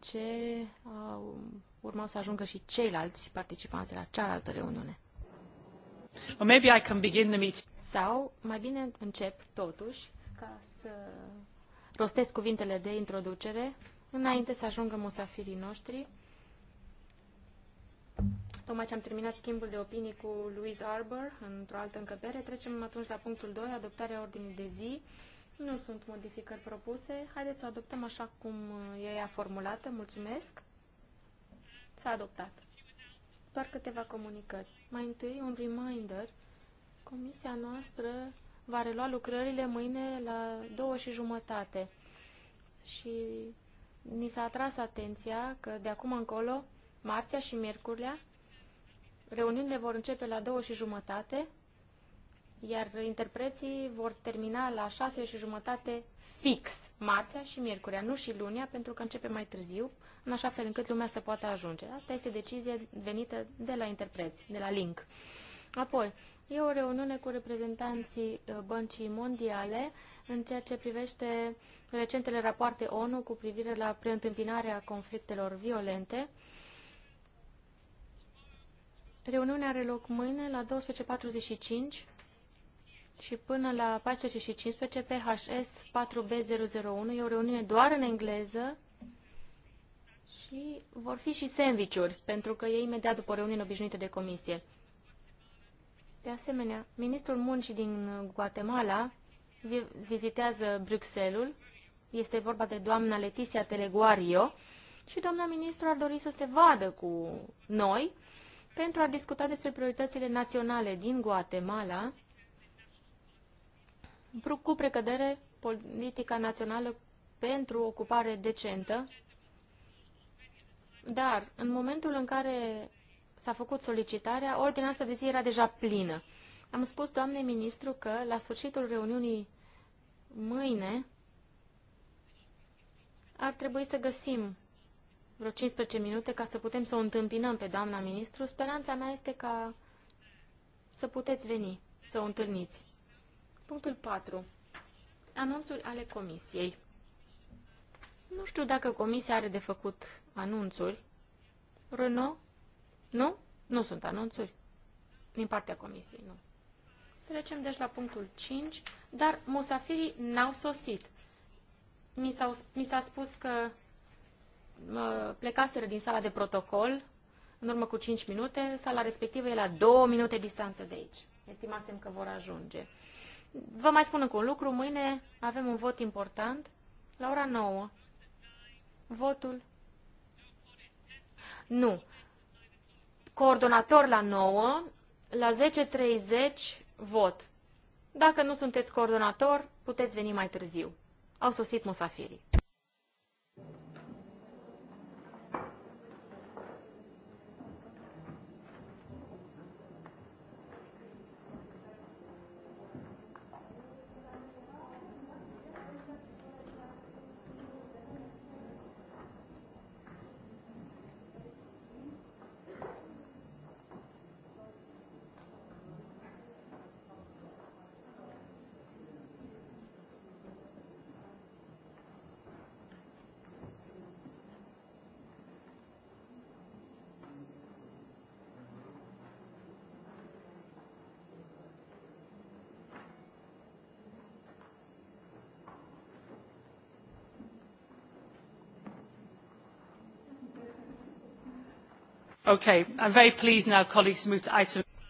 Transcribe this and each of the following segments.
ce au uh, urmat să ajungă și ceilalți participanți la cealaltă reuniune. Or maybe I can begin the meeting. Sau, mai bine încep totuși, ca să rostesc cuvintele de introducere, înainte să ajungă musafirii noștri. Tocmai ce am terminat schimbul de opinii cu Louise Arbor într-o altă încăpere, trecem atunci la punctul 2, adoptarea ordinii de zi. Uh, nu sunt modificări propuse. Haideți să o adoptăm așa cum uh, e ea formulată. Mulțumesc. S-a adoptat. Doar câteva comunicări. Mai întâi, un reminder. Comisia noastră va relua lucrările mâine la două și jumătate. Și ni s-a atras atenția că de acum încolo, marțea și miercurea, reuniunile vor începe la două și jumătate, iar interpreții vor termina la șase și jumătate fix, marțea și miercurea, nu și lunia, pentru că începe mai târziu, în așa fel încât lumea să poată ajunge. Asta este decizie venită de la interpreți, de la Link. Apoi, e o reuniune cu reprezentanții uh, băncii mondiale în ceea ce privește recentele rapoarte ONU cu privire la preîntâmpinarea conflictelor violente. Reuniunea are loc mâine la 12.45 și până la 14 și 15 PHS 4B001. E o reuniune doar în engleză și vor fi și sandvișuri, pentru că e imediat după reuniune obișnuită de comisie. De asemenea, ministrul muncii din Guatemala vizitează Bruxelles, este vorba de doamna Leticia Teleguario și doamna ministru ar dori să se vadă cu noi pentru a discuta despre prioritățile naționale din Guatemala cu precădere politica națională pentru ocupare decentă, dar în momentul în care s-a făcut solicitarea, ordinanța de zi era deja plină. Am spus doamnei ministru că la sfârșitul reuniunii mâine ar trebui să găsim vreo 15 minute ca să putem să o întâmpinăm pe doamna ministru. Speranța mea este ca să puteți veni, să o întâlniți. Punctul 4. Anunțul ale comisiei. Nu știu dacă comisia are de făcut anunțuri. Renault? Nu? Nu sunt anunțuri. Din partea comisiei, nu. Trecem deci la punctul 5, dar musafirii n-au sosit. Mi s-a spus că mă, plecaseră din sala de protocol în urmă cu 5 minute, sala respectivă e la 2 minute distanță de aici. Estimasem că vor ajunge. Vă mai spun încă un lucru, mâine avem un vot important la ora 9. Votul? Nu. Coordonator la 9, la 10.30 vot. Dacă nu sunteți coordonator, puteți veni mai târziu. Au sosit musafirii.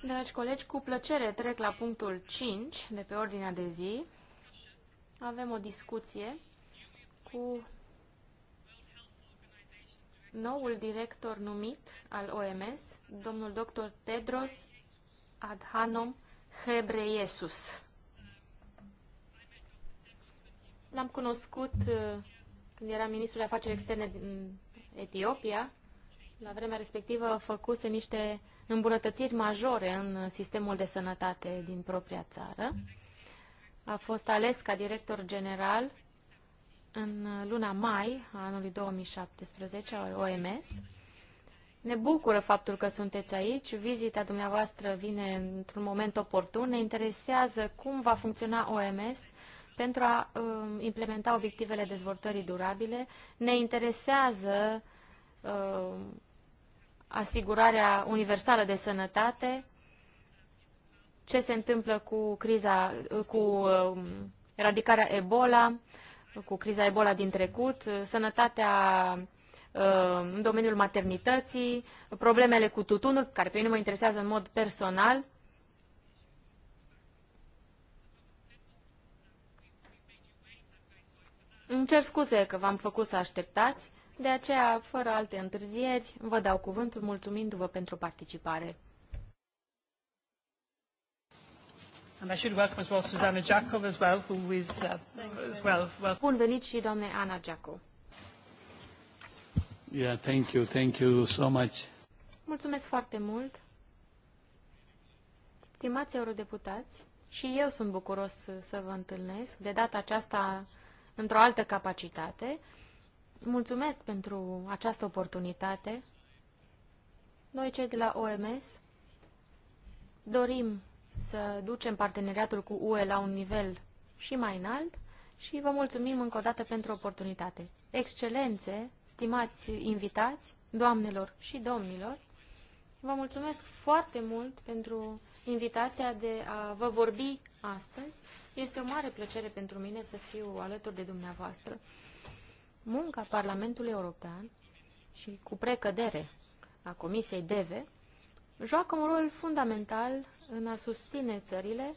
Dragi colegi, cu plăcere trec la punctul 5 de pe ordinea de zi. Avem o discuție cu noul director numit al OMS, domnul dr. Tedros Adhanom Hebreyesus. L-am cunoscut uh, când era ministrul de afaceri externe din Etiopia la vremea respectivă făcuse niște îmbunătățiri majore în sistemul de sănătate din propria țară. A fost ales ca director general în luna mai a anului 2017 al OMS. Ne bucură faptul că sunteți aici. Vizita dumneavoastră vine într-un moment oportun. Ne interesează cum va funcționa OMS pentru a um, implementa obiectivele dezvoltării durabile. Ne interesează um, asigurarea universală de sănătate, ce se întâmplă cu criza, cu um, eradicarea Ebola, cu criza Ebola din trecut, sănătatea um, în domeniul maternității, problemele cu tutunul, care pe mine mă interesează în mod personal. Îmi cer scuze că v-am făcut să așteptați. De aceea, fără alte întârzieri, vă dau cuvântul mulțumindu-vă pentru participare. And I should welcome as well Susanna Jacob as well, who is uh, as well. well. Bun venit și doamne Ana Jacob. Yeah, thank you, thank you so much. Mulțumesc foarte mult. Stimați eurodeputați, și eu sunt bucuros să vă întâlnesc, de data aceasta într-o altă capacitate mulțumesc pentru această oportunitate. Noi, cei de la OMS, dorim să ducem parteneriatul cu UE la un nivel și mai înalt și vă mulțumim încă o dată pentru oportunitate. Excelențe, stimați invitați, doamnelor și domnilor, vă mulțumesc foarte mult pentru invitația de a vă vorbi astăzi. Este o mare plăcere pentru mine să fiu alături de dumneavoastră munca Parlamentului European și cu precădere a Comisiei DEVE joacă un rol fundamental în a susține țările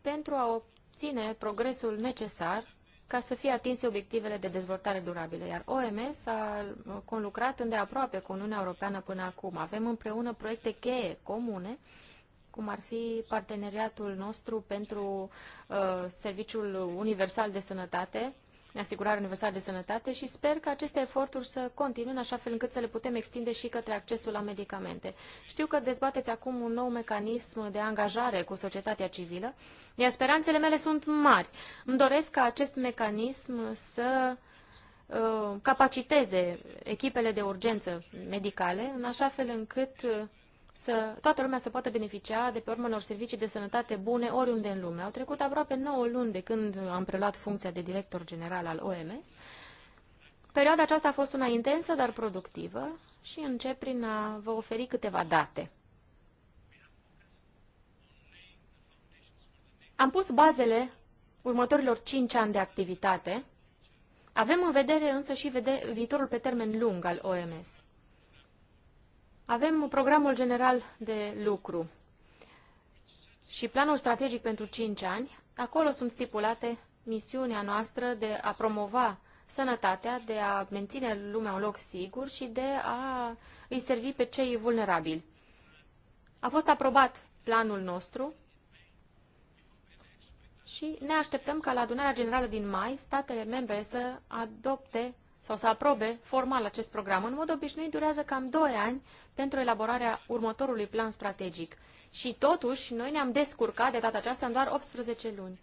pentru a obține progresul necesar ca să fie atinse obiectivele de dezvoltare durabilă, iar OMS a conlucrat îndeaproape cu Uniunea Europeană până acum. Avem împreună proiecte cheie comune, cum ar fi parteneriatul nostru pentru uh, Serviciul Universal de Sănătate, asigurare universală de sănătate și sper că aceste eforturi să continue în așa fel încât să le putem extinde și către accesul la medicamente. Știu că dezbateți acum un nou mecanism de angajare cu societatea civilă, iar speranțele mele sunt mari. Îmi doresc ca acest mecanism să uh, capaciteze echipele de urgență medicale în așa fel încât uh, să toată lumea să poată beneficia de pe urmă unor servicii de sănătate bune oriunde în lume. Au trecut aproape 9 luni de când am preluat funcția de director general al OMS. Perioada aceasta a fost una intensă, dar productivă și încep prin a vă oferi câteva date. Am pus bazele următorilor 5 ani de activitate. Avem în vedere însă și vede viitorul pe termen lung al OMS. Avem programul general de lucru și planul strategic pentru 5 ani. Acolo sunt stipulate misiunea noastră de a promova sănătatea, de a menține lumea un loc sigur și de a îi servi pe cei vulnerabili. A fost aprobat planul nostru și ne așteptăm ca la adunarea generală din mai statele membre să adopte sau să aprobe formal acest program. În mod obișnuit durează cam 2 ani pentru elaborarea următorului plan strategic. Și totuși, noi ne-am descurcat de data aceasta în doar 18 luni.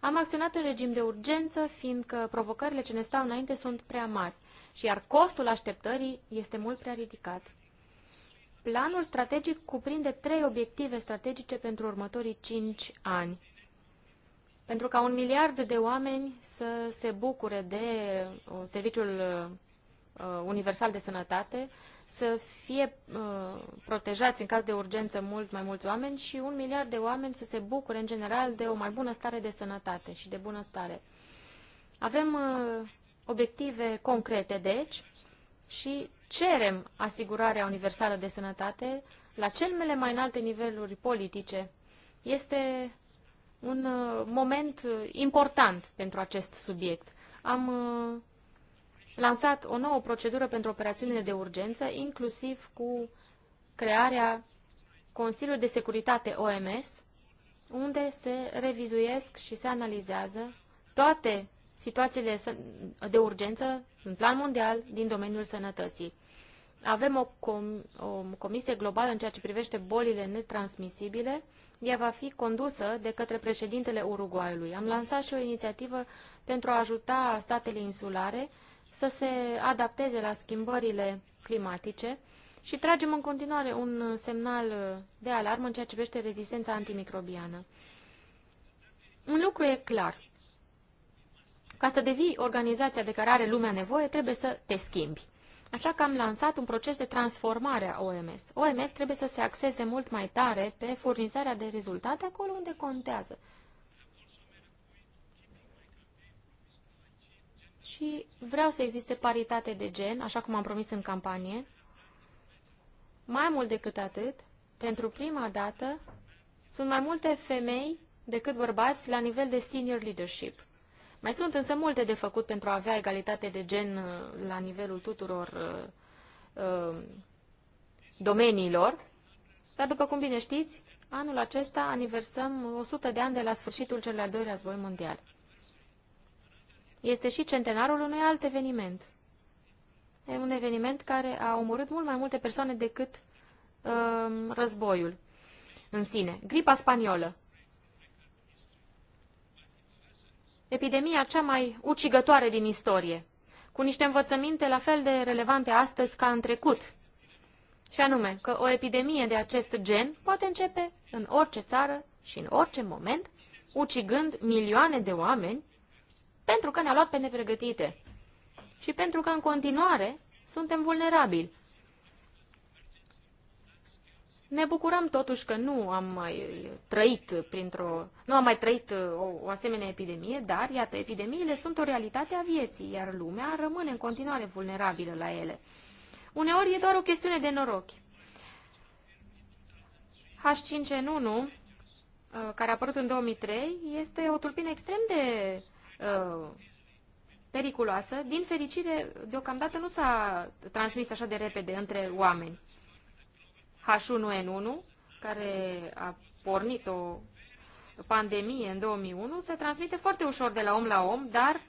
Am acționat în regim de urgență, fiindcă provocările ce ne stau înainte sunt prea mari, și iar costul așteptării este mult prea ridicat. Planul strategic cuprinde trei obiective strategice pentru următorii 5 ani pentru ca un miliard de oameni să se bucure de uh, serviciul uh, universal de sănătate, să fie uh, protejați în caz de urgență mult mai mulți oameni și un miliard de oameni să se bucure în general de o mai bună stare de sănătate și de bunăstare. Avem uh, obiective concrete, deci, și cerem asigurarea universală de sănătate la cele mai înalte niveluri politice. Este un uh, moment uh, important pentru acest subiect. Am uh, lansat o nouă procedură pentru operațiunile de urgență, inclusiv cu crearea Consiliului de Securitate OMS, unde se revizuiesc și se analizează toate situațiile de urgență în plan mondial din domeniul sănătății. Avem o, com- o comisie globală în ceea ce privește bolile netransmisibile. Ea va fi condusă de către președintele Uruguayului. Am lansat și o inițiativă pentru a ajuta statele insulare să se adapteze la schimbările climatice și tragem în continuare un semnal de alarmă în ceea ce privește rezistența antimicrobiană. Un lucru e clar. Ca să devii organizația de care are lumea nevoie, trebuie să te schimbi. Așa că am lansat un proces de transformare a OMS. OMS trebuie să se axeze mult mai tare pe furnizarea de rezultate acolo unde contează. Și vreau să existe paritate de gen, așa cum am promis în campanie. Mai mult decât atât, pentru prima dată, sunt mai multe femei decât bărbați la nivel de senior leadership. Mai sunt însă multe de făcut pentru a avea egalitate de gen uh, la nivelul tuturor uh, uh, domeniilor, dar după cum bine știți, anul acesta aniversăm 100 de ani de la sfârșitul celui al doilea război mondial. Este și centenarul unui alt eveniment. E un eveniment care a omorât mult mai multe persoane decât uh, războiul în sine. Gripa spaniolă. epidemia cea mai ucigătoare din istorie, cu niște învățăminte la fel de relevante astăzi ca în trecut. Și anume că o epidemie de acest gen poate începe în orice țară și în orice moment, ucigând milioane de oameni, pentru că ne-a luat pe nepregătite și pentru că în continuare suntem vulnerabili ne bucurăm totuși că nu am mai trăit printr-o, nu am mai trăit uh, o, o asemenea epidemie, dar iată, epidemiile sunt o realitate a vieții, iar lumea rămâne în continuare vulnerabilă la ele. Uneori e doar o chestiune de noroc. H5N1, uh, care a apărut în 2003, este o tulpină extrem de uh, periculoasă. Din fericire, deocamdată nu s-a transmis așa de repede între oameni. H1N1, care a pornit o pandemie în 2001, se transmite foarte ușor de la om la om, dar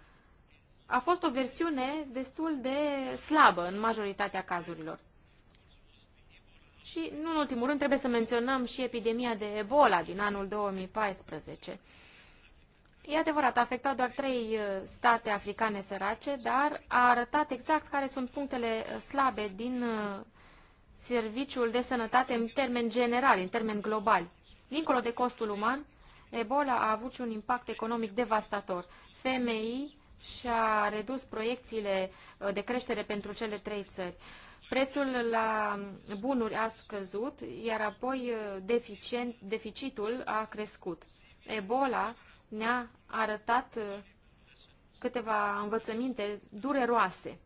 a fost o versiune destul de slabă în majoritatea cazurilor. Și, nu în ultimul rând, trebuie să menționăm și epidemia de Ebola din anul 2014. E adevărat, a afectat doar trei uh, state africane sărace, dar a arătat exact care sunt punctele uh, slabe din uh, serviciul de sănătate în termen general, în termen global. Dincolo de costul uman, Ebola a avut și un impact economic devastator. FMI și-a redus proiecțiile uh, de creștere pentru cele trei țări. Prețul la bunuri a scăzut, iar apoi uh, deficient, deficitul a crescut. Ebola ne-a arătat uh, câteva învățăminte dureroase.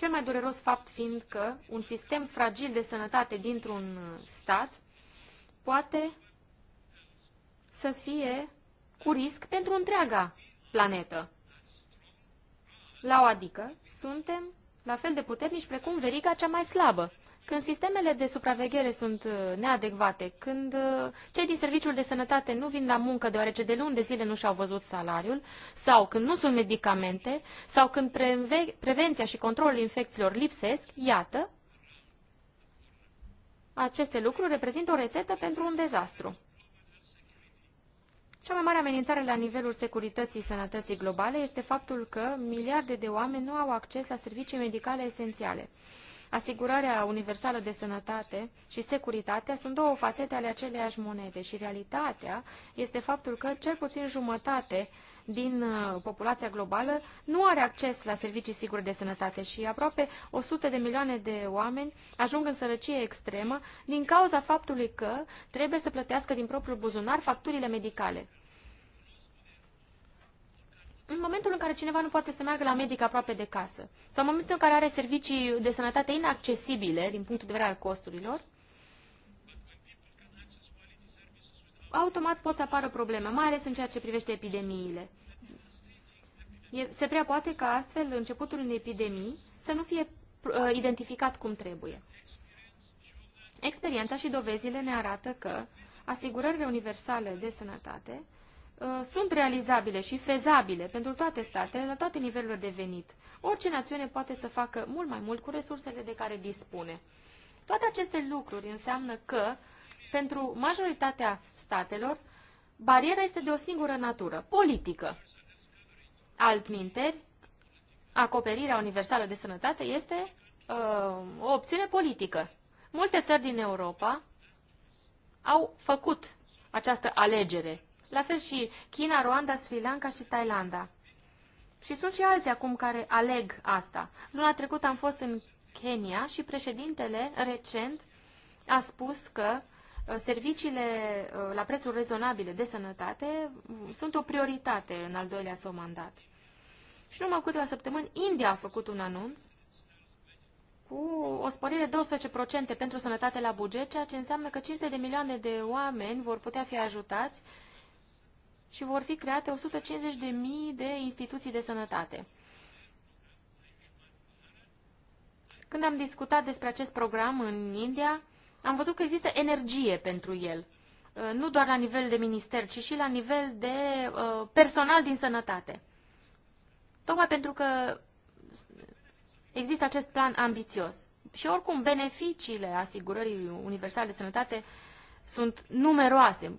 Cel mai dureros fapt fiind că un sistem fragil de sănătate dintr-un stat poate să fie cu risc pentru întreaga planetă. La o adică, suntem la fel de puternici precum veriga cea mai slabă când sistemele de supraveghere sunt uh, neadecvate, când uh, cei din serviciul de sănătate nu vin la muncă deoarece de luni de zile nu și-au văzut salariul, sau când nu sunt medicamente, sau când prevenția și controlul infecțiilor lipsesc, iată, aceste lucruri reprezintă o rețetă pentru un dezastru. Cea mai mare amenințare la nivelul securității sănătății globale este faptul că miliarde de oameni nu au acces la servicii medicale esențiale. Asigurarea universală de sănătate și securitatea sunt două fațete ale aceleiași monede și realitatea este faptul că cel puțin jumătate din uh, populația globală nu are acces la servicii sigure de sănătate și aproape 100 de milioane de oameni ajung în sărăcie extremă din cauza faptului că trebuie să plătească din propriul buzunar facturile medicale în momentul în care cineva nu poate să meargă la medic aproape de casă sau în momentul în care are servicii de sănătate inaccesibile din punctul de vedere al costurilor, automat pot să apară probleme, mai ales în ceea ce privește epidemiile. E, se prea poate ca astfel începutul unei epidemii să nu fie uh, identificat cum trebuie. Experiența și dovezile ne arată că asigurările universale de sănătate Uh, sunt realizabile și fezabile pentru toate statele, la toate nivelurile de venit. Orice națiune poate să facă mult mai mult cu resursele de care dispune. Toate aceste lucruri înseamnă că, pentru majoritatea statelor, bariera este de o singură natură, politică. Altminteri, acoperirea universală de sănătate este uh, o opțiune politică. Multe țări din Europa au făcut această alegere la fel și China, Rwanda, Sri Lanka și Thailanda. Și sunt și alții acum care aleg asta. Luna trecută am fost în Kenya și președintele recent a spus că uh, serviciile uh, la prețuri rezonabile de sănătate sunt o prioritate în al doilea său mandat. Și numai câteva săptămâni, India a făcut un anunț cu o spărire de 12% pentru sănătate la buget, ceea ce înseamnă că 500 de milioane de oameni vor putea fi ajutați și vor fi create 150.000 de instituții de sănătate. Când am discutat despre acest program în India, am văzut că există energie pentru el. Uh, nu doar la nivel de minister, ci și la nivel de uh, personal din sănătate. Tocmai pentru că există acest plan ambițios. Și oricum, beneficiile asigurării universale de sănătate sunt numeroase,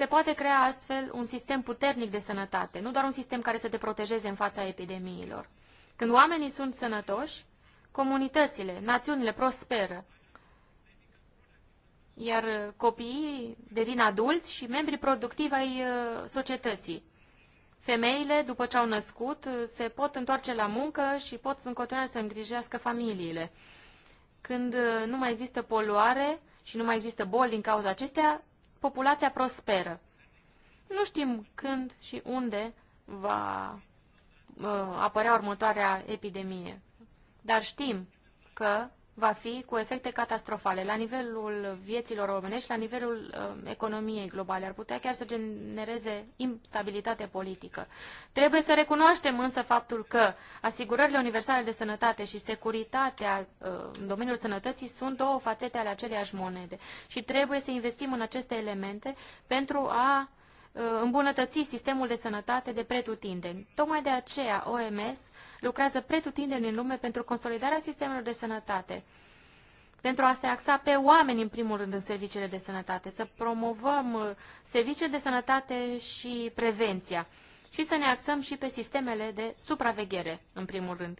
Se poate crea astfel un sistem puternic de sănătate, nu doar un sistem care să te protejeze în fața epidemiilor. Când oamenii sunt sănătoși, comunitățile, națiunile prosperă, iar copiii devin adulți și membri productivi ai uh, societății. Femeile, după ce au născut, uh, se pot întoarce la muncă și pot în continuare să îngrijească familiile. Când uh, nu mai există poluare și nu mai există boli din cauza acestea, populația prosperă. Nu știm când și unde va uh, apărea următoarea epidemie, dar știm că va fi cu efecte catastrofale la nivelul vieților românești, la nivelul uh, economiei globale. Ar putea chiar să genereze instabilitate politică. Trebuie să recunoaștem însă faptul că asigurările universale de sănătate și securitatea uh, în domeniul sănătății sunt două fațete ale aceleiași monede și trebuie să investim în aceste elemente pentru a uh, îmbunătăți sistemul de sănătate de pretutindeni. Tocmai de aceea OMS lucrează pretutindeni în lume pentru consolidarea sistemelor de sănătate, pentru a se axa pe oameni, în primul rând, în serviciile de sănătate, să promovăm uh, serviciile de sănătate și prevenția și să ne axăm și pe sistemele de supraveghere, în primul rând.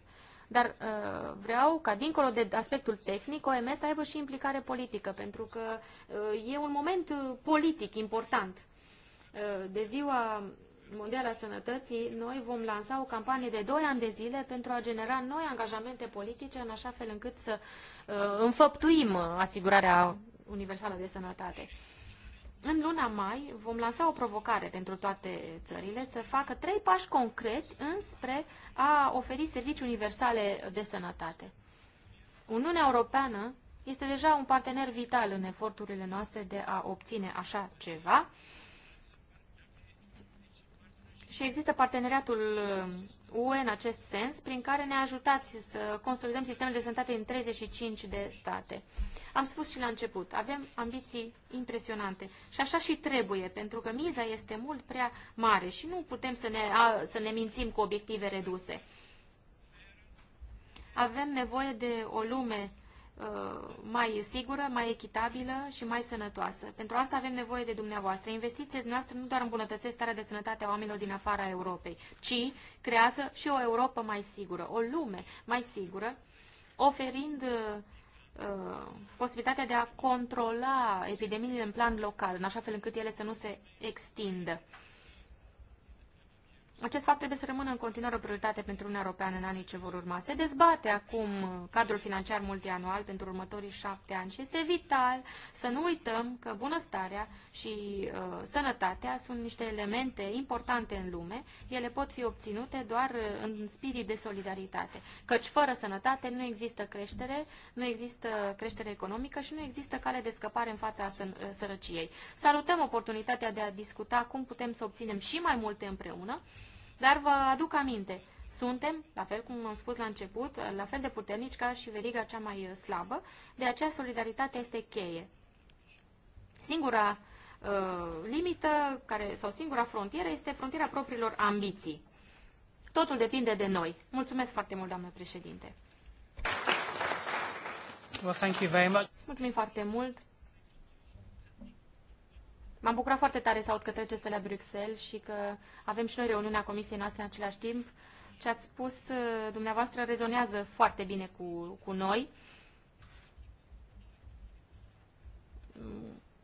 Dar uh, vreau ca, dincolo de aspectul tehnic, OMS să aibă și implicare politică, pentru că uh, e un moment uh, politic important. Uh, de ziua Mondială a Sănătății, noi vom lansa o campanie de 2 ani de zile pentru a genera noi angajamente politice în așa fel încât să uh, înfăptuim asigurarea universală de sănătate. În luna mai vom lansa o provocare pentru toate țările să facă trei pași concreți înspre a oferi servicii universale de sănătate. Uniunea Europeană este deja un partener vital în eforturile noastre de a obține așa ceva și există parteneriatul UE uh, în acest sens, prin care ne ajutați să consolidăm sistemele de sănătate în 35 de state. Am spus și la început, avem ambiții impresionante și așa și trebuie, pentru că miza este mult prea mare și nu putem să ne, a, să ne mințim cu obiective reduse. Avem nevoie de o lume Uh, mai sigură, mai echitabilă și mai sănătoasă. Pentru asta avem nevoie de dumneavoastră. Investițiile dumneavoastră nu doar îmbunătățesc starea de sănătate a oamenilor din afara Europei, ci creează și o Europa mai sigură, o lume mai sigură, oferind uh, uh posibilitatea de a controla epidemiile în plan local, în așa fel încât ele să nu se extindă. Acest fapt trebuie să rămână în continuare o prioritate pentru Uniunea Europeană în anii ce vor urma. Se dezbate acum cadrul financiar multianual pentru următorii șapte ani și este vital să nu uităm că bunăstarea și uh, sănătatea sunt niște elemente importante în lume. Ele pot fi obținute doar uh, în spirit de solidaritate, căci fără sănătate nu există creștere, nu există creștere economică și nu există cale de scăpare în fața uh, sărăciei. Salutăm oportunitatea de a discuta cum putem să obținem și mai multe împreună, dar vă aduc aminte, suntem, la fel cum am spus la început, la fel de puternici ca și veriga cea mai slabă, de aceea solidaritatea este cheie. Singura uh, limită care, sau singura frontieră este frontiera propriilor ambiții. Totul depinde de noi. Mulțumesc foarte mult, doamnă președinte. Well, thank you very much. Mulțumim foarte mult. M-am bucurat foarte tare să aud că treceți de la Bruxelles și că avem și noi reuniunea comisiei noastre în același timp. Ce ați spus uh, dumneavoastră rezonează foarte bine cu, cu noi.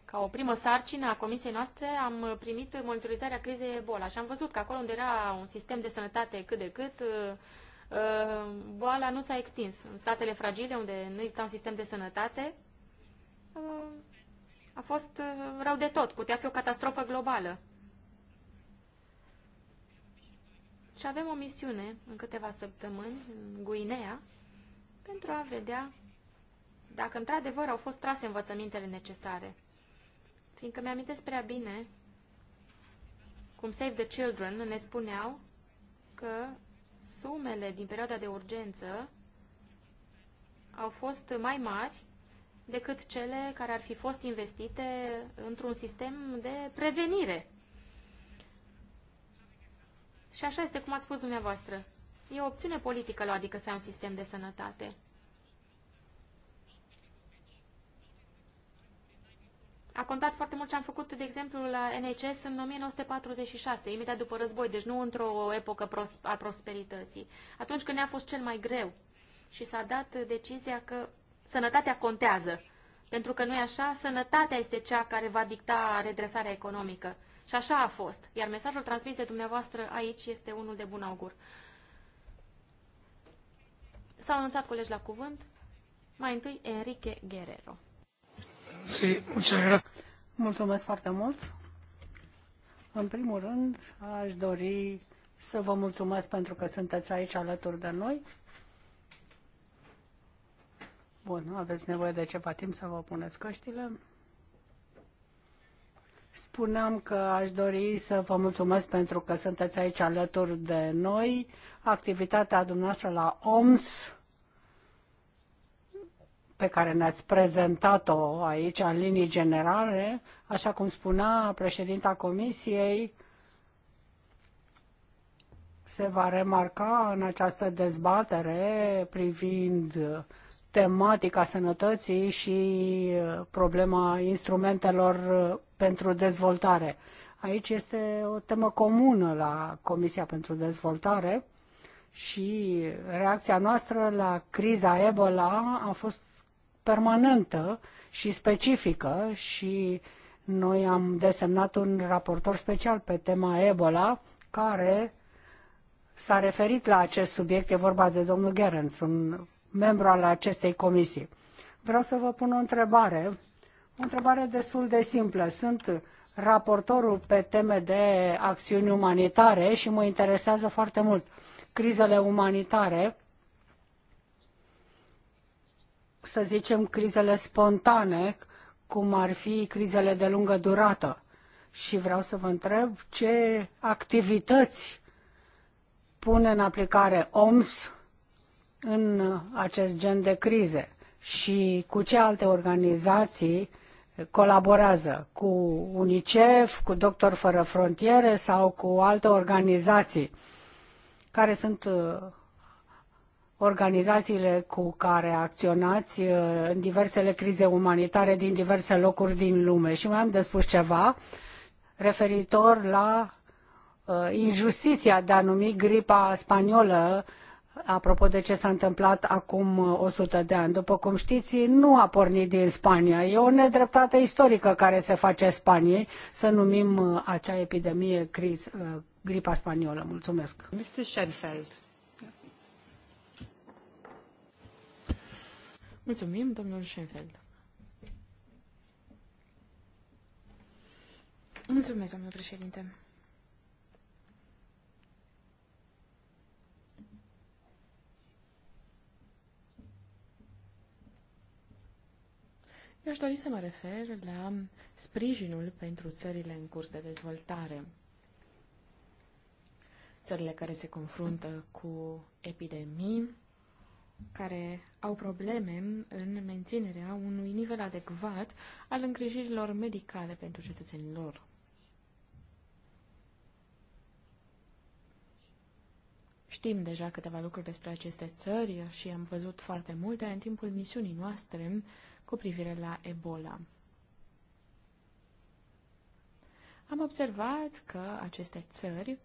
Ca o primă sarcină a comisiei noastre am primit monitorizarea crizei Ebola și am văzut că acolo unde era un sistem de sănătate cât de cât, uh, uh, boala nu s-a extins. În statele fragile unde nu exista un sistem de sănătate, a fost uh, rău de tot, putea fi o catastrofă globală. Și avem o misiune în câteva săptămâni în Guinea pentru a vedea dacă într-adevăr au fost trase învățămintele necesare. Fiindcă mi-amintesc prea bine cum Save the Children ne spuneau că sumele din perioada de urgență au fost mai mari decât cele care ar fi fost investite într-un sistem de prevenire. Și așa este cum ați spus dumneavoastră. E o opțiune politică, adică să ai un sistem de sănătate. A contat foarte mult ce am făcut, de exemplu, la NHS în 1946, imediat după război, deci nu într-o epocă a prosperității. Atunci când ne-a fost cel mai greu și s-a dat decizia că sănătatea contează. Pentru că nu e așa, sănătatea este cea care va dicta redresarea economică. Și așa a fost. Iar mesajul transmis de dumneavoastră aici este unul de bun augur. S-au anunțat colegi la cuvânt. Mai întâi, Enrique Guerrero. Sí, Mulțumesc foarte mult. În primul rând, aș dori să vă mulțumesc pentru că sunteți aici alături de noi Bun, aveți nevoie de ceva timp să vă puneți căștile. Spuneam că aș dori să vă mulțumesc pentru că sunteți aici alături de noi. Activitatea dumneavoastră la OMS pe care ne-ați prezentat-o aici în linii generale, așa cum spunea președinta Comisiei, se va remarca în această dezbatere privind tematica sănătății și uh, problema instrumentelor uh, pentru dezvoltare. Aici este o temă comună la Comisia pentru Dezvoltare și reacția noastră la criza Ebola a fost permanentă și specifică și noi am desemnat un raportor special pe tema Ebola care s-a referit la acest subiect, e vorba de domnul Gerens, un membru al acestei comisii. Vreau să vă pun o întrebare, o întrebare destul de simplă. Sunt raportorul pe teme de acțiuni umanitare și mă interesează foarte mult crizele umanitare, să zicem crizele spontane, cum ar fi crizele de lungă durată. Și vreau să vă întreb ce activități pune în aplicare OMS în acest gen de crize și cu ce alte organizații colaborează cu UNICEF, cu Doctor Fără Frontiere sau cu alte organizații care sunt uh, organizațiile cu care acționați uh, în diversele crize umanitare din diverse locuri din lume. Și mai am de spus ceva referitor la uh, injustiția de a numi gripa spaniolă apropo de ce s-a întâmplat acum 100 uh, de ani. După cum știți, nu a pornit din Spania. E o nedreptate istorică care se face Spaniei să numim uh, acea epidemie criz, uh, gripa spaniolă. Mulțumesc. Mr. Schenfeld. Mulțumim, domnul Schenfeld. Mulțumesc, domnul președinte. Eu aș dori să mă refer la sprijinul pentru țările în curs de dezvoltare. Țările care se confruntă cu epidemii, care au probleme în menținerea unui nivel adecvat al îngrijirilor medicale pentru cetățenii lor. Știm deja câteva lucruri despre aceste țări și am văzut foarte multe în timpul misiunii noastre cu privire la Ebola. Am observat că aceste țări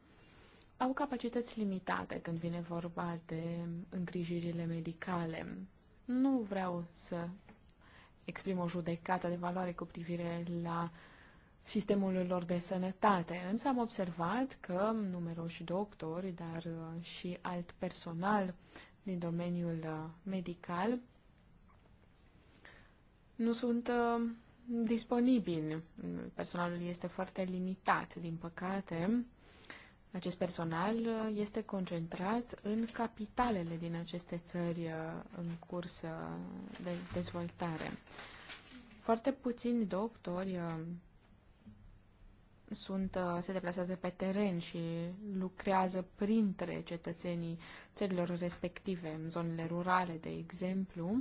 au capacități limitate când vine vorba de îngrijirile medicale. Nu vreau să exprim o judecată de valoare cu privire la sistemul lor de sănătate, însă am observat că numeroși doctori, dar și alt personal din domeniul uh, medical, nu sunt uh, disponibili. Personalul este foarte limitat, din păcate. Acest personal uh, este concentrat în capitalele din aceste țări uh, în curs de dezvoltare. Foarte puțini doctori sunt, uh, se deplasează pe teren și lucrează printre cetățenii țărilor respective, în zonele rurale, de exemplu,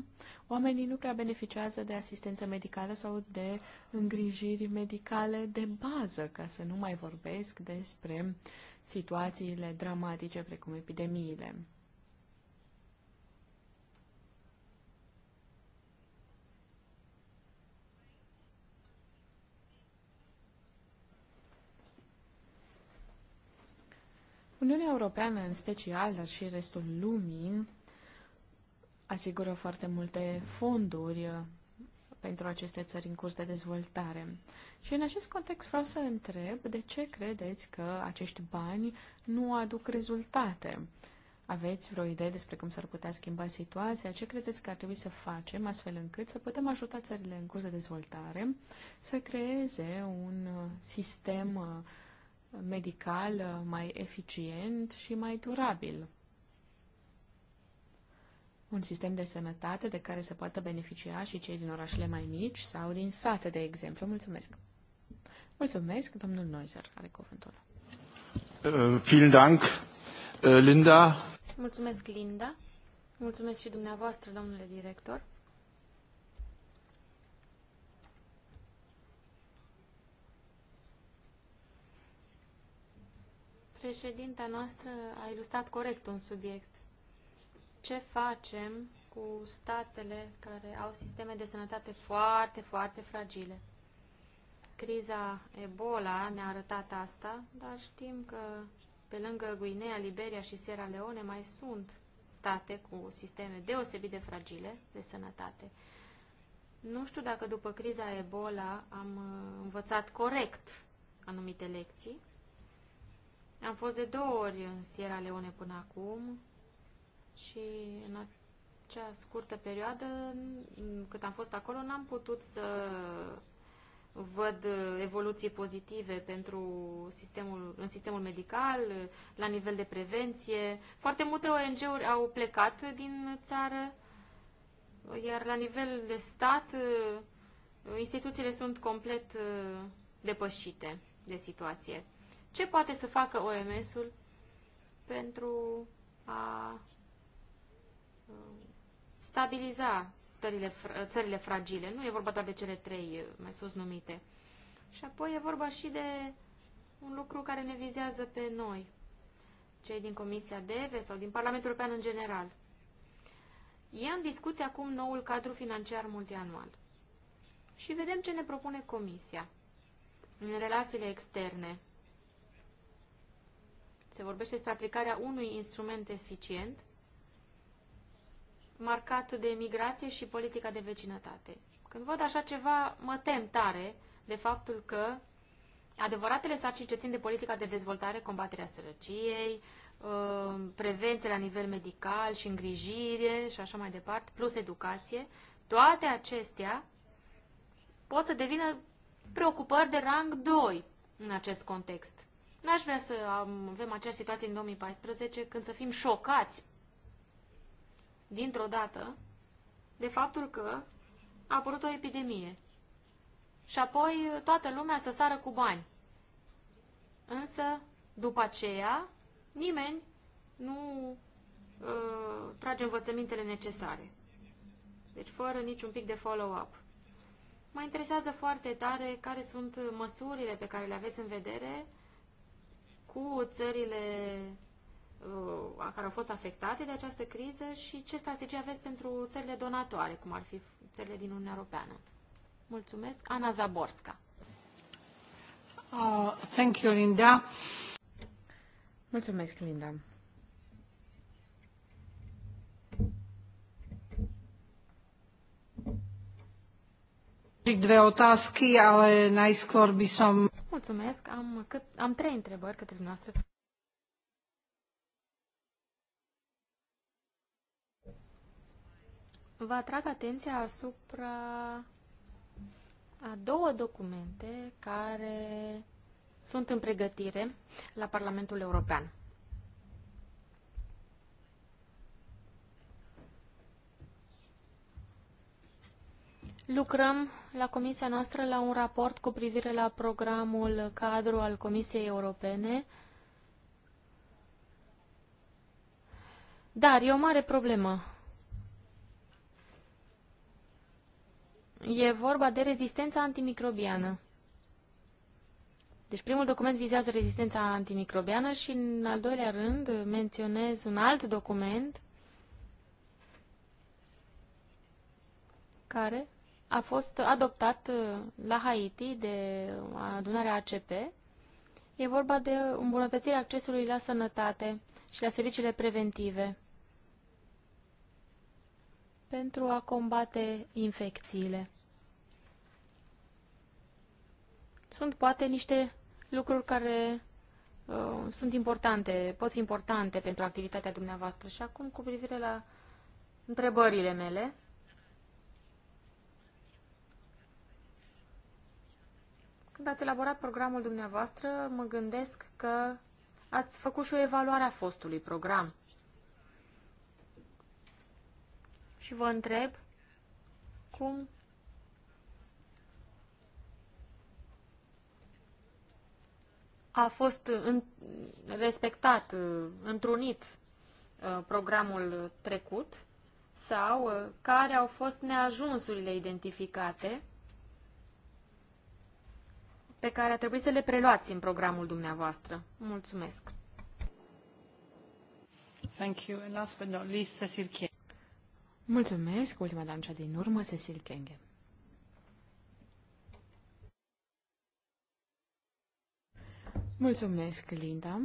oamenii nu prea beneficiază de asistență medicală sau de îngrijiri medicale de bază, ca să nu mai vorbesc despre situațiile dramatice precum epidemiile. Uniunea Europeană, în special, dar și restul lumii, asigură foarte multe fonduri uh, pentru aceste țări în curs de dezvoltare. Și în acest context vreau să întreb de ce credeți că acești bani nu aduc rezultate? Aveți vreo idee despre cum s-ar putea schimba situația? Ce credeți că ar trebui să facem astfel încât să putem ajuta țările în curs de dezvoltare să creeze un uh, sistem uh, medical uh, mai eficient și mai durabil. Un sistem de sănătate de care se poată beneficia și cei din orașele mai mici sau din sate, de exemplu. Mulțumesc! Mulțumesc, domnul Noiser, are cuvântul. Uh, vielen Dank, uh, Linda. Mulțumesc, Linda. Mulțumesc și dumneavoastră, domnule director. Președinta noastră a ilustrat corect un subiect. Ce facem cu statele care au sisteme de sănătate foarte, foarte fragile? Criza Ebola ne-a arătat asta, dar știm că pe lângă Guinea, Liberia și Sierra Leone mai sunt state cu sisteme deosebit de fragile de sănătate. Nu știu dacă după criza Ebola am uh, învățat corect anumite lecții, am fost de două ori în Sierra Leone până acum și în acea scurtă perioadă cât am fost acolo n-am putut să văd evoluții pozitive pentru sistemul, în sistemul medical, la nivel de prevenție. Foarte multe ONG-uri au plecat din țară, iar la nivel de stat instituțiile sunt complet uh, depășite de situație. Ce poate să facă OMS-ul pentru a um, stabiliza stările, țările fragile? Nu e vorba doar de cele trei uh, mai sus numite. Și apoi e vorba și de un lucru care ne vizează pe noi, cei din Comisia DEVE sau din Parlamentul European în general. E în discuție acum noul cadru financiar multianual. Și vedem ce ne propune Comisia în relațiile externe se vorbește despre aplicarea unui instrument eficient marcat de migrație și politica de vecinătate. Când văd așa ceva, mă tem tare de faptul că adevăratele sarcini ce țin de politica de dezvoltare, combaterea sărăciei, uh, prevenție la nivel medical și îngrijire și așa mai departe, plus educație, toate acestea pot să devină preocupări de rang 2 în acest context. N-aș vrea să avem această situație în 2014 când să fim șocați dintr-o dată de faptul că a apărut o epidemie și apoi toată lumea să sară cu bani. Însă, după aceea, nimeni nu uh, trage învățămintele necesare. Deci, fără niciun pic de follow-up. Mă interesează foarte tare care sunt măsurile pe care le aveți în vedere cu țările uh, care au fost afectate de această criză și ce strategie aveți pentru țările donatoare, cum ar fi țările din Uniunea Europeană? Mulțumesc. Ana Zaborska. Uh, thank you, Linda. Mulțumesc, Linda. Dve otázky, ale najskôr by som... Mulțumesc, am, cât, am trei întrebări către noastră. Vă atrag atenția asupra a două documente care sunt în pregătire la Parlamentul European. Lucrăm la comisia noastră la un raport cu privire la programul cadru al Comisiei Europene. Dar e o mare problemă. E vorba de rezistența antimicrobiană. Deci primul document vizează rezistența antimicrobiană și în al doilea rând menționez un alt document care a fost adoptat uh, la Haiti de adunarea ACP. E vorba de îmbunătățirea accesului la sănătate și la serviciile preventive pentru a combate infecțiile. Sunt poate niște lucruri care uh, sunt importante, pot fi importante pentru activitatea dumneavoastră. Și acum, cu privire la întrebările mele, Când ați elaborat programul dumneavoastră, mă gândesc că ați făcut și o evaluare a fostului program. Și vă întreb cum a fost în, respectat, întrunit uh, programul trecut sau uh, care au fost neajunsurile identificate pe care a trebuit să le preluați în programul dumneavoastră. Mulțumesc! Thank you. And last but not least, Cecil Kienge. Mulțumesc, ultima doamnă din urmă, Cecil Kienge. Mulțumesc, Linda.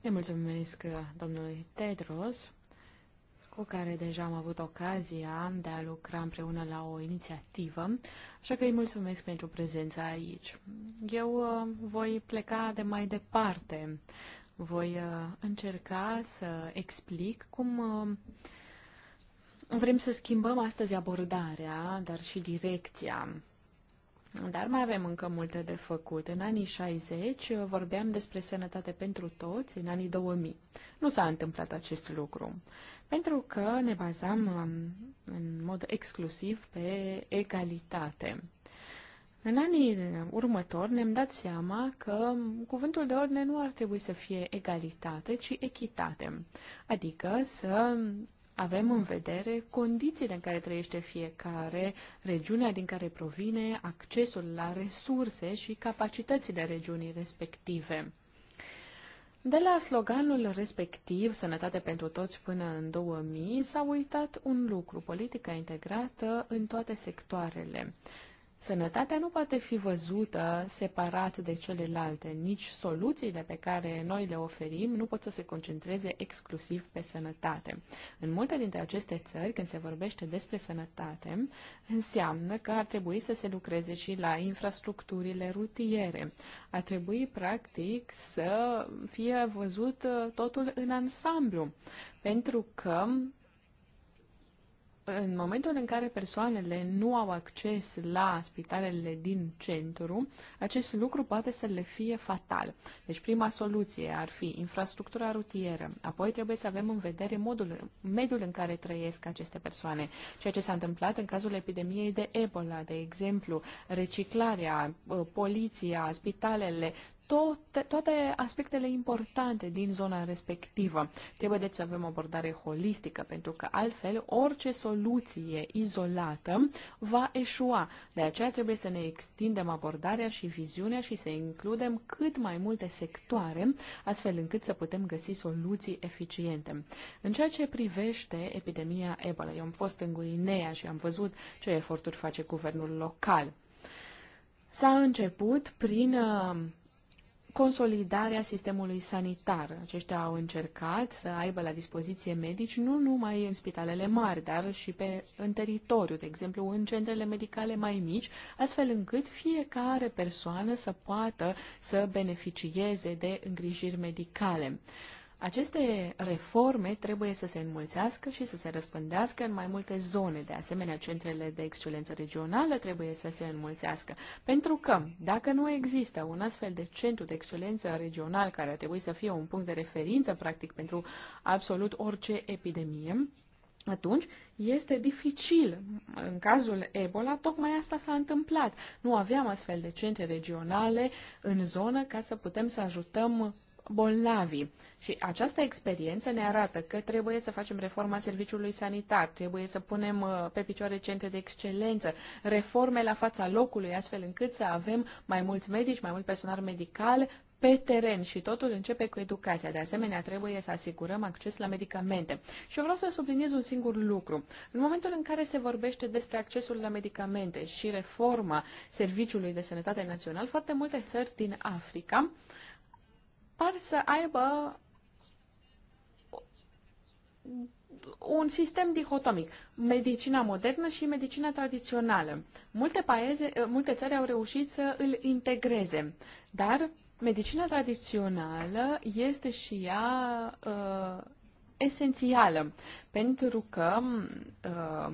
Le mulțumesc domnului Tedros cu care deja am avut ocazia de a lucra împreună la o inițiativă, așa că îi mulțumesc pentru prezența aici. Eu uh, voi pleca de mai departe. Voi uh, încerca să explic cum uh, vrem să schimbăm astăzi abordarea, dar și direcția dar mai avem încă multe de făcut. În anii 60 uh, vorbeam despre sănătate pentru toți, în anii 2000. Nu s-a întâmplat acest lucru, pentru că ne bazam um, în mod exclusiv pe egalitate. În anii uh, următori ne-am dat seama că cuvântul de ordine nu ar trebui să fie egalitate, ci echitate, adică să avem în vedere condițiile în care trăiește fiecare, regiunea din care provine, accesul la resurse și capacitățile regiunii respective. De la sloganul respectiv, Sănătate pentru toți până în 2000, s-a uitat un lucru, politica integrată în toate sectoarele. Sănătatea nu poate fi văzută separat de celelalte, nici soluțiile pe care noi le oferim nu pot să se concentreze exclusiv pe sănătate. În multe dintre aceste țări, când se vorbește despre sănătate, înseamnă că ar trebui să se lucreze și la infrastructurile rutiere. Ar trebui, practic, să fie văzut totul în ansamblu, pentru că în momentul în care persoanele nu au acces la spitalele din centru, acest lucru poate să le fie fatal. Deci prima soluție ar fi infrastructura rutieră, apoi trebuie să avem în vedere modul, mediul în care trăiesc aceste persoane, ceea ce s-a întâmplat în cazul epidemiei de Ebola, de exemplu, reciclarea, uh, poliția, spitalele, toate, toate aspectele importante din zona respectivă. Trebuie deci să avem o abordare holistică, pentru că altfel orice soluție izolată va eșua. De aceea trebuie să ne extindem abordarea și viziunea și să includem cât mai multe sectoare, astfel încât să putem găsi soluții eficiente. În ceea ce privește epidemia Ebola, eu am fost în Guinea și am văzut ce eforturi face guvernul local. S-a început prin uh, consolidarea sistemului sanitar. Aceștia au încercat să aibă la dispoziție medici nu numai în spitalele mari, dar și pe, în teritoriu, de exemplu în centrele medicale mai mici, astfel încât fiecare persoană să poată să beneficieze de îngrijiri medicale. Aceste reforme trebuie să se înmulțească și să se răspândească în mai multe zone. De asemenea, centrele de excelență regională trebuie să se înmulțească. Pentru că, dacă nu există un astfel de centru de excelență regional care ar trebui să fie un punct de referință, practic, pentru absolut orice epidemie, atunci este dificil. În cazul Ebola, tocmai asta s-a întâmplat. Nu aveam astfel de centre regionale în zonă ca să putem să ajutăm bolnavii. Și această experiență ne arată că trebuie să facem reforma serviciului sanitar, trebuie să punem uh, pe picioare centre de excelență, reforme la fața locului, astfel încât să avem mai mulți medici, mai mult personal medical pe teren și totul începe cu educația. De asemenea, trebuie să asigurăm acces la medicamente. Și eu vreau să subliniez un singur lucru. În momentul în care se vorbește despre accesul la medicamente și reforma Serviciului de Sănătate Național, foarte multe țări din Africa uh, par să aibă un sistem dihotomic, medicina modernă și medicina tradițională. Multe, paeze, multe țări au reușit să îl integreze, dar medicina tradițională este și ea uh, esențială, pentru că uh,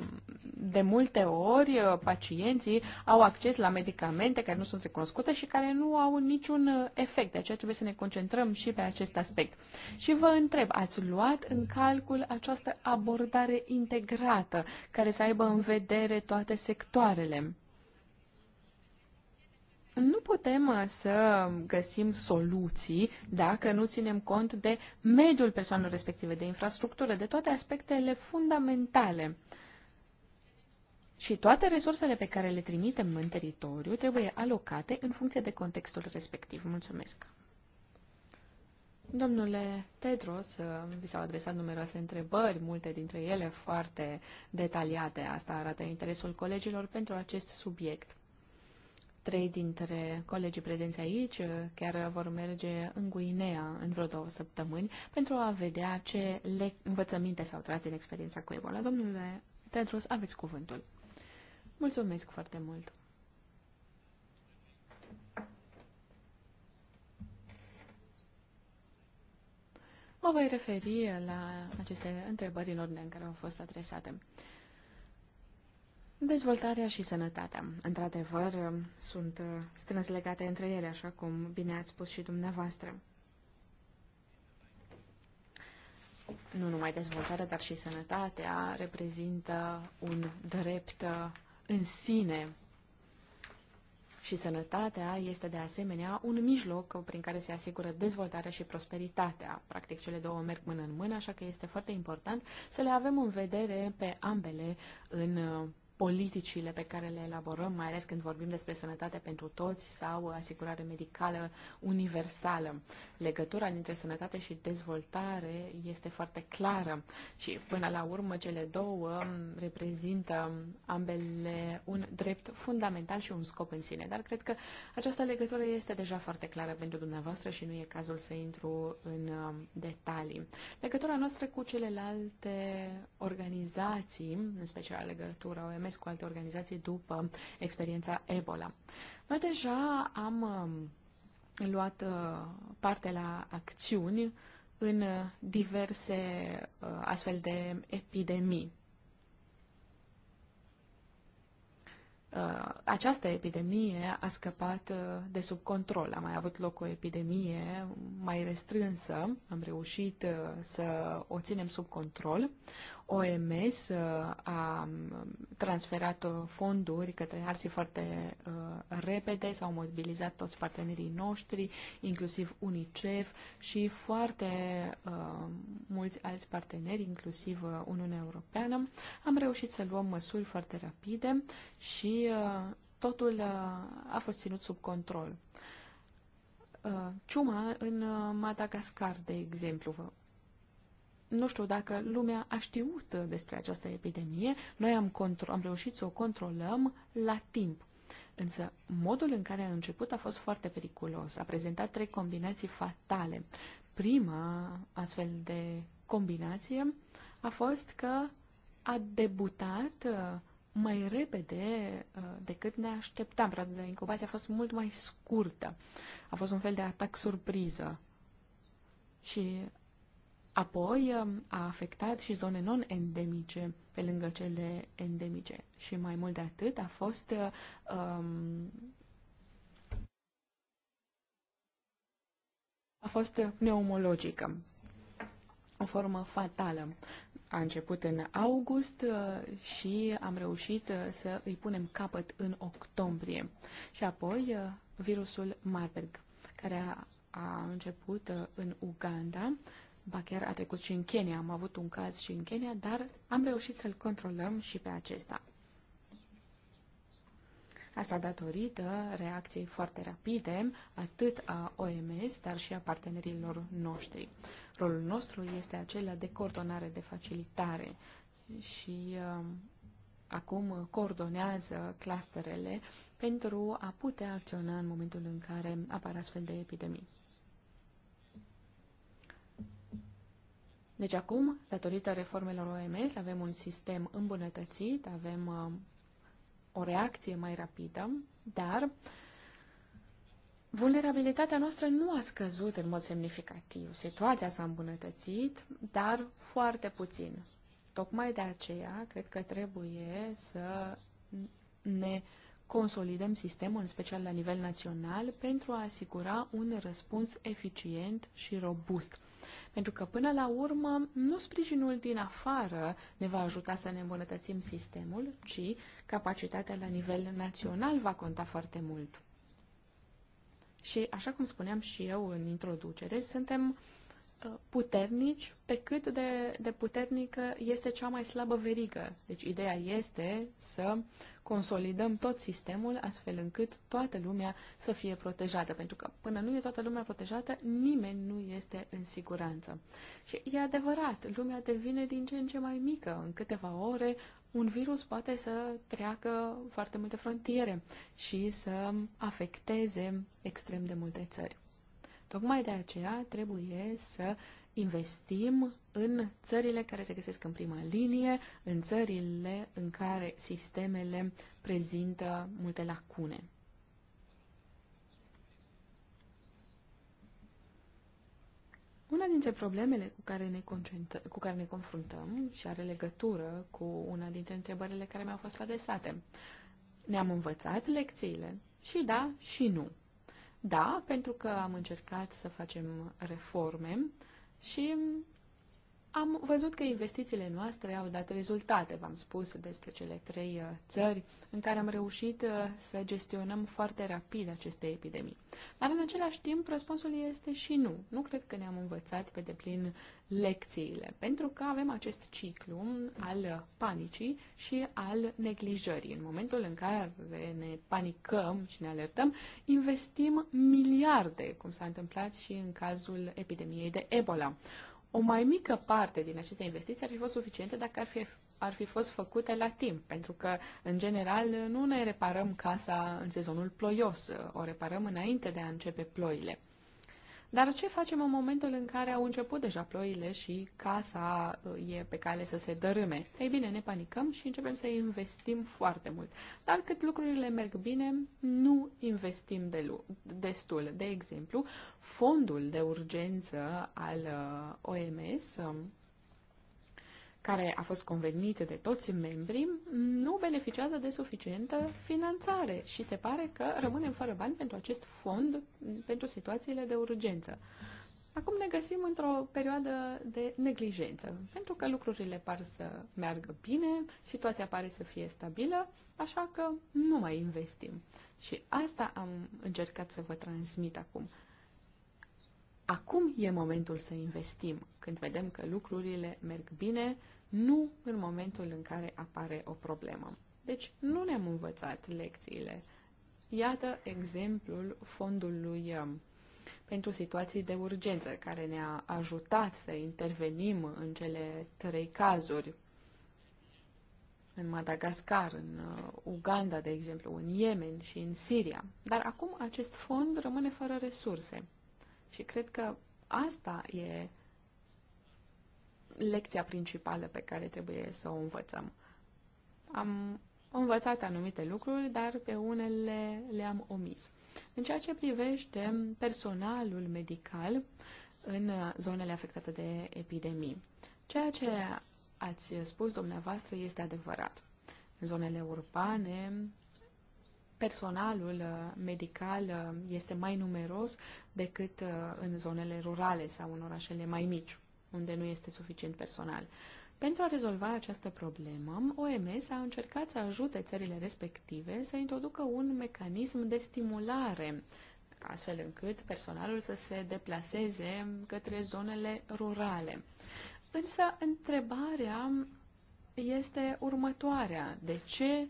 de multe ori uh, pacienții au acces la medicamente care nu sunt recunoscute și care nu au niciun uh, efect. De aceea trebuie să ne concentrăm și pe acest aspect. Și vă întreb, ați luat în calcul această abordare integrată care să aibă în vedere toate sectoarele? Nu putem uh, să găsim soluții dacă nu ținem cont de mediul persoanelor respective, de infrastructură, de toate aspectele fundamentale. Și toate resursele pe care le trimitem în teritoriu trebuie alocate în funcție de contextul respectiv. Mulțumesc! Domnule Tedros, uh, vi s-au adresat numeroase întrebări, multe dintre ele foarte detaliate. Asta arată interesul colegilor pentru acest subiect. Trei dintre colegii prezenți aici uh, chiar vor merge în Guinea în vreo două săptămâni pentru a vedea ce le învățăminte s-au tras din experiența cu Ebola. Domnule Tedros, aveți cuvântul. Mulțumesc foarte mult! Mă voi referi la aceste întrebări în ordine în care au fost adresate. Dezvoltarea și sănătatea, într-adevăr, sunt strâns legate între ele, așa cum bine ați spus și dumneavoastră. Nu numai dezvoltarea, dar și sănătatea reprezintă un drept în sine. Și sănătatea este de asemenea un mijloc prin care se asigură dezvoltarea și prosperitatea. Practic cele două merg mână în mână, așa că este foarte important să le avem în vedere pe ambele în politicile pe care le elaborăm, mai ales când vorbim despre sănătate pentru toți sau asigurare medicală universală. Legătura dintre sănătate și dezvoltare este foarte clară și până la urmă cele două reprezintă ambele un drept fundamental și un scop în sine, dar cred că această legătură este deja foarte clară pentru dumneavoastră și nu e cazul să intru în um, detalii. Legătura noastră cu celelalte organizații, în special legătura OMS, Hermes cu alte organizații după experiența Ebola. Noi deja am um, luat uh, parte la acțiuni în diverse uh, astfel de epidemii. Uh, această epidemie a scăpat de sub control. A mai avut loc o epidemie mai restrânsă, am reușit să o ținem sub control, OMS uh, a transferat uh, fonduri către arsii foarte uh, repede, s-au mobilizat toți partenerii noștri, inclusiv UNICEF și foarte mulți alți parteneri, inclusiv Uniunea Europeană. Am reușit să luăm măsuri foarte rapide și totul a fost ținut sub control. Ciuma în Madagascar, de exemplu, nu știu dacă lumea a știut despre această epidemie. Noi am, am reușit să o controlăm la timp. Însă, modul în care a început a fost foarte periculos. A prezentat trei combinații fatale. Prima astfel de combinație a fost că a debutat uh, mai repede uh, decât ne așteptam. Perioada de incubație a fost mult mai scurtă. A fost un fel de atac surpriză. Și Apoi um, a afectat și zone non-endemice pe lângă cele endemice și mai mult de atât a fost uh, um, a fost pneumologică, o formă fatală. A început în august uh, și am reușit uh, să îi punem capăt în octombrie. Și apoi virusul Marburg, care a, a început în Uganda Ba chiar a trecut și în Kenya, am avut un caz și în Kenya, dar am reușit să-l controlăm și pe acesta. Asta datorită reacției foarte rapide, atât a OMS, dar și a partenerilor noștri. Rolul nostru este acela de coordonare, de facilitare și uh, acum coordonează clusterele pentru a putea acționa în momentul în care apar astfel de epidemii. Deci acum, datorită reformelor OMS, avem un sistem îmbunătățit, avem uh, o reacție mai rapidă, dar vulnerabilitatea noastră nu a scăzut în mod semnificativ. Situația s-a îmbunătățit, dar foarte puțin. Tocmai de aceea, cred că trebuie să ne consolidăm sistemul, în special la nivel național, pentru a asigura un răspuns eficient și robust. Pentru că, până la urmă, nu sprijinul din afară ne va ajuta să ne îmbunătățim sistemul, ci capacitatea la nivel național va conta foarte mult. Și, așa cum spuneam și eu în introducere, suntem uh, puternici pe cât de, de puternică este cea mai slabă verigă. Deci ideea este să consolidăm tot sistemul astfel încât toată lumea să fie protejată, pentru că până nu e toată lumea protejată, nimeni nu este în siguranță. Și e adevărat, lumea devine din ce în ce mai mică. În câteva ore un virus poate să treacă foarte multe frontiere și să afecteze extrem de multe țări. Tocmai de aceea trebuie să investim în țările care se găsesc în prima linie, în țările în care sistemele prezintă multe lacune. Una dintre problemele cu care, ne cu care ne confruntăm și are legătură cu una dintre întrebările care mi-au fost adresate. Ne-am învățat lecțiile și da și nu. Da, pentru că am încercat să facem reforme și am văzut că investițiile noastre au dat rezultate. V-am spus despre cele trei uh, țări în care am reușit uh, să gestionăm foarte rapid aceste epidemii. Dar în același timp, răspunsul este și nu. Nu cred că ne-am învățat pe deplin lecțiile, pentru că avem acest ciclu al uh, panicii și al neglijării. În momentul în care ne panicăm și ne alertăm, investim miliarde, cum s-a întâmplat și în cazul epidemiei de Ebola o mai mică parte din aceste investiții ar fi fost suficiente dacă ar fi, ar fi fost făcute la timp, pentru că, în general, nu ne reparăm casa în sezonul ploios, o reparăm înainte de a începe ploile. Dar ce facem în momentul în care au început deja ploile și casa uh, e pe cale să se dărâme? Ei bine, ne panicăm și începem să investim foarte mult. Dar cât lucrurile merg bine, nu investim destul. De exemplu, fondul de urgență al uh, OMS um, care a fost convenit de toți membrii, nu beneficiază de suficientă finanțare și se pare că rămânem fără bani pentru acest fond, pentru situațiile de urgență. Acum ne găsim într-o perioadă de neglijență, pentru că lucrurile par să meargă bine, situația pare să fie stabilă, așa că nu mai investim. Și asta am încercat să vă transmit acum. Acum e momentul să investim, când vedem că lucrurile merg bine, nu în momentul în care apare o problemă. Deci nu ne-am învățat lecțiile. Iată exemplul fondului um, pentru situații de urgență, care ne-a ajutat să intervenim în cele trei cazuri. În Madagascar, în uh, Uganda, de exemplu, în Yemen și în Siria. Dar acum acest fond rămâne fără resurse. Și cred că asta e lecția principală pe care trebuie să o învățăm. Am învățat anumite lucruri, dar pe unele le-am omis. În ceea ce privește personalul medical în zonele afectate de epidemii, ceea ce ați spus dumneavoastră este adevărat. În zonele urbane, personalul medical este mai numeros decât uh, în zonele rurale sau în orașele mai mici unde nu este suficient personal. Pentru a rezolva această problemă, OMS a încercat să ajute țările respective să introducă un mecanism de stimulare, astfel încât personalul să se deplaseze către zonele rurale. Însă, întrebarea este următoarea. De ce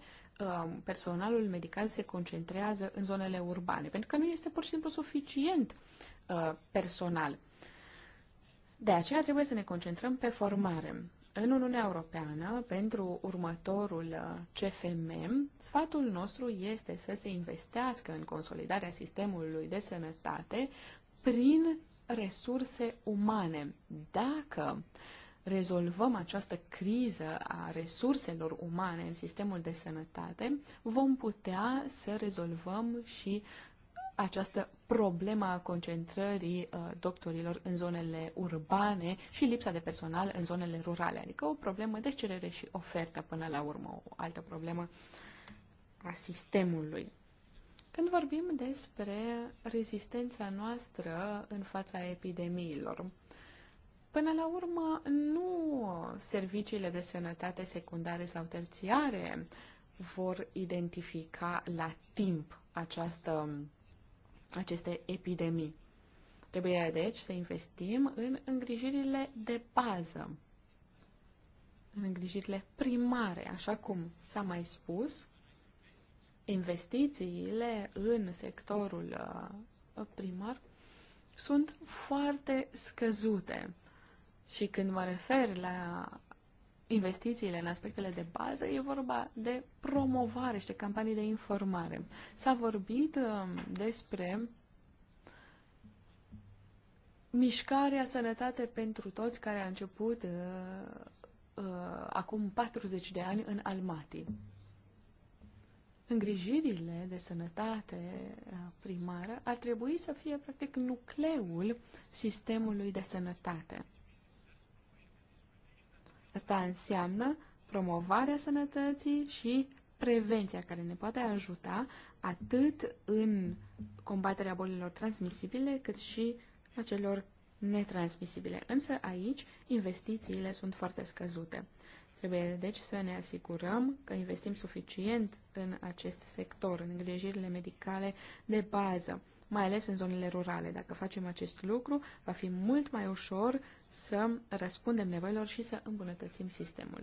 um, personalul medical se concentrează în zonele urbane? Pentru că nu este pur și simplu suficient uh, personal. De aceea trebuie să ne concentrăm pe formare. În Uniunea Europeană, pentru următorul uh, CFM, sfatul nostru este să se investească în consolidarea sistemului de sănătate prin resurse umane. Dacă rezolvăm această criză a resurselor umane în sistemul de sănătate, vom putea să rezolvăm și această problema concentrării uh, doctorilor în zonele urbane și lipsa de personal în zonele rurale, adică o problemă de cerere și ofertă până la urmă, o altă problemă a sistemului. Când vorbim despre rezistența noastră în fața epidemiilor, Până la urmă, nu serviciile de sănătate secundare sau terțiare vor identifica la timp această aceste epidemii. Trebuie, deci, să investim în îngrijirile de bază, în îngrijirile primare, așa cum s-a mai spus, investițiile în sectorul uh, primar sunt foarte scăzute. Și când mă refer la investițiile în aspectele de bază, e vorba de promovare și de campanii de informare. S-a vorbit um, despre mișcarea Sănătate pentru Toți, care a început uh, uh, acum 40 de ani în Almaty. Îngrijirile de sănătate uh, primară ar trebui să fie, practic, nucleul sistemului de sănătate. Asta înseamnă promovarea sănătății și prevenția care ne poate ajuta atât în combaterea bolilor transmisibile cât și a celor netransmisibile. Însă aici investițiile sunt foarte scăzute. Trebuie deci să ne asigurăm că investim suficient în acest sector, în îngrijirile medicale de bază, mai ales în zonele rurale. Dacă facem acest lucru, va fi mult mai ușor să răspundem nevoilor și să îmbunătățim sistemul.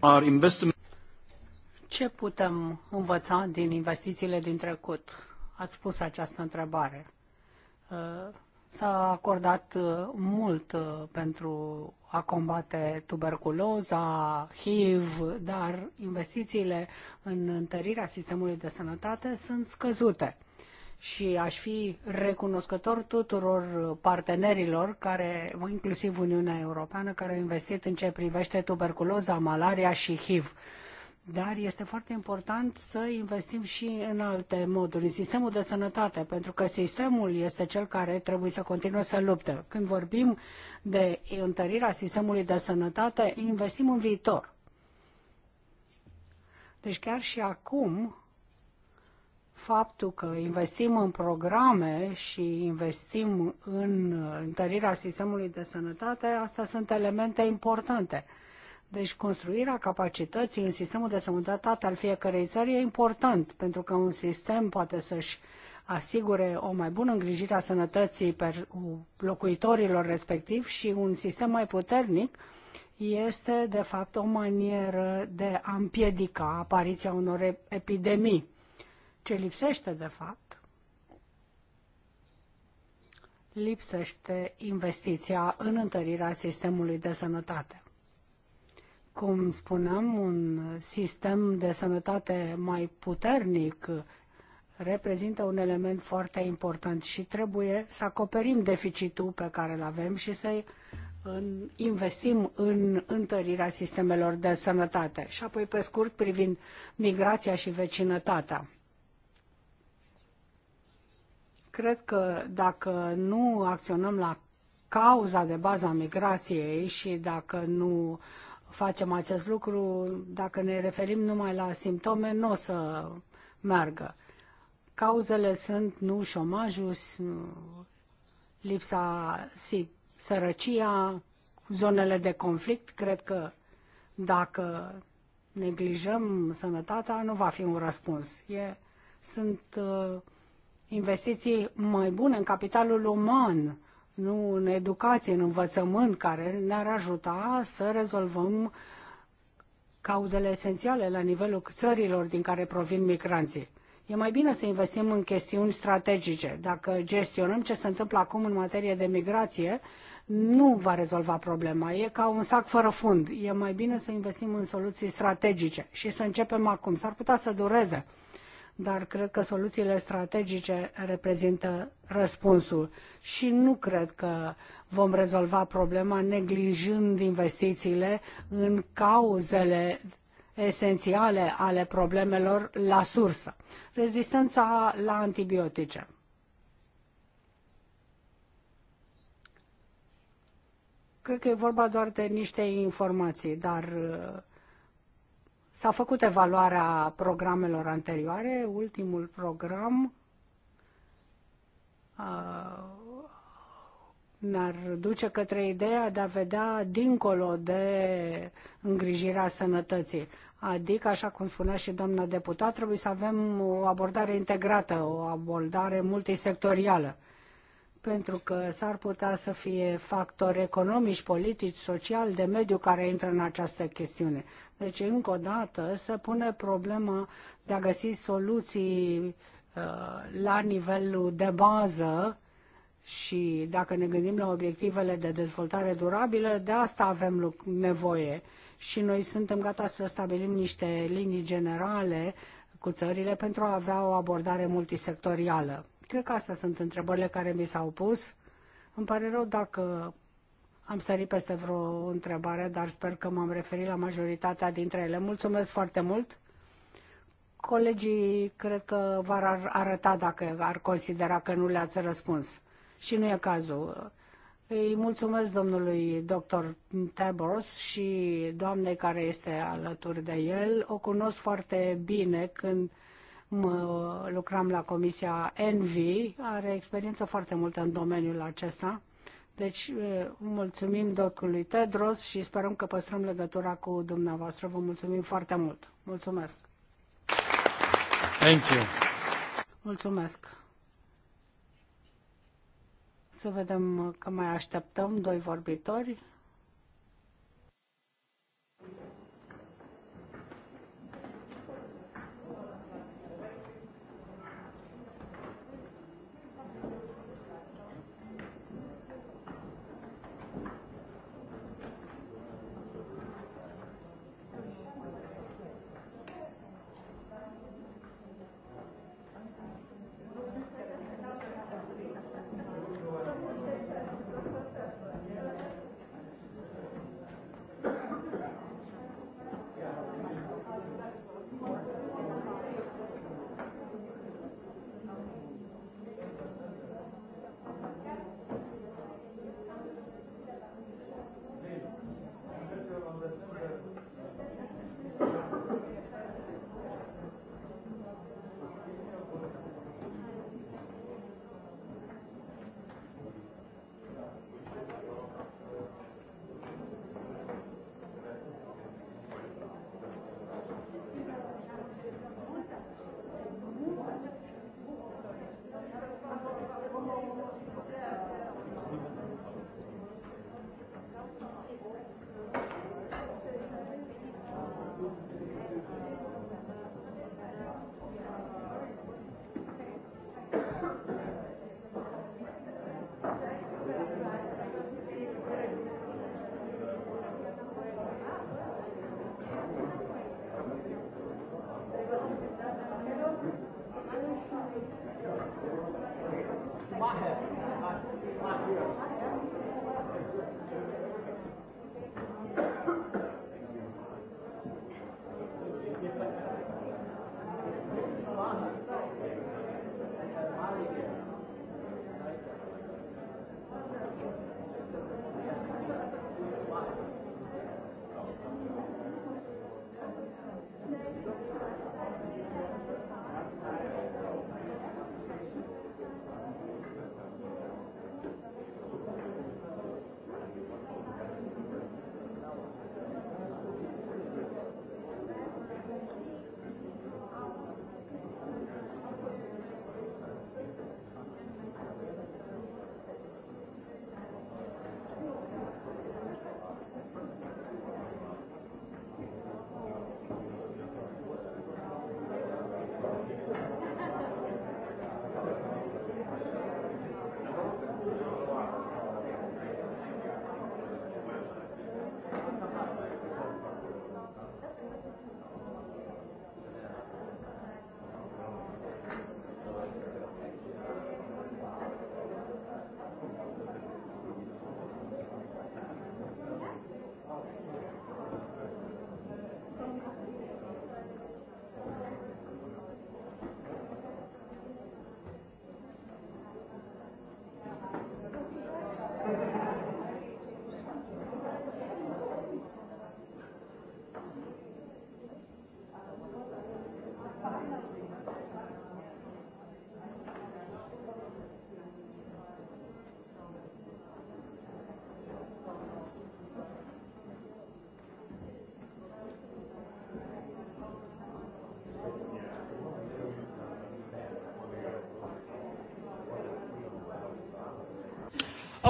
Ce putem învăța din investițiile din trecut? Ați pus această întrebare. Uh, s-a acordat uh, mult uh, pentru a combate tuberculoza, HIV, dar investițiile în întărirea sistemului de sănătate sunt scăzute și aș fi recunoscător tuturor partenerilor, care, inclusiv Uniunea Europeană, care au investit în ce privește tuberculoza, malaria și HIV. Dar este foarte important să investim și în alte moduri, în sistemul de sănătate, pentru că sistemul este cel care trebuie să continue să lupte. Când vorbim de întărirea sistemului de sănătate, investim în viitor. Deci chiar și acum faptul că investim în programe și investim în întărirea sistemului de sănătate, astea sunt elemente importante. Deci construirea capacității în sistemul de sănătate al fiecărei țări e important, pentru că un sistem poate să-și asigure o mai bună îngrijire a sănătății per locuitorilor respectiv și un sistem mai puternic este, de fapt, o manieră de a împiedica apariția unor epidemii. Ce lipsește, de fapt, lipsește investiția în întărirea sistemului de sănătate. Cum spuneam, un sistem de sănătate mai puternic reprezintă un element foarte important și trebuie să acoperim deficitul pe care îl avem și să investim în întărirea sistemelor de sănătate. Și apoi, pe scurt, privind migrația și vecinătatea Cred că dacă nu acționăm la cauza de bază a migrației și dacă nu facem acest lucru, dacă ne referim numai la simptome, nu o să meargă. Cauzele sunt nu șomajul, lipsa sărăcia, zonele de conflict. Cred că dacă neglijăm sănătatea, nu va fi un răspuns. E, sunt uh, investiții mai bune în capitalul uman, nu în educație, în învățământ, care ne-ar ajuta să rezolvăm cauzele esențiale la nivelul țărilor din care provin migranții. E mai bine să investim în chestiuni strategice. Dacă gestionăm ce se întâmplă acum în materie de migrație, nu va rezolva problema. E ca un sac fără fund. E mai bine să investim în soluții strategice și să începem acum. S-ar putea să dureze dar cred că soluțiile strategice reprezintă răspunsul și nu cred că vom rezolva problema neglijând investițiile în cauzele esențiale ale problemelor la sursă. Rezistența la antibiotice. Cred că e vorba doar de niște informații, dar S-a făcut evaluarea programelor anterioare, ultimul program ne-ar duce către ideea de a vedea dincolo de îngrijirea sănătății. Adică, așa cum spunea și doamna deputat, trebuie să avem o abordare integrată, o abordare multisectorială pentru că s-ar putea să fie factori economici, politici, sociali, de mediu care intră în această chestiune. Deci, încă o dată, se pune problema de a găsi soluții uh, la nivelul de bază și dacă ne gândim la obiectivele de dezvoltare durabilă, de asta avem nevoie. Și noi suntem gata să stabilim niște linii generale cu țările pentru a avea o abordare multisectorială. Cred că astea sunt întrebările care mi s-au pus. Îmi pare rău dacă am sărit peste vreo întrebare, dar sper că m-am referit la majoritatea dintre ele. Mulțumesc foarte mult! Colegii cred că v-ar arăta dacă ar considera că nu le-ați răspuns. Și nu e cazul. Îi mulțumesc domnului doctor Tabors și doamnei care este alături de el. O cunosc foarte bine când mă, uh, lucram la Comisia Envi, are experiență foarte multă în domeniul acesta. Deci uh, mulțumim doctorului Tedros și sperăm că păstrăm legătura cu dumneavoastră. Vă mulțumim foarte mult. Mulțumesc. Thank you. Mulțumesc. Să vedem că mai așteptăm doi vorbitori.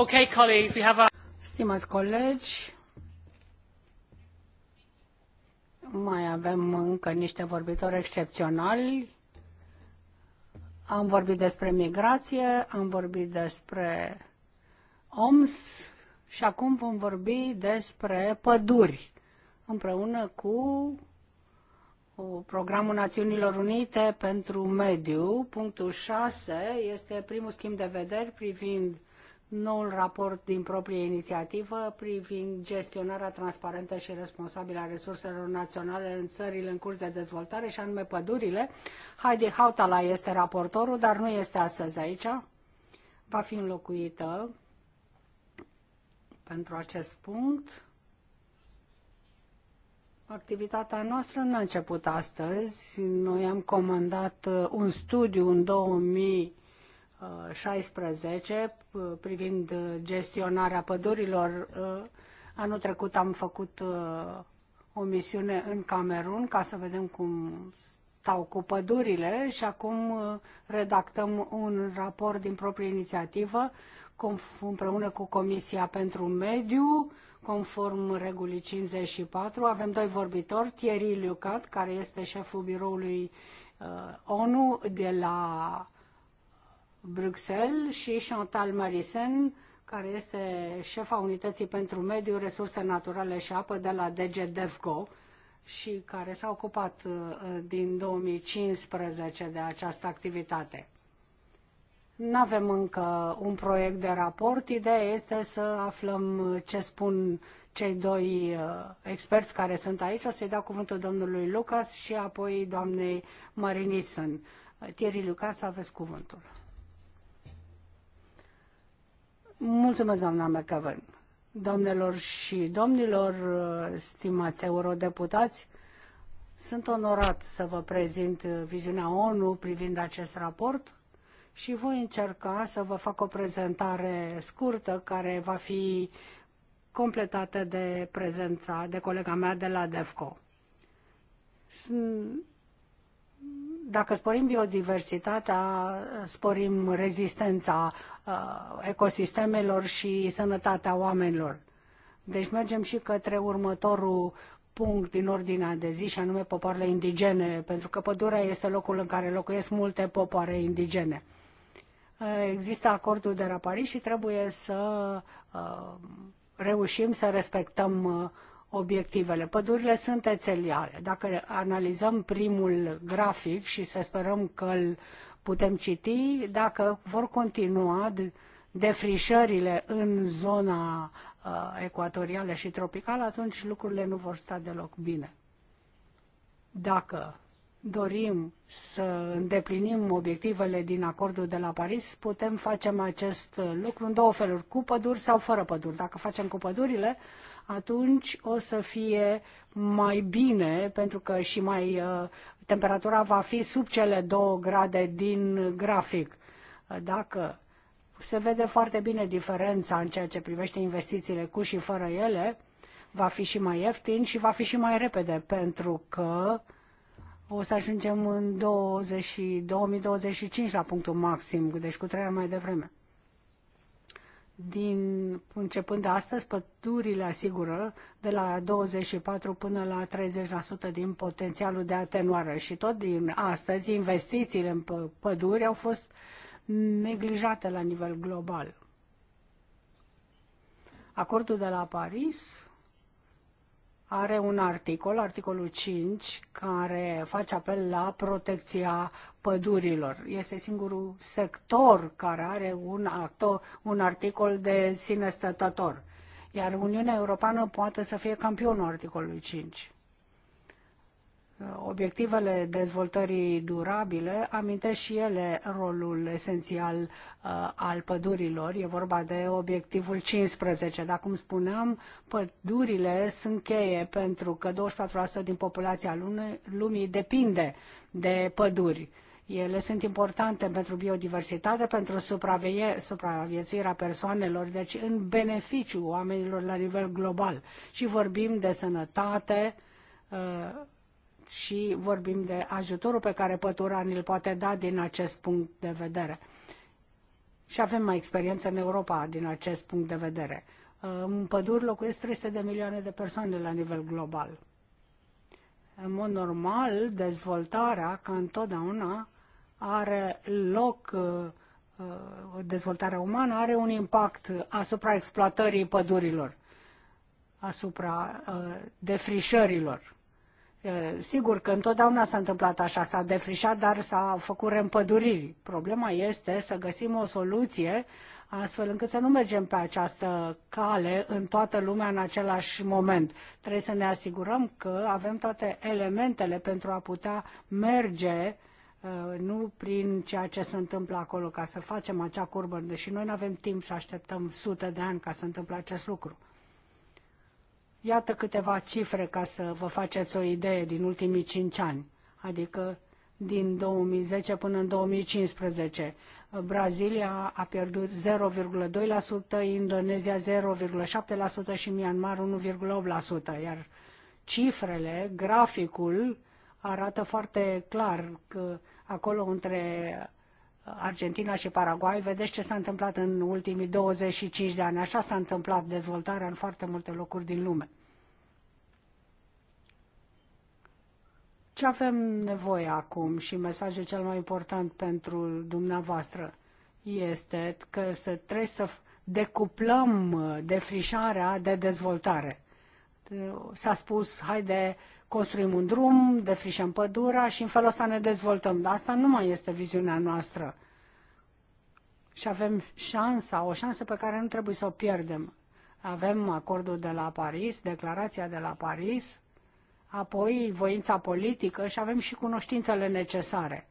Okay, colleagues, we have a... Stimați colegi, mai avem încă niște vorbitori excepționali. Am vorbit despre migrație, am vorbit despre OMS și acum vom vorbi despre păduri împreună cu Programul Națiunilor Unite pentru Mediu. Punctul 6 este primul schimb de vederi privind noul raport din proprie inițiativă privind gestionarea transparentă și responsabilă a resurselor naționale în țările în curs de dezvoltare și anume pădurile. Heidi Hautala este raportorul, dar nu este astăzi aici. Va fi înlocuită pentru acest punct. Activitatea noastră nu a început astăzi. Noi am comandat uh, un studiu în 2000 16 privind gestionarea pădurilor. Uh, anul trecut am făcut uh, o misiune în Camerun ca să vedem cum stau cu pădurile și acum uh, redactăm un raport din proprie inițiativă împreună cu Comisia pentru Mediu, conform regulii 54. Avem doi vorbitori, Thierry Lucat, care este șeful biroului ONU de la Bruxelles și Chantal Marisen, care este șefa Unității pentru Mediu, Resurse Naturale și Apă de la DG DevGo și care s-a ocupat uh, din 2015 de această activitate. Nu avem încă un proiect de raport. Ideea este să aflăm uh, ce spun cei doi uh, experți care sunt aici. O să-i dau cuvântul domnului Lucas și apoi doamnei Marinison. Thierry Lucas, aveți cuvântul. Mulțumesc, doamna McAvern. Doamnelor și domnilor, stimați eurodeputați, sunt onorat să vă prezint viziunea ONU privind acest raport și voi încerca să vă fac o prezentare scurtă care va fi completată de prezența de colega mea de la DEFCO. Dacă sporim biodiversitatea, sporim rezistența uh, ecosistemelor și sănătatea oamenilor. Deci mergem și către următorul punct din ordinea de zi, și anume popoarele indigene, pentru că pădurea este locul în care locuiesc multe popoare indigene. Uh, există acordul de la Paris și trebuie să uh, reușim să respectăm uh, obiectivele. Pădurile sunt ețeliale. Dacă analizăm primul grafic și să sperăm că îl putem citi, dacă vor continua defrișările în zona uh, ecuatorială și tropicală, atunci lucrurile nu vor sta deloc bine. Dacă dorim să îndeplinim obiectivele din acordul de la Paris, putem face acest lucru în două feluri, cu păduri sau fără păduri. Dacă facem cu pădurile, uh, atunci o să fie mai bine, pentru că și mai uh, temperatura va fi sub cele 2 grade din grafic. Dacă se vede foarte bine diferența în ceea ce privește investițiile cu și fără ele, va fi și mai ieftin și va fi și mai repede, pentru că o să ajungem în 20, 2025 la punctul maxim, deci cu trei ani mai devreme din începând de astăzi, pădurile asigură de la 24 până la 30% din potențialul de atenuare și tot din astăzi investițiile în păduri au fost neglijate la nivel global. Acordul de la Paris are un articol, articolul 5, care face apel la protecția pădurilor. Este singurul sector care are un, acto, un articol de sine stătător. Iar Uniunea Europeană poate să fie campionul articolului 5. Obiectivele dezvoltării durabile amintesc și ele rolul esențial uh, al pădurilor. E vorba de obiectivul 15. Dar, cum spuneam, pădurile sunt cheie pentru că 24% din populația lumii depinde de păduri. Uh, ele sunt importante pentru biodiversitate, pentru supravie, supraviețuirea persoanelor, deci în beneficiu oamenilor la nivel global. Și vorbim de sănătate uh, și vorbim de ajutorul pe care pătura îl poate da din acest punct de vedere. Și avem mai experiență în Europa din acest punct de vedere. Uh, în păduri locuiesc 300 de milioane de persoane la nivel global. În mod normal, dezvoltarea, ca întotdeauna, are loc uh, uh, dezvoltarea umană, are un impact asupra exploatării pădurilor, asupra uh, defrișărilor. Sigur că întotdeauna s-a întâmplat așa, s-a defrișat, dar s-a făcut reîmpăduriri. Problema este să găsim o soluție astfel încât să nu mergem pe această cale în toată lumea în același moment. Trebuie să ne asigurăm că avem toate elementele pentru a putea merge uh, Uh, nu prin ceea ce se întâmplă acolo ca să facem acea curbă, deși noi nu avem timp să așteptăm sute de ani ca să întâmple acest lucru. Iată câteva cifre ca să vă faceți o idee din ultimii cinci ani, adică din 2010 până în 2015. Uh, Brazilia a pierdut 0,2%, Indonezia 0,7% și Myanmar 1,8%, iar cifrele, graficul, arată foarte clar că acolo între Argentina și Paraguay, vedeți ce s-a întâmplat în ultimii 25 de ani. Așa s-a întâmplat dezvoltarea în foarte multe locuri din lume. Ce avem nevoie acum și mesajul cel mai important pentru dumneavoastră este că să trebuie să decuplăm defrișarea de dezvoltare. S-a spus, haide, construim un drum, defrișăm pădura și în felul ăsta ne dezvoltăm. Dar asta nu mai este viziunea noastră. Și avem șansa, o șansă pe care nu trebuie să o pierdem. Avem acordul de la Paris, declarația de la Paris, apoi voința politică și avem și cunoștințele necesare.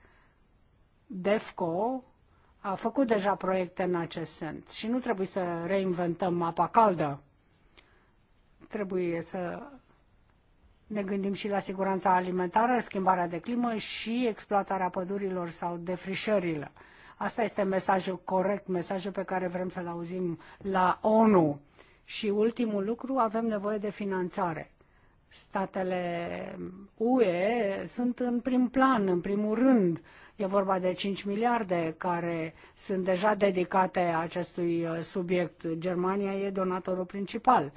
DEFCO a făcut deja proiecte în acest sens și nu trebuie să reinventăm apa caldă. Trebuie să ne gândim și la siguranța alimentară, schimbarea de climă și exploatarea pădurilor sau defrișările. Asta este mesajul corect, mesajul pe care vrem să-l auzim la ONU. Și ultimul lucru, avem nevoie de finanțare. Statele UE sunt în prim plan, în primul rând. E vorba de 5 miliarde care sunt deja dedicate acestui uh, subiect. Germania e donatorul principal.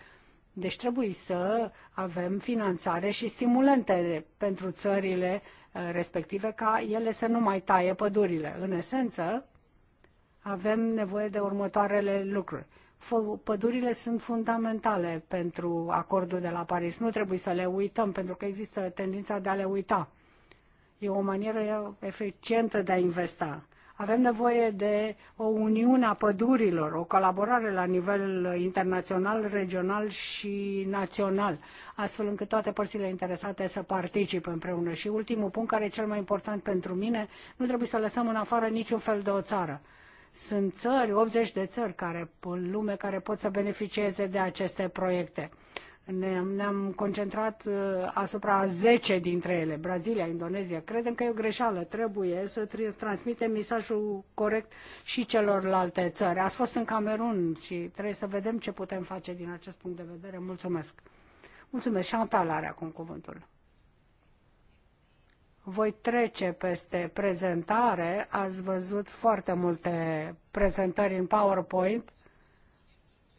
Deci trebuie să avem finanțare și stimulente pentru țările uh, respective ca ele să nu mai taie pădurile. În esență, avem nevoie de următoarele lucruri. Pădurile sunt fundamentale pentru acordul de la Paris. Nu trebuie să le uităm, pentru că există tendința de a le uita. E o manieră eficientă de a investa. Avem nevoie de o uniune a pădurilor, o colaborare la nivel internațional, regional și național, astfel încât toate părțile interesate să participe împreună. Și ultimul punct, care e cel mai important pentru mine, nu trebuie să lăsăm în afară niciun fel de o țară. Sunt țări, 80 de țări care, în lume care pot să beneficieze de aceste proiecte. Ne-am, ne-am concentrat uh, asupra 10 dintre ele, Brazilia, Indonezia. Credem că e o greșeală. Trebuie să transmitem mesajul corect și celorlalte țări. Ați fost în Camerun și trebuie să vedem ce putem face din acest punct de vedere. Mulțumesc. Mulțumesc. Chantal are acum cuvântul voi trece peste prezentare. Ați văzut foarte multe prezentări în PowerPoint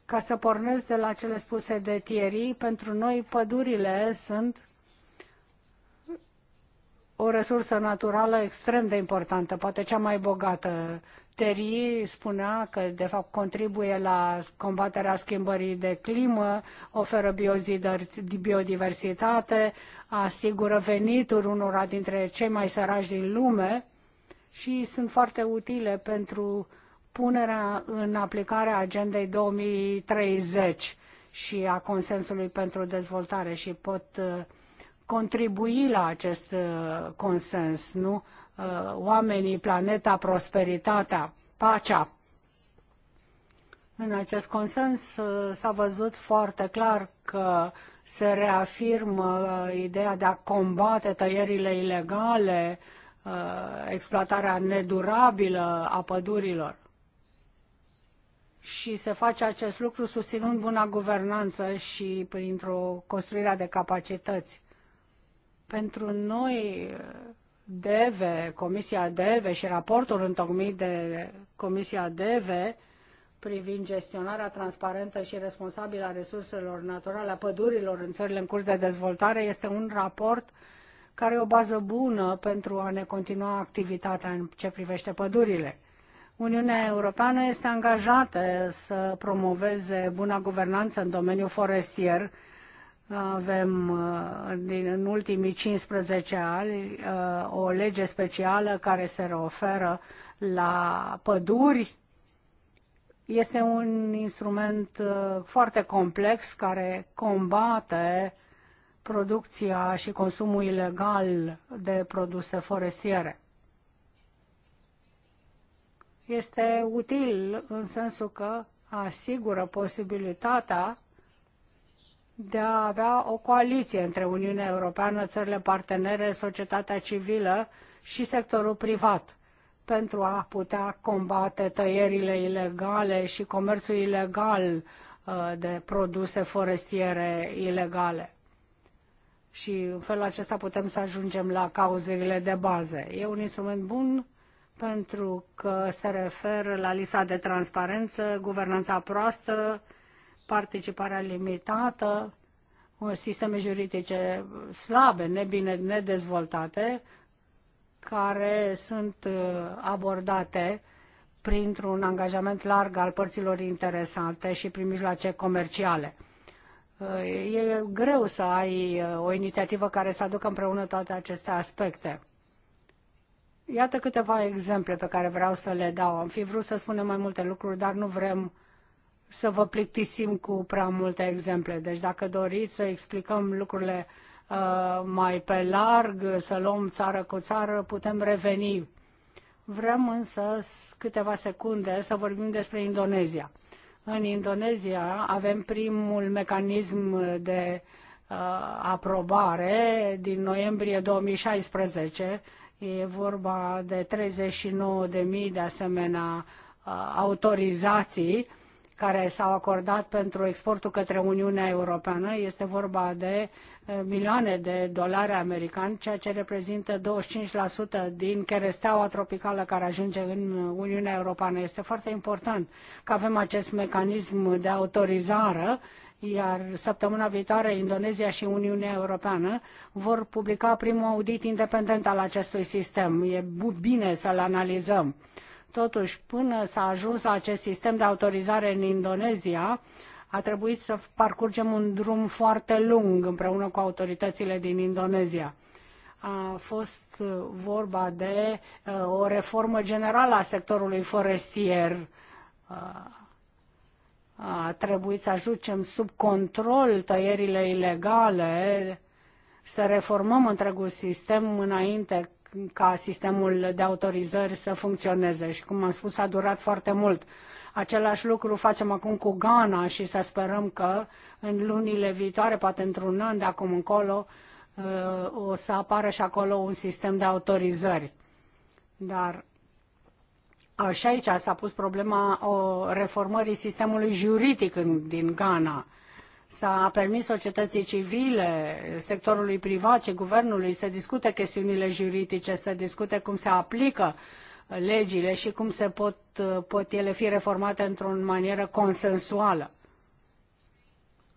ca să pornesc de la cele spuse de Thierry, pentru noi pădurile sunt o resursă naturală extrem de importantă, poate cea mai bogată. Thierry spunea că, de fapt, contribuie la combaterea schimbării de climă, oferă biodiversitate, asigură venituri unora dintre cei mai săraci din lume și sunt foarte utile pentru uh, punerea în aplicare a agendei 2030 și a consensului pentru dezvoltare și pot uh, contribui la acest uh, consens, nu? Uh, oamenii, planeta, prosperitatea, pacea. În acest consens s-a văzut foarte clar că se reafirmă ideea de a combate tăierile ilegale, exploatarea nedurabilă a pădurilor și se face acest lucru susținând buna guvernanță și printr-o construire de capacități. Pentru noi, DEVE, Comisia DEVE și raportul întocmit de Comisia DEVE privind gestionarea transparentă și responsabilă a resurselor naturale, a pădurilor în țările în curs de dezvoltare, este un raport care e o bază bună pentru a ne continua activitatea în ce privește pădurile. Uniunea Europeană este angajată să promoveze buna guvernanță în domeniul forestier. Avem uh, în ultimii 15 ani uh, o lege specială care se oferă la păduri. Este un instrument uh, foarte complex care combate producția și consumul ilegal de produse forestiere. Este util în sensul că asigură posibilitatea de a avea o coaliție între Uniunea Europeană, țările partenere, societatea civilă și sectorul privat pentru a putea combate tăierile ilegale și comerțul ilegal uh, de produse forestiere ilegale. Și în felul acesta putem să ajungem la cauzele de bază. E un instrument bun pentru că se referă la lista de transparență, guvernanța proastă, participarea limitată, uh, sisteme juridice slabe, nebine, nedezvoltate, care sunt uh, abordate printr-un angajament larg al părților interesante și prin mijloace comerciale. Uh, e greu să ai o inițiativă care să aducă împreună toate aceste aspecte. Iată câteva exemple pe care vreau să le dau. Am fi vrut să spunem mai multe lucruri, dar nu vrem să vă plictisim cu prea multe exemple. Deci dacă doriți să explicăm lucrurile uh, mai pe larg, să luăm țară cu țară, putem reveni. Vrem însă câteva secunde să vorbim despre Indonezia. În Indonezia avem primul mecanism de uh, aprobare din noiembrie 2016 E vorba de 39.000 de de asemenea autorizații care s-au acordat pentru exportul către Uniunea Europeană. Este vorba de milioane de dolari americani, ceea ce reprezintă 25% din cheresteaua tropicală care ajunge în Uniunea Europeană. Este foarte important că avem acest mecanism de autorizare iar săptămâna viitoare Indonezia și Uniunea Europeană vor publica primul audit independent al acestui sistem. E bine să-l analizăm. Totuși, până s-a ajuns la acest sistem de autorizare în Indonezia, a trebuit să parcurgem un drum foarte lung împreună cu autoritățile din Indonezia. A fost uh, vorba de uh, o reformă generală a sectorului forestier uh, a trebuit să ajungem sub control tăierile ilegale, să reformăm întregul sistem înainte ca sistemul de autorizări să funcționeze. Și cum am spus, a durat foarte mult. Același lucru facem acum cu Ghana și să sperăm că în lunile viitoare, poate într-un an de acum încolo, uh, o să apară și acolo un sistem de autorizări. Dar și aici s-a pus problema o reformării sistemului juridic în, din Ghana. S-a permis societății civile, sectorului privat și guvernului să discute chestiunile juridice, să discute cum se aplică legile și cum se pot, pot ele fi reformate într-o manieră consensuală.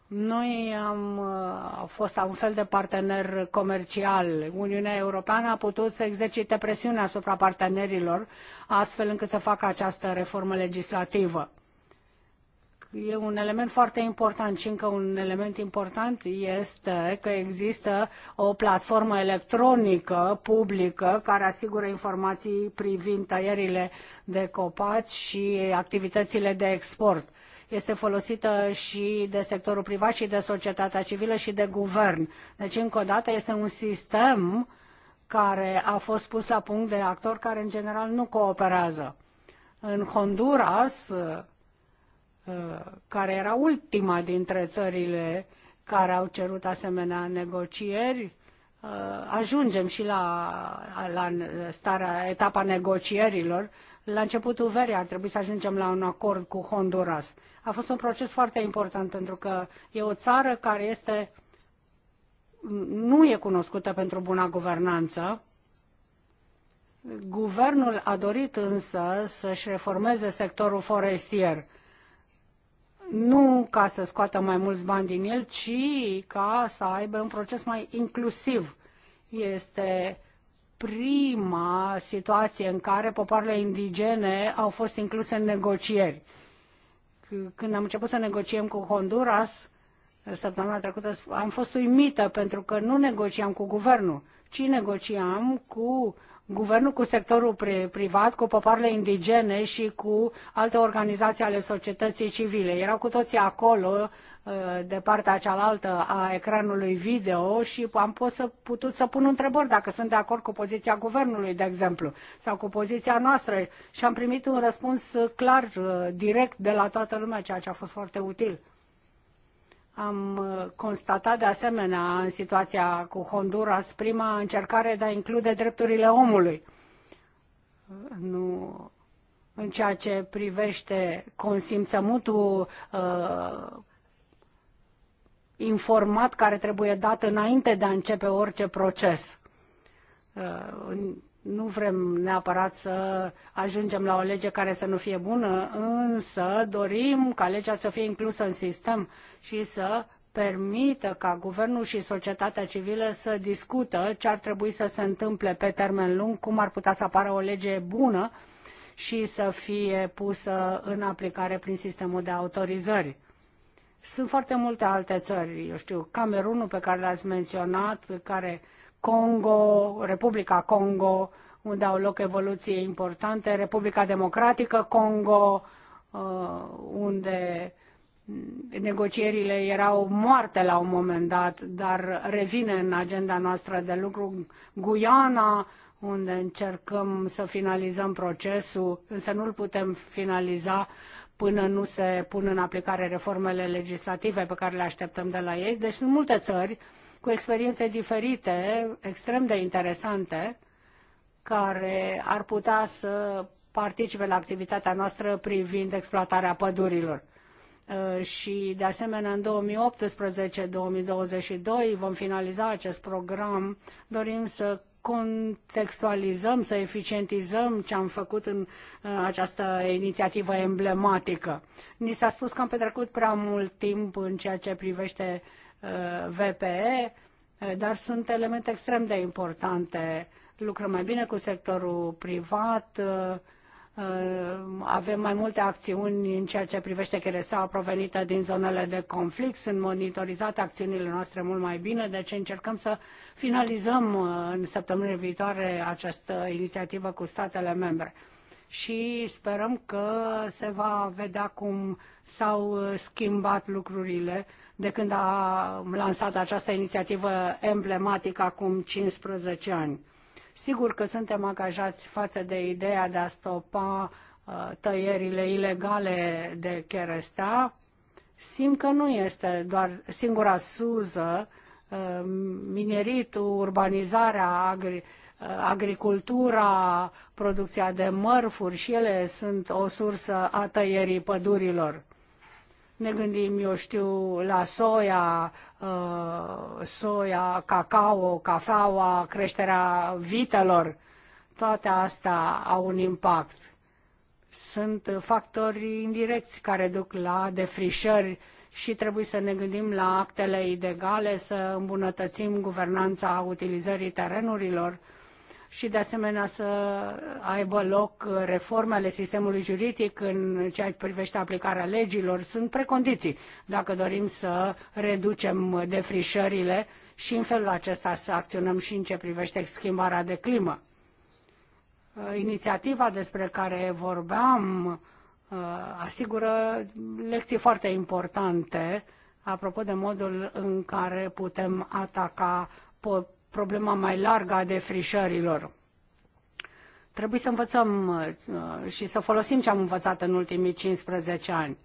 Noi am uh, fost un fel de partener comercial. Uniunea Europeană a putut să exercite presiune asupra partenerilor, astfel încât să facă această reformă legislativă. E un element foarte important și încă un element important este că există o platformă electronică publică care asigură informații privind tăierile de copaci și activitățile de export este folosită și de sectorul privat și de societatea civilă și de guvern. Deci, încă o dată, este un sistem care a fost pus la punct de actori care, în general, nu cooperează. În Honduras, uh, care era ultima dintre țările care au cerut asemenea negocieri, uh, ajungem și la, la starea, etapa negocierilor. La începutul verii ar trebui să ajungem la un acord cu Honduras a fost un proces foarte important pentru că e o țară care este nu e cunoscută pentru buna guvernanță. Guvernul a dorit însă să-și reformeze sectorul forestier nu ca să scoată mai mulți bani din el, ci ca să aibă un proces mai inclusiv. Este prima situație în care popoarele indigene au fost incluse în negocieri când am început să negociem cu Honduras, eh, săptămâna trecută, am fost uimită pentru că nu negociam cu guvernul, ci negociam cu guvernul, cu sectorul privat, cu popoarele indigene și cu alte organizații ale societății civile. Erau cu toții acolo Uh, de partea cealaltă a ecranului video și am pot să, putut să pun întrebări dacă sunt de acord cu poziția guvernului, de exemplu, sau cu poziția noastră și am primit un răspuns clar, uh, direct de la toată lumea, ceea ce a fost foarte util. Am uh, constatat de asemenea în situația cu Honduras prima încercare de a include drepturile omului. Nu în ceea ce privește consimțământul uh, informat care trebuie dat înainte de a începe orice proces. Uh, nu vrem neapărat să ajungem la o lege care să nu fie bună, însă dorim ca legea să fie inclusă în sistem și să permită ca guvernul și societatea civilă să discută ce ar trebui să se întâmple pe termen lung, cum ar putea să apară o lege bună și să fie pusă în aplicare prin sistemul de autorizări. Sunt foarte multe alte țări, eu știu, Camerunul pe care l-ați menționat, pe care Congo, Republica Congo, unde au loc evoluții importante, Republica Democratică Congo, uh, unde negocierile erau moarte la un moment dat, dar revine în agenda noastră de lucru Guyana, unde încercăm să finalizăm procesul, însă nu-l putem finaliza până nu se pun în aplicare reformele legislative pe care le așteptăm de la ei. Deci sunt multe țări cu experiențe diferite, extrem de interesante, care ar putea să participe la activitatea noastră privind exploatarea pădurilor. Uh, și, de asemenea, în 2018-2022 vom finaliza acest program. Dorim să contextualizăm, să eficientizăm ce am făcut în uh, această inițiativă emblematică. Ni s-a spus că am petrecut prea mult timp în ceea ce privește uh, VPE, uh, dar sunt elemente extrem de importante. Lucrăm mai bine cu sectorul privat, Uh, avem mai multe acțiuni în ceea ce privește chereseaua provenită din zonele de conflict. Sunt monitorizate acțiunile noastre mult mai bine, deci încercăm să finalizăm uh, în săptămâna viitoare această inițiativă cu statele membre. Și sperăm că se va vedea cum s-au uh, schimbat lucrurile de când am lansat această inițiativă emblematică acum 15 ani Sigur că suntem angajați față de ideea de a stopa uh, tăierile ilegale de cherestea. Simt că nu este doar singura suză, uh, mineritul, urbanizarea, agri, uh, agricultura, producția de mărfuri și ele sunt o sursă a tăierii pădurilor ne gândim, eu știu, la soia, uh, soia, cacao, cafeaua, creșterea vitelor, toate astea au un impact. Sunt factori indirecți care duc la defrișări și trebuie să ne gândim la actele ilegale, să îmbunătățim guvernanța utilizării terenurilor, și de asemenea să aibă loc reformele sistemului juridic în ceea ce privește aplicarea legilor. Sunt precondiții dacă dorim să reducem defrișările și în felul acesta să acționăm și în ce privește schimbarea de climă. Inițiativa despre care vorbeam uh, asigură lecții foarte importante apropo de modul în care putem ataca problema mai largă a defrișărilor. Trebuie să învățăm uh, și să folosim ce am învățat în ultimii 15 ani.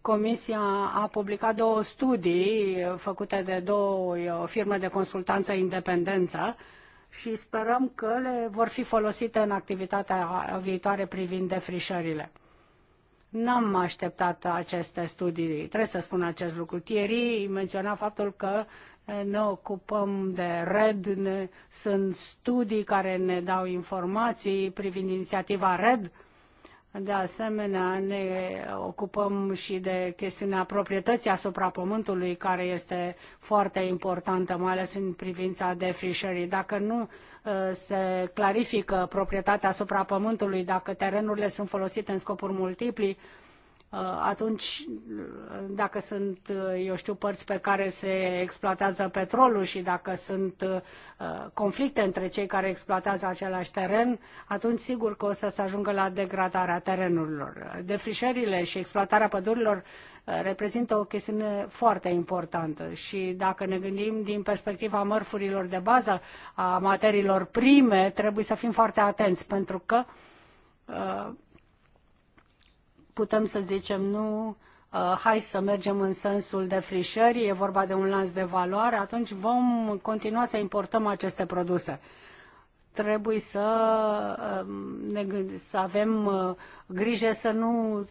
Comisia a publicat două studii uh, făcute de două uh, firme de consultanță independență și sperăm că le vor fi folosite în activitatea viitoare privind defrișările. N-am așteptat aceste studii, trebuie să spun acest lucru. Thierry menționa faptul că ne ocupăm de RED, ne, sunt studii care ne dau informații privind inițiativa RED. De asemenea, ne ocupăm și de chestiunea proprietății asupra pământului, care este foarte importantă, mai ales în privința defrișării. Dacă nu uh, se clarifică proprietatea asupra pământului, dacă terenurile sunt folosite în scopuri multipli, Uh, atunci uh, dacă sunt, uh, eu știu, părți pe care se exploatează petrolul și dacă sunt conflicte între cei care exploatează același teren, atunci sigur că o să se ajungă la degradarea terenurilor. Defrișările și exploatarea pădurilor reprezintă o chestiune foarte importantă și dacă ne gândim din perspectiva mărfurilor de bază, a materiilor prime, trebuie să fim foarte atenți pentru că putem să zicem nu, uh, hai să mergem în sensul de frișării, e vorba de un lanț de valoare, atunci vom continua să importăm aceste produse. Trebuie să, uh, ne gând- să avem uh, grijă să nu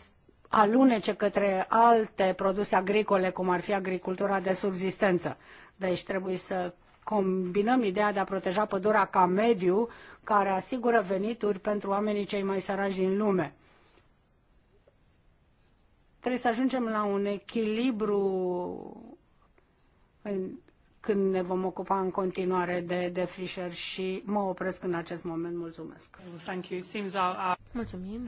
alunece către alte produse agricole, cum ar fi agricultura de subzistență. Deci trebuie să combinăm ideea de a proteja pădurea ca mediu care asigură venituri pentru oamenii cei mai săraci din lume. Trebuie să ajungem la un echilibru în, când ne vom ocupa în continuare de, de Fisher și mă opresc în acest moment. Mulțumesc. Thank you. Seems our... Mulțumim.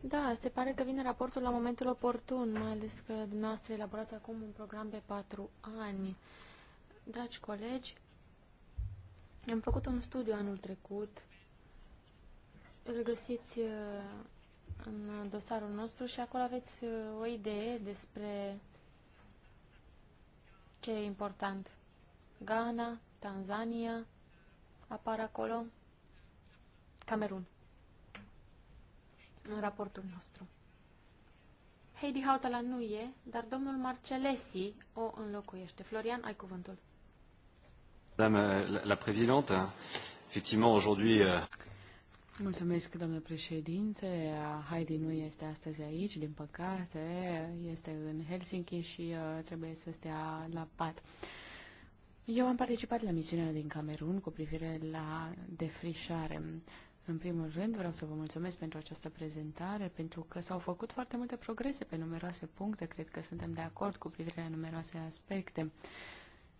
Da, se pare că vine raportul la momentul oportun, mai ales că dumneavoastră elaborați acum un program pe patru ani. Dragi colegi, am făcut un studiu anul trecut. Îl găsiți uh, în dosarul nostru și acolo aveți uh, o idee despre ce e important. Ghana, Tanzania apar acolo, Camerun în raportul nostru. Heidi Hautala nu e, dar domnul Marcelesi o înlocuiește. Florian, ai cuvântul. Madame la, la présidente, effectivement aujourd'hui euh, Mulțumesc, domnule președinte. Heidi nu este astăzi aici, din păcate. Este în Helsinki și uh, trebuie să stea la pat. Eu am participat la misiunea din Camerun cu privire la defrișare. În primul rând vreau să vă mulțumesc pentru această prezentare, pentru că s-au făcut foarte multe progrese pe numeroase puncte, cred că suntem de acord cu privire la numeroase aspecte. Uh,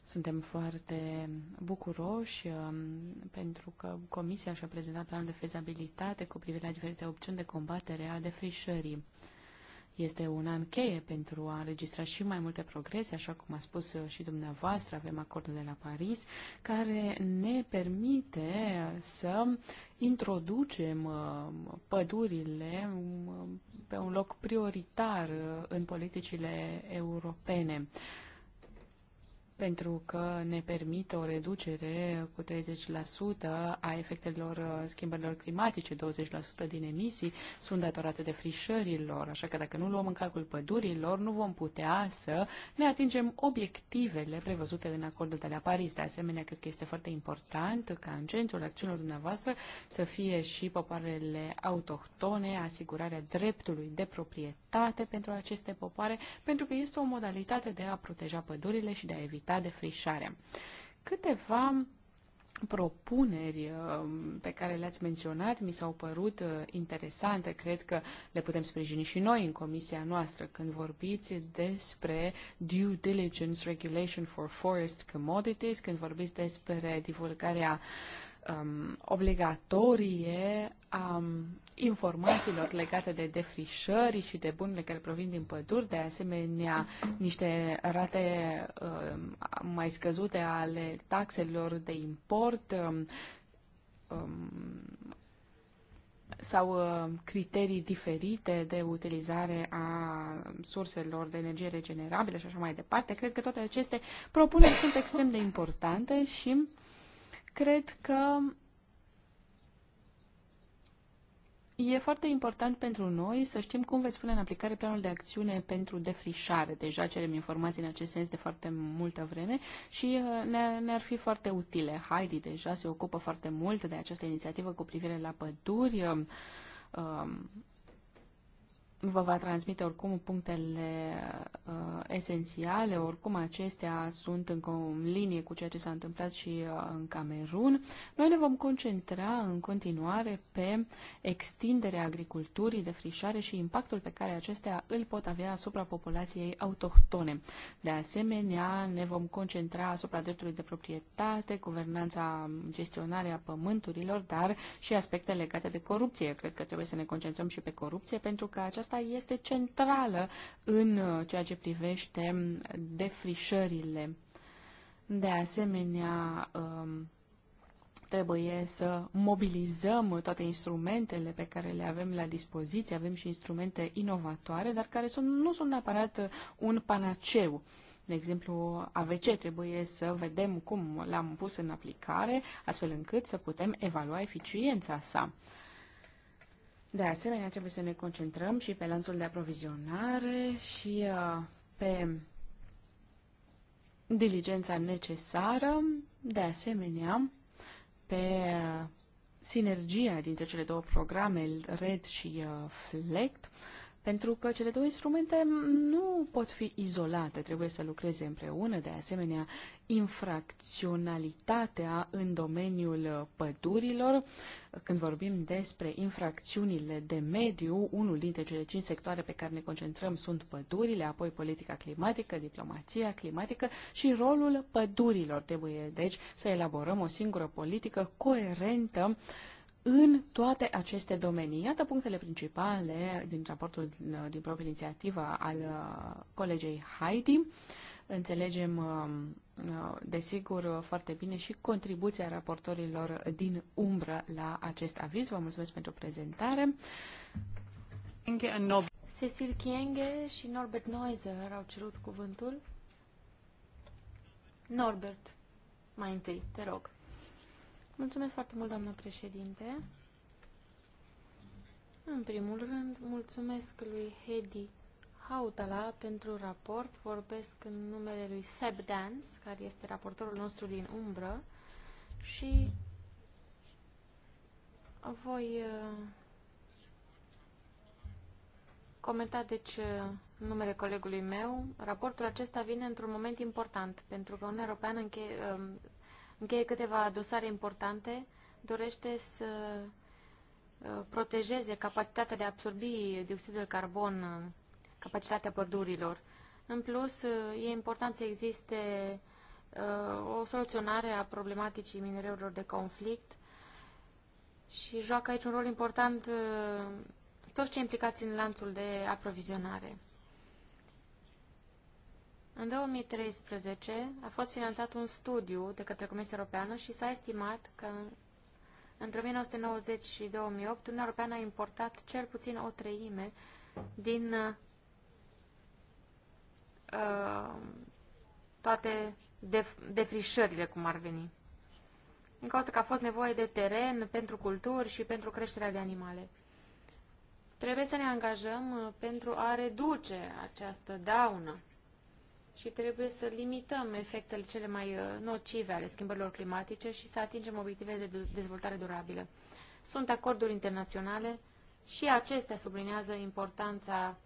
suntem foarte bucuroși um, pentru că Comisia și-a prezentat planul de fezabilitate cu privire la diferite opțiuni de combatere a defrișării. Este un an cheie pentru a înregistra și mai multe progrese, așa cum a spus și dumneavoastră, avem acordul de la Paris, care ne permite să introducem um, pădurile um, pe un loc prioritar uh, în politicile europene pentru că ne permite o reducere cu 30% a efectelor uh, schimbărilor climatice, 20% din emisii sunt datorate de frișărilor, așa că dacă nu luăm în calcul pădurilor, nu vom putea să ne atingem obiectivele prevăzute în acordul de la Paris. De asemenea, cred că este foarte important ca în centrul acțiunilor dumneavoastră să fie și popoarele autohtone, asigurarea dreptului de proprietate pentru aceste popoare, pentru că este o modalitate de a proteja pădurile și de a evita evita defrișarea. Câteva propuneri um, pe care le-ați menționat mi s-au părut uh, interesante. Cred că le putem sprijini și noi în comisia noastră când vorbiți despre due diligence regulation for forest commodities, când vorbiți despre divulgarea uh, um, obligatorie a informațiilor legate de defrișări și de bunurile care provin din păduri, de asemenea niște rate um, mai scăzute ale taxelor de import um, um sau uh, criterii diferite de utilizare a surselor de energie regenerabile și așa mai departe. Cred că toate aceste propuneri sunt extrem de importante și Cred că E foarte important pentru noi să știm cum veți pune în aplicare planul de acțiune pentru defrișare. Deja cerem informații în acest sens de foarte multă vreme și uh, ne-ar fi foarte utile. Heidi deja se ocupă foarte mult de această inițiativă cu privire la păduri. Um, um vă va transmite oricum punctele uh, esențiale, oricum acestea sunt în, în linie cu ceea ce s-a întâmplat și uh, în Camerun. Noi ne vom concentra în continuare pe extinderea agriculturii de frișare și impactul pe care acestea îl pot avea asupra populației autohtone. De asemenea, ne vom concentra asupra dreptului de proprietate, guvernanța gestionarea pământurilor, dar și aspecte legate de corupție. Cred că trebuie să ne concentrăm și pe corupție, pentru că această aceasta este centrală în uh, ceea ce privește defrișările. De asemenea, um, trebuie să mobilizăm toate instrumentele pe care le avem la dispoziție. Avem și instrumente inovatoare, dar care sunt, nu sunt neapărat uh, un panaceu. De exemplu, AVC trebuie să vedem cum l-am pus în aplicare, astfel încât să putem evalua eficiența sa. De asemenea, trebuie să ne concentrăm și pe lanțul de aprovizionare și uh, pe diligența necesară, de asemenea, pe uh, sinergia dintre cele două programe, RED și uh, FLECT, pentru că cele două instrumente nu pot fi izolate, trebuie să lucreze împreună. De asemenea, infracționalitatea în domeniul pădurilor, când vorbim despre infracțiunile de mediu, unul dintre cele cinci sectoare pe care ne concentrăm sunt pădurile, apoi politica climatică, diplomația climatică și rolul pădurilor. Trebuie, deci, să elaborăm o singură politică coerentă în toate aceste domenii. Iată punctele principale din raportul din proprie inițiativă al uh, colegei Heidi. Înțelegem, um, uh, desigur, foarte bine și contribuția raportorilor din umbră la acest aviz. Vă mulțumesc pentru prezentare. Cecil Kienge și Norbert Neuser au cerut cuvântul. Norbert, mai întâi, te rog. Mulțumesc foarte mult, doamnă președinte. În primul rând, mulțumesc lui Hedi Hautala pentru raport. Vorbesc în numele lui Seb Dance, care este raportorul nostru din umbră și voi uh, comenta, deci, uh, numele colegului meu. Raportul acesta vine într-un moment important, pentru că Uniunea Europeană încheie... Uh, încheie câteva dosare importante, dorește să uh, protejeze capacitatea de a absorbi dioxidul de carbon, uh, capacitatea pădurilor. În plus, uh, e important să existe o soluționare a problematicii minereurilor de conflict și joacă aici un rol important toți cei implicați în lanțul de aprovizionare. În 2013 a fost finanțat un studiu de către Comisia Europeană și s-a estimat că între 1990 și 2008 Uniunea Europeană a importat cel puțin o treime din uh, toate def defrișările, cum ar veni. Din cauza că a fost nevoie de teren pentru culturi și pentru creșterea de animale. Trebuie să ne angajăm uh, pentru a reduce această daună și trebuie să limităm efectele cele mai uh, nocive ale schimbărilor climatice și să atingem obiectivele de dezvoltare durabilă. Sunt acorduri internaționale și acestea sublinează importanța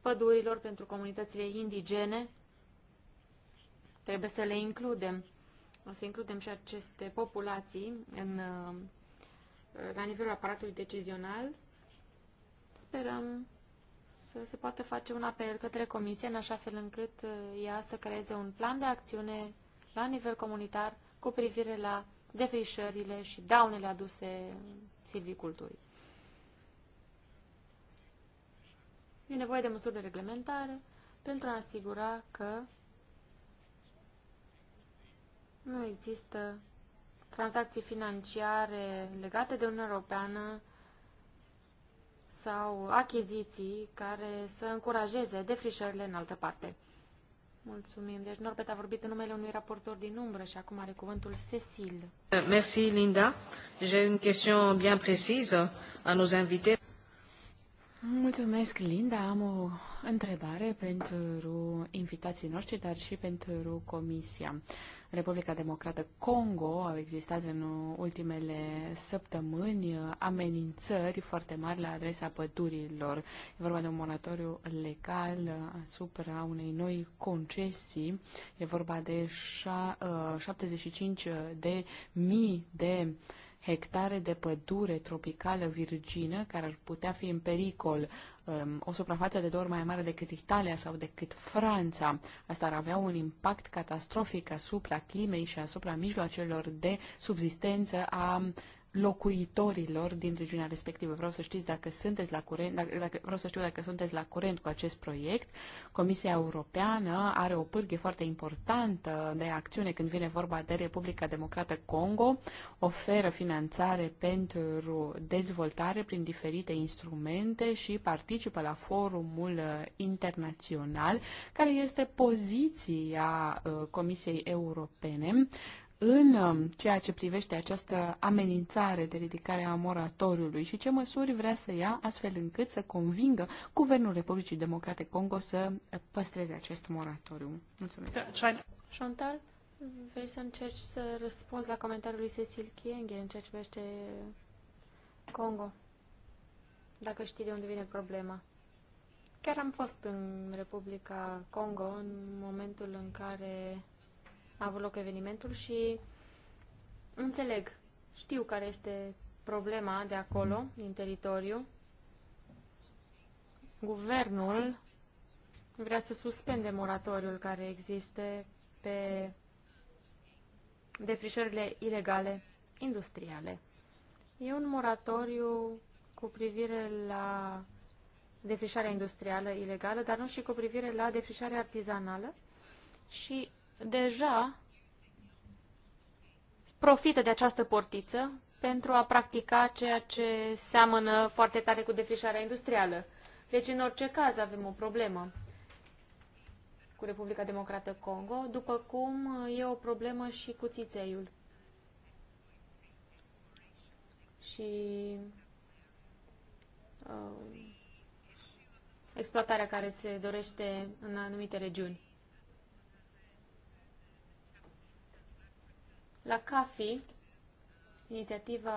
pădurilor pentru comunitățile indigene. Trebuie să le includem, o să includem și aceste populații în, uh, la nivelul aparatului decizional. Sperăm să se poată face un apel către Comisie în așa fel încât uh, ea să creeze un plan de acțiune la nivel comunitar cu privire la defrișările și daunele aduse silviculturii. E nevoie de măsuri de reglementare pentru a asigura că nu există tranzacții financiare legate de Uniunea Europeană sau achiziții care să încurajeze defrișările în altă parte. Mulțumim. Deci Norbert a vorbit în numele unui raportor din umbră și acum are cuvântul Cecil. Merci, Linda. J'ai une question bien précise à nos invités. Mulțumesc, Linda. Am o întrebare pentru invitații noștri, dar și pentru Comisia. Republica Democrată Congo au existat în ultimele săptămâni amenințări foarte mari la adresa pădurilor. E vorba de un moratoriu legal asupra unei noi concesii. E vorba de 75 uh, de mii de uh, hectare de pădure tropicală virgină care ar putea fi în pericol, um, o suprafață de două ori mai mare decât Italia sau decât Franța. Asta ar avea un impact catastrofic asupra climei și asupra mijloacelor de subzistență a locuitorilor din regiunea respectivă. Vreau să știți dacă sunteți la curent, dacă, dacă, vreau să știu dacă sunteți la curent cu acest proiect. Comisia Europeană are o pârghie foarte importantă de acțiune când vine vorba de Republica Democrată Congo, oferă finanțare pentru dezvoltare prin diferite instrumente și participă la forumul uh, internațional, care este poziția uh, Comisiei Europene în um, ceea ce privește această amenințare de ridicare a moratoriului și ce măsuri vrea să ia astfel încât să convingă Guvernul Republicii Democrate Congo să păstreze acest moratoriu. Mulțumesc. Chantal, vrei să încerci să răspunzi la comentariul lui Cecil Kienge în ceea ce privește Congo? Dacă știi de unde vine problema. Chiar am fost în Republica Congo în momentul în care a avut loc evenimentul și înțeleg, știu care este problema de acolo, din teritoriu. Guvernul vrea să suspende moratoriul care există pe defrișările ilegale industriale. E un moratoriu cu privire la defrișarea industrială ilegală, dar nu și cu privire la defrișarea artizanală și deja profită de această portiță pentru a practica ceea ce seamănă foarte tare cu defrișarea industrială. Deci, în orice caz, avem o problemă cu Republica Democrată Congo, după cum e o problemă și cu țițeiul. Și uh, exploatarea care se dorește în anumite regiuni. La CAFI, inițiativa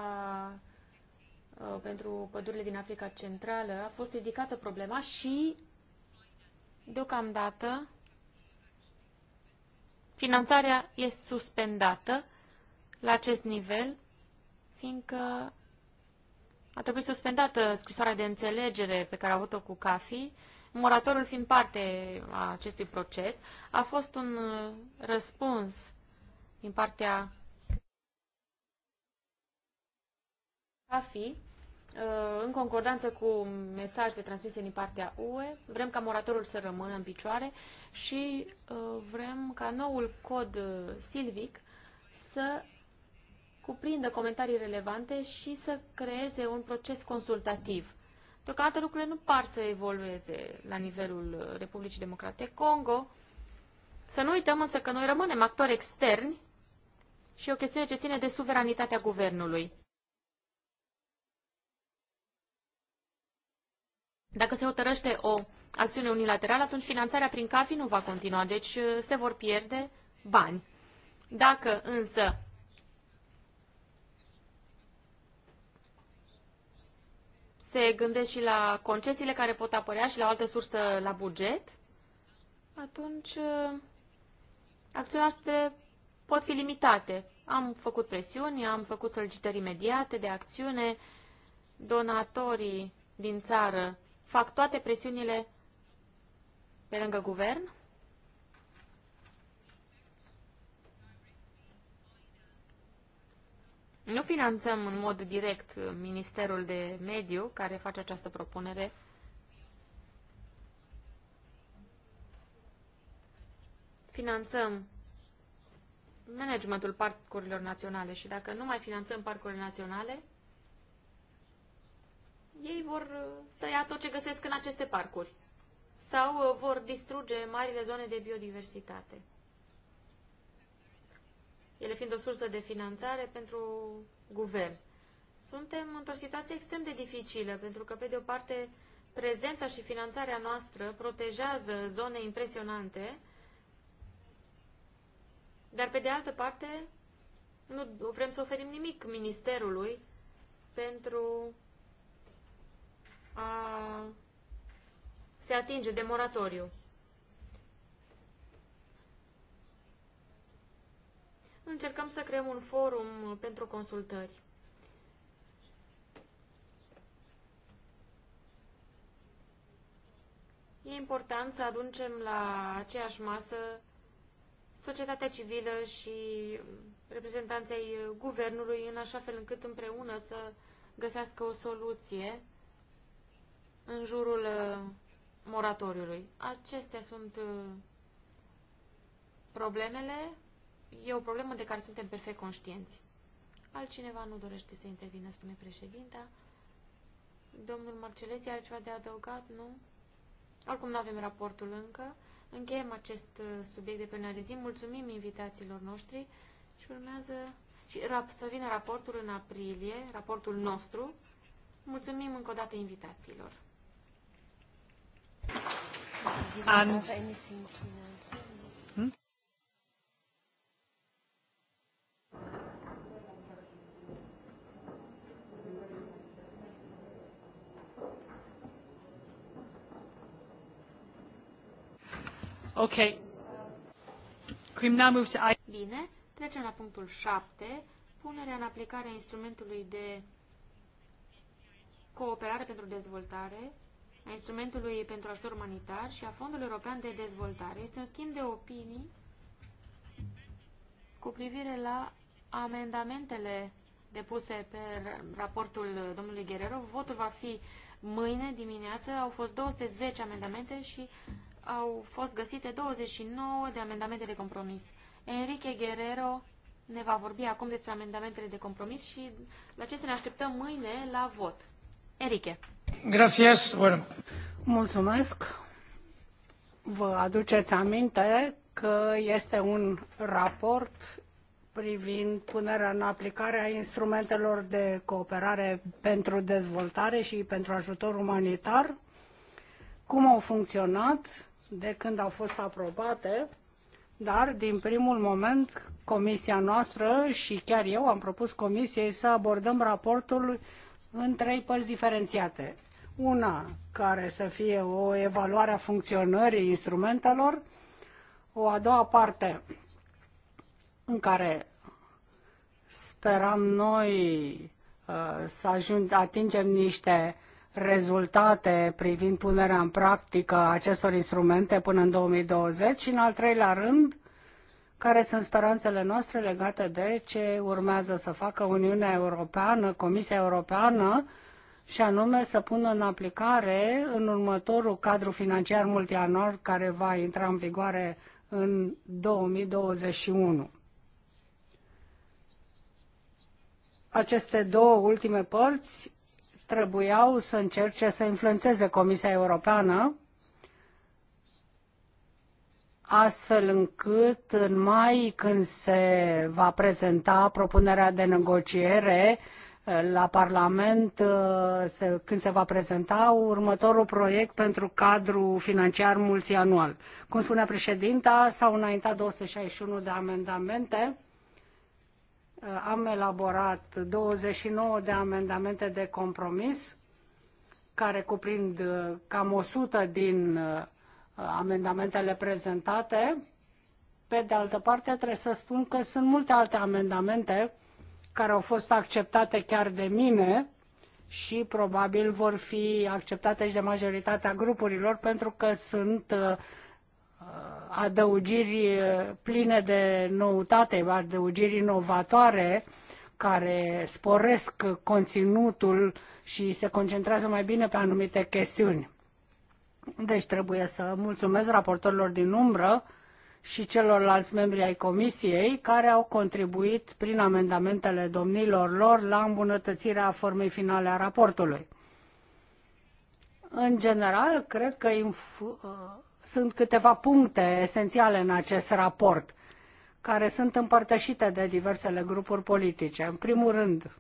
uh, pentru pădurile din Africa Centrală, a fost ridicată problema și, deocamdată, finanțarea este suspendată la acest nivel, fiindcă a trebuit suspendată scrisoarea de înțelegere pe care a avut-o cu CAFI, moratorul fiind parte a acestui proces, a fost un uh, răspuns din partea AFI, uh, în concordanță cu mesajele transmise din partea UE, vrem ca moratorul să rămână în picioare și uh, vrem ca noul cod uh, silvic să cuprindă comentarii relevante și să creeze un proces consultativ. Deocamdată lucrurile nu par să evolueze la nivelul Republicii Democrate Congo. Să nu uităm însă că noi rămânem actori externi și o chestiune ce ține de suveranitatea guvernului. Dacă se hotărăște o acțiune unilaterală, atunci finanțarea prin CAFI nu va continua, deci uh, se vor pierde bani. Dacă însă se gândește și la concesiile care pot apărea și la o altă sursă la buget, atunci uh, acțiunea pot fi limitate. Am făcut presiuni, am făcut solicitări imediate de acțiune, donatorii din țară fac toate presiunile pe lângă guvern. Nu finanțăm în mod direct Ministerul de Mediu care face această propunere. Finanțăm managementul parcurilor naționale și dacă nu mai finanțăm parcurile naționale, ei vor uh, tăia tot ce găsesc în aceste parcuri sau uh, vor distruge marile zone de biodiversitate. Ele fiind o sursă de finanțare pentru guvern. Suntem într-o situație extrem de dificilă, pentru că, pe de o parte, prezența și finanțarea noastră protejează zone impresionante, dar, pe de altă parte, nu vrem să oferim nimic ministerului pentru a se atinge de moratoriu. Încercăm să creăm un forum pentru consultări. E important să aducem la aceeași masă societatea civilă și reprezentanței guvernului în așa fel încât împreună să găsească o soluție în jurul uh, moratoriului. Acestea sunt uh, problemele. E o problemă de care suntem perfect conștienți. Altcineva nu dorește să intervină, spune președinta. Domnul Marcelezi are ceva de adăugat? Nu? Oricum nu avem raportul încă. Încheiem acest uh, subiect de penalizim. Mulțumim invitațiilor noștri și urmează și rap, să vină raportul în aprilie, raportul nostru. Mulțumim încă o dată invitațiilor. And Ok. Bine, trecem la punctul 7. Punerea în aplicare a instrumentului de cooperare pentru dezvoltare, a instrumentului pentru ajutor umanitar și a Fondului European de Dezvoltare. Este un schimb de opinii cu privire la amendamentele depuse pe raportul domnului Guerrero. Votul va fi mâine dimineață. Au fost 210 amendamente și au fost găsite 29 de amendamente de compromis. Enrique Guerrero ne va vorbi acum despre amendamentele de compromis și la ce să ne așteptăm mâine la vot. Enrique. Gracias. Bueno. Mulțumesc. Vă aduceți aminte că este un raport privind punerea în aplicare a instrumentelor de cooperare pentru dezvoltare și pentru ajutor umanitar, cum au funcționat de când au fost aprobate, dar din primul moment comisia noastră și chiar eu am propus comisiei să abordăm raportul în trei părți diferențiate. Una care să fie o evaluare a funcționării instrumentelor, o a doua parte în care speram noi uh, să ajung, atingem niște rezultate privind punerea în practică a acestor instrumente până în 2020 și, în al treilea rând, care sunt speranțele noastre legate de ce urmează să facă Uniunea Europeană, Comisia Europeană, și anume să pună în aplicare în următorul cadru financiar multianual care va intra în vigoare în 2021. Aceste două ultime părți trebuiau să încerce să influențeze Comisia Europeană astfel încât în mai când se va prezenta propunerea de negociere uh, la Parlament, uh, când se va prezenta următorul proiect pentru cadru financiar multianual. Cum spunea președinta, s-au înaintat 261 de amendamente Uh, am elaborat 29 de amendamente de compromis care cuprind uh, cam 100 din uh, amendamentele prezentate. Pe de altă parte, trebuie să spun că sunt multe alte amendamente care au fost acceptate chiar de mine și probabil vor fi acceptate și de majoritatea grupurilor pentru că sunt uh, Uh, adăugiri uh, pline de noutate, adăugiri inovatoare care sporesc conținutul și se concentrează mai bine pe anumite chestiuni. Deci trebuie să mulțumesc raportorilor din umbră și celorlalți membri ai comisiei care au contribuit prin amendamentele domnilor lor la îmbunătățirea formei finale a raportului. În general, cred că uh, sunt câteva puncte esențiale în acest raport, care sunt împărtășite de diversele grupuri politice. În primul rând,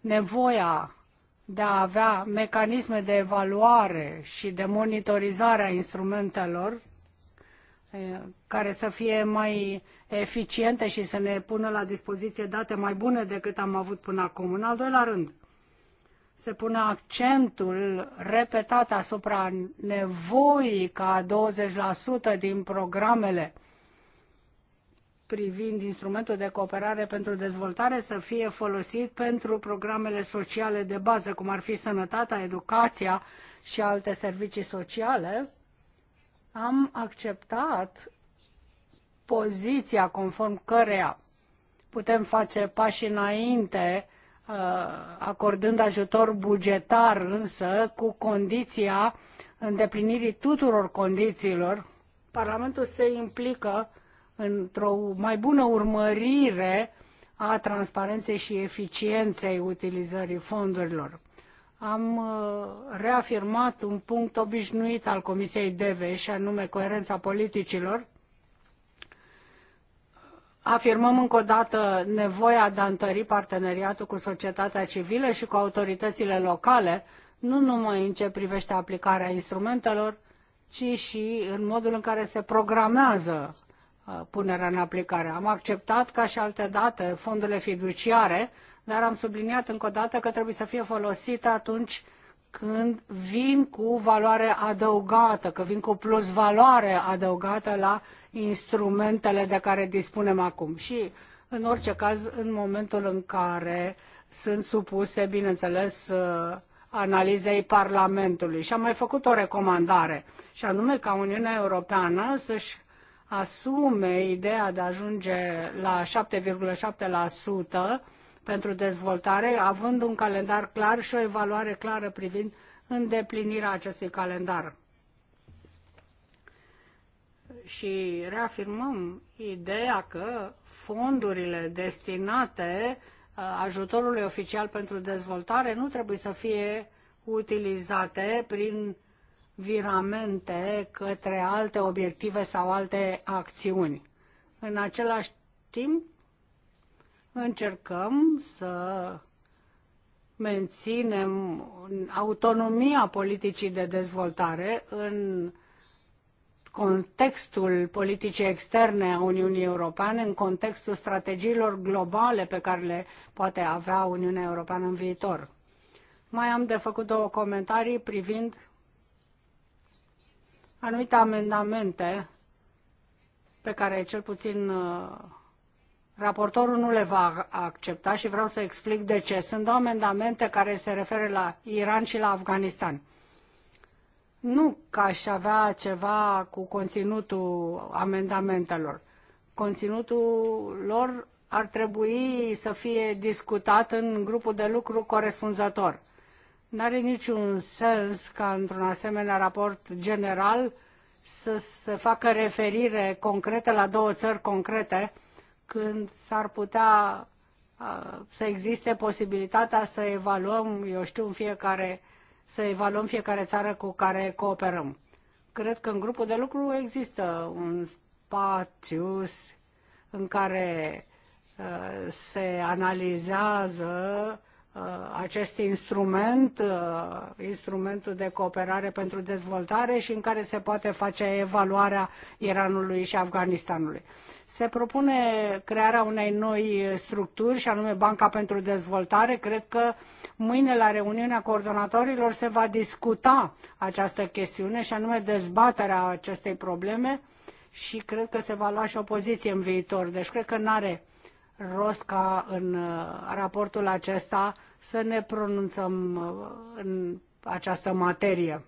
nevoia de a avea mecanisme de evaluare și de monitorizare a instrumentelor care să fie mai eficiente și să ne pună la dispoziție date mai bune decât am avut până acum. În al doilea rând, se pună accentul repetat asupra nevoii ca 20% din programele privind instrumentul de cooperare pentru dezvoltare să fie folosit pentru programele sociale de bază, cum ar fi sănătatea, educația și alte servicii sociale, am acceptat poziția conform căreia putem face pași înainte Uh, acordând ajutor bugetar însă cu condiția îndeplinirii tuturor condițiilor. Parlamentul se implică într-o mai bună urmărire a transparenței și eficienței utilizării fondurilor. Am uh, reafirmat un punct obișnuit al Comisiei DV și anume coerența politicilor Afirmăm încă o dată nevoia de a întări parteneriatul cu societatea civilă și cu autoritățile locale, nu numai în ce privește aplicarea instrumentelor, ci și în modul în care se programează uh, punerea în aplicare. Am acceptat ca și alte date fondurile fiduciare, dar am subliniat încă o dată că trebuie să fie folosite atunci când vin cu valoare adăugată, că vin cu plus valoare adăugată la instrumentele de care dispunem acum. Și, în orice caz, în momentul în care sunt supuse, bineînțeles, uh, analizei Parlamentului. Și am mai făcut o recomandare, și anume ca Uniunea Europeană să-și asume ideea de a ajunge la 7,7% pentru dezvoltare, având un calendar clar și o evaluare clară privind îndeplinirea acestui calendar. Și reafirmăm ideea că fondurile destinate uh, ajutorului oficial pentru dezvoltare nu trebuie să fie utilizate prin viramente către alte obiective sau alte acțiuni. În același timp, încercăm să menținem autonomia politicii de dezvoltare în contextul politicii externe a Uniunii Europene, în contextul strategiilor globale pe care le poate avea Uniunea Europeană în viitor. Mai am de făcut două comentarii privind anumite amendamente pe care cel puțin uh, Raportorul nu le va accepta și vreau să explic de ce. Sunt două amendamente care se referă la Iran și la Afganistan. Nu că aș avea ceva cu conținutul amendamentelor. Conținutul lor ar trebui să fie discutat în grupul de lucru corespunzător. N-are niciun sens ca într-un asemenea raport general să se facă referire concretă la două țări concrete, când s-ar putea să existe posibilitatea să evaluăm, eu știu, fiecare, să evaluăm fiecare țară cu care cooperăm. Cred că în grupul de lucru există un spațiu în care se analizează Uh, acest instrument, uh, instrumentul de cooperare pentru dezvoltare și în care se poate face evaluarea Iranului și Afganistanului. Se propune crearea unei noi structuri și anume Banca pentru Dezvoltare. Cred că mâine la reuniunea coordonatorilor se va discuta această chestiune și anume dezbaterea acestei probleme și cred că se va lua și o poziție în viitor. Deci cred că nu are rost ca în uh, raportul acesta să ne pronunțăm uh, în această materie.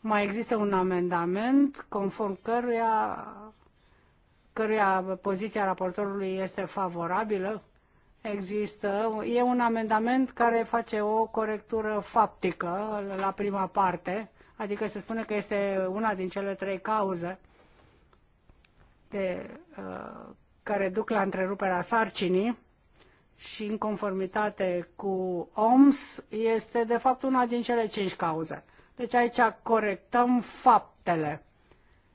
Mai există un amendament conform căruia, căruia poziția raportorului este favorabilă. Există, e un amendament care face o corectură faptică la prima parte, adică se spune că este una din cele trei cauze de uh, care duc la întreruperea sarcinii și în conformitate cu OMS este de fapt una din cele cinci cauze. Deci aici corectăm faptele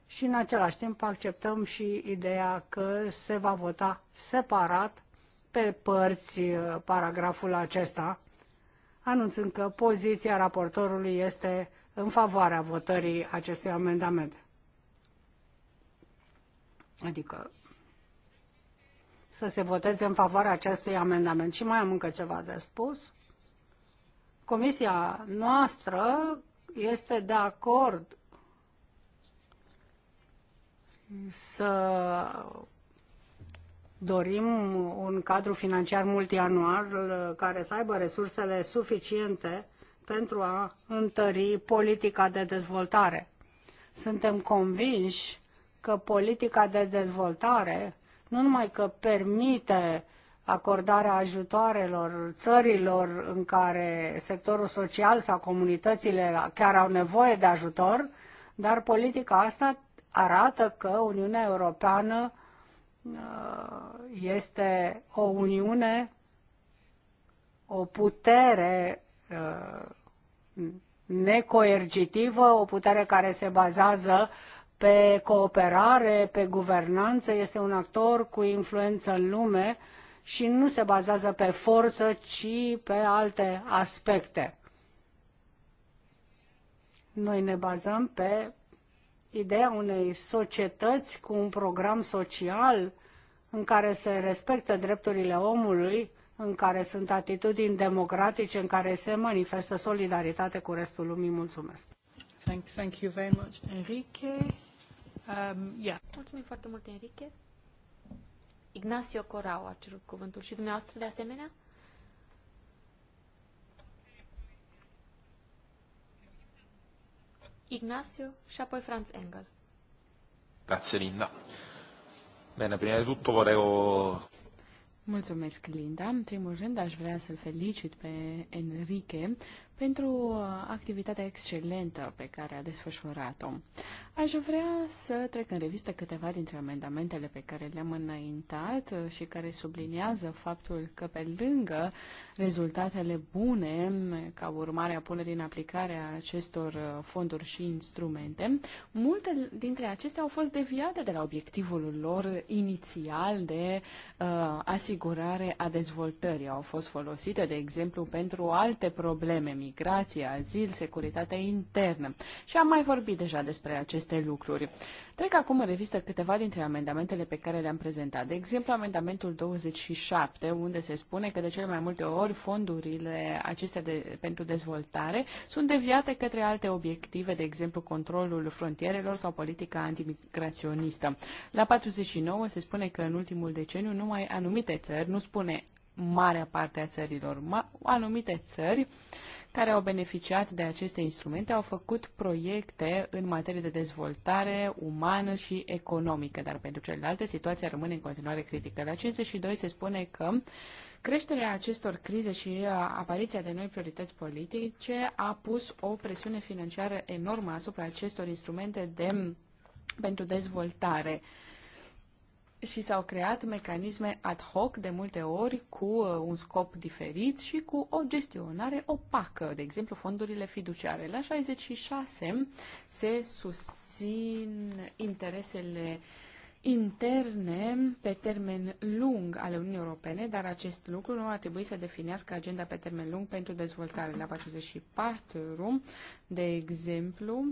și în același timp acceptăm și ideea că se va vota separat pe părți uh, paragraful acesta, anunțând că poziția raportorului este în favoarea votării acestui amendament. Adică să se voteze în favoarea acestui amendament. Și mai am încă ceva de spus. Comisia noastră este de acord să dorim un cadru financiar multianual care să aibă resursele suficiente pentru a întări politica de dezvoltare. Suntem convinși că politica de dezvoltare nu numai că permite acordarea ajutoarelor țărilor în care sectorul social sau comunitățile chiar au nevoie de ajutor, dar politica asta arată că Uniunea Europeană uh, este o uniune, o putere uh, necoercitivă, o putere care se bazează pe cooperare, pe guvernanță, este un actor cu influență în lume și nu se bazează pe forță, ci pe alte aspecte. Noi ne bazăm pe ideea unei societăți cu un program social în care se respectă drepturile omului, în care sunt atitudini democratice, în care se manifestă solidaritate cu restul lumii. Mulțumesc! Thank, thank you very much, Enrique. Um, yeah. Mulțumim foarte mult, Enrique. Ignacio Corau a cerut cuvântul și dumneavoastră de asemenea? Ignacio și apoi Franz Engel. Grazie, Linda. Bine, prima de tutto vorrei... Mulțumesc, Linda. În primul rând, aș vrea să-l felicit pe Enrique pentru uh, activitatea excelentă pe care a desfășurat-o. Aș vrea să trec în revistă câteva dintre amendamentele pe care le-am înaintat uh, și care subliniază faptul că pe lângă rezultatele bune ca urmare a punerii în aplicare a acestor uh, fonduri și instrumente, multe dintre acestea au fost deviate de la obiectivul lor inițial de uh, asigurare a dezvoltării. Au fost folosite, de exemplu, pentru alte probleme, migrație, azil, securitatea internă. Și am mai vorbit deja despre acest aceste lucruri. Trec acum în revistă câteva dintre amendamentele pe care le-am prezentat. De exemplu, amendamentul 27, unde se spune că de cele mai multe ori fondurile acestea de, pentru dezvoltare sunt deviate către alte obiective, de exemplu controlul frontierelor sau politica antimigraționistă. La 49 se spune că în ultimul deceniu numai anumite țări, nu spune marea parte a țărilor, ma, anumite țări uh, care au beneficiat de aceste instrumente au făcut proiecte în materie de dezvoltare umană și economică, dar pentru celelalte situația rămâne în continuare critică. La 52 se spune că creșterea acestor crize și apariția de noi priorități politice a pus o presiune financiară enormă asupra acestor instrumente de, pentru dezvoltare. Uh, și s-au creat mecanisme ad hoc de multe ori cu uh, un scop diferit și cu o gestionare opacă, de exemplu fondurile fiduciare. La 66 se susțin interesele interne pe termen lung ale Uniunii Europene, dar acest lucru nu ar trebui să definească agenda pe termen lung pentru dezvoltare. La 44, de exemplu,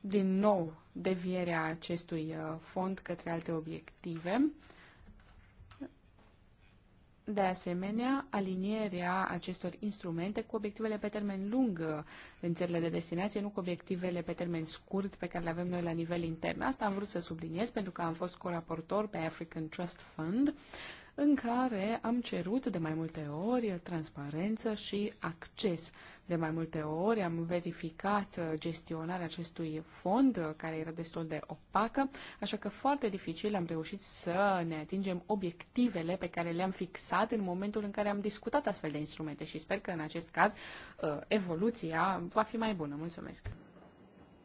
din nou devierea acestui uh, fond către alte obiective. De asemenea, alinierea acestor instrumente cu obiectivele pe termen lung uh, în țările de destinație, nu cu obiectivele pe termen scurt pe care le avem noi la nivel intern. Asta am vrut să subliniez pentru că am fost coraportor pe African Trust Fund în care am cerut de mai multe ori transparență și acces. De mai multe ori am verificat uh, gestionarea acestui fond, uh, care era destul de opacă, așa că foarte dificil am reușit să ne atingem obiectivele pe care le-am fixat în momentul în care am discutat astfel de instrumente și sper că în acest caz uh, evoluția va fi mai bună. Mulțumesc!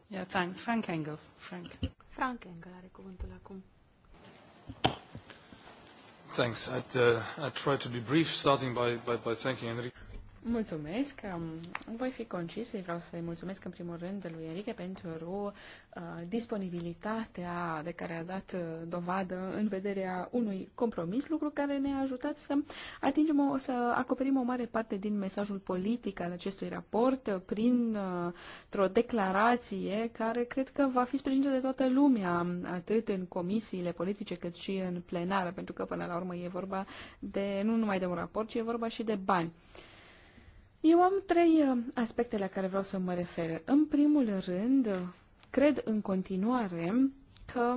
Yeah, thanks. Frank Engel. Frank. Frank Engel are cuvântul acum. Thanks. I'd, uh, I'd try to be brief, starting by, by, by thanking Enrique. Mulțumesc. Voi fi concis. Vreau să-i mulțumesc în primul rând lui Enrique pentru uh, disponibilitatea de care a dat uh, dovadă în vederea unui compromis, lucru care ne-a ajutat să atingem, o, să acoperim o mare parte din mesajul politic al acestui raport uh, uh, o declarație care cred că va fi sprijinită de toată lumea, atât în comisiile politice cât și în plenară, pentru că până la urmă e vorba de nu numai de un raport, ci e vorba și de bani. Eu am trei uh, aspecte la care vreau să mă refer. În primul rând, uh, cred în continuare că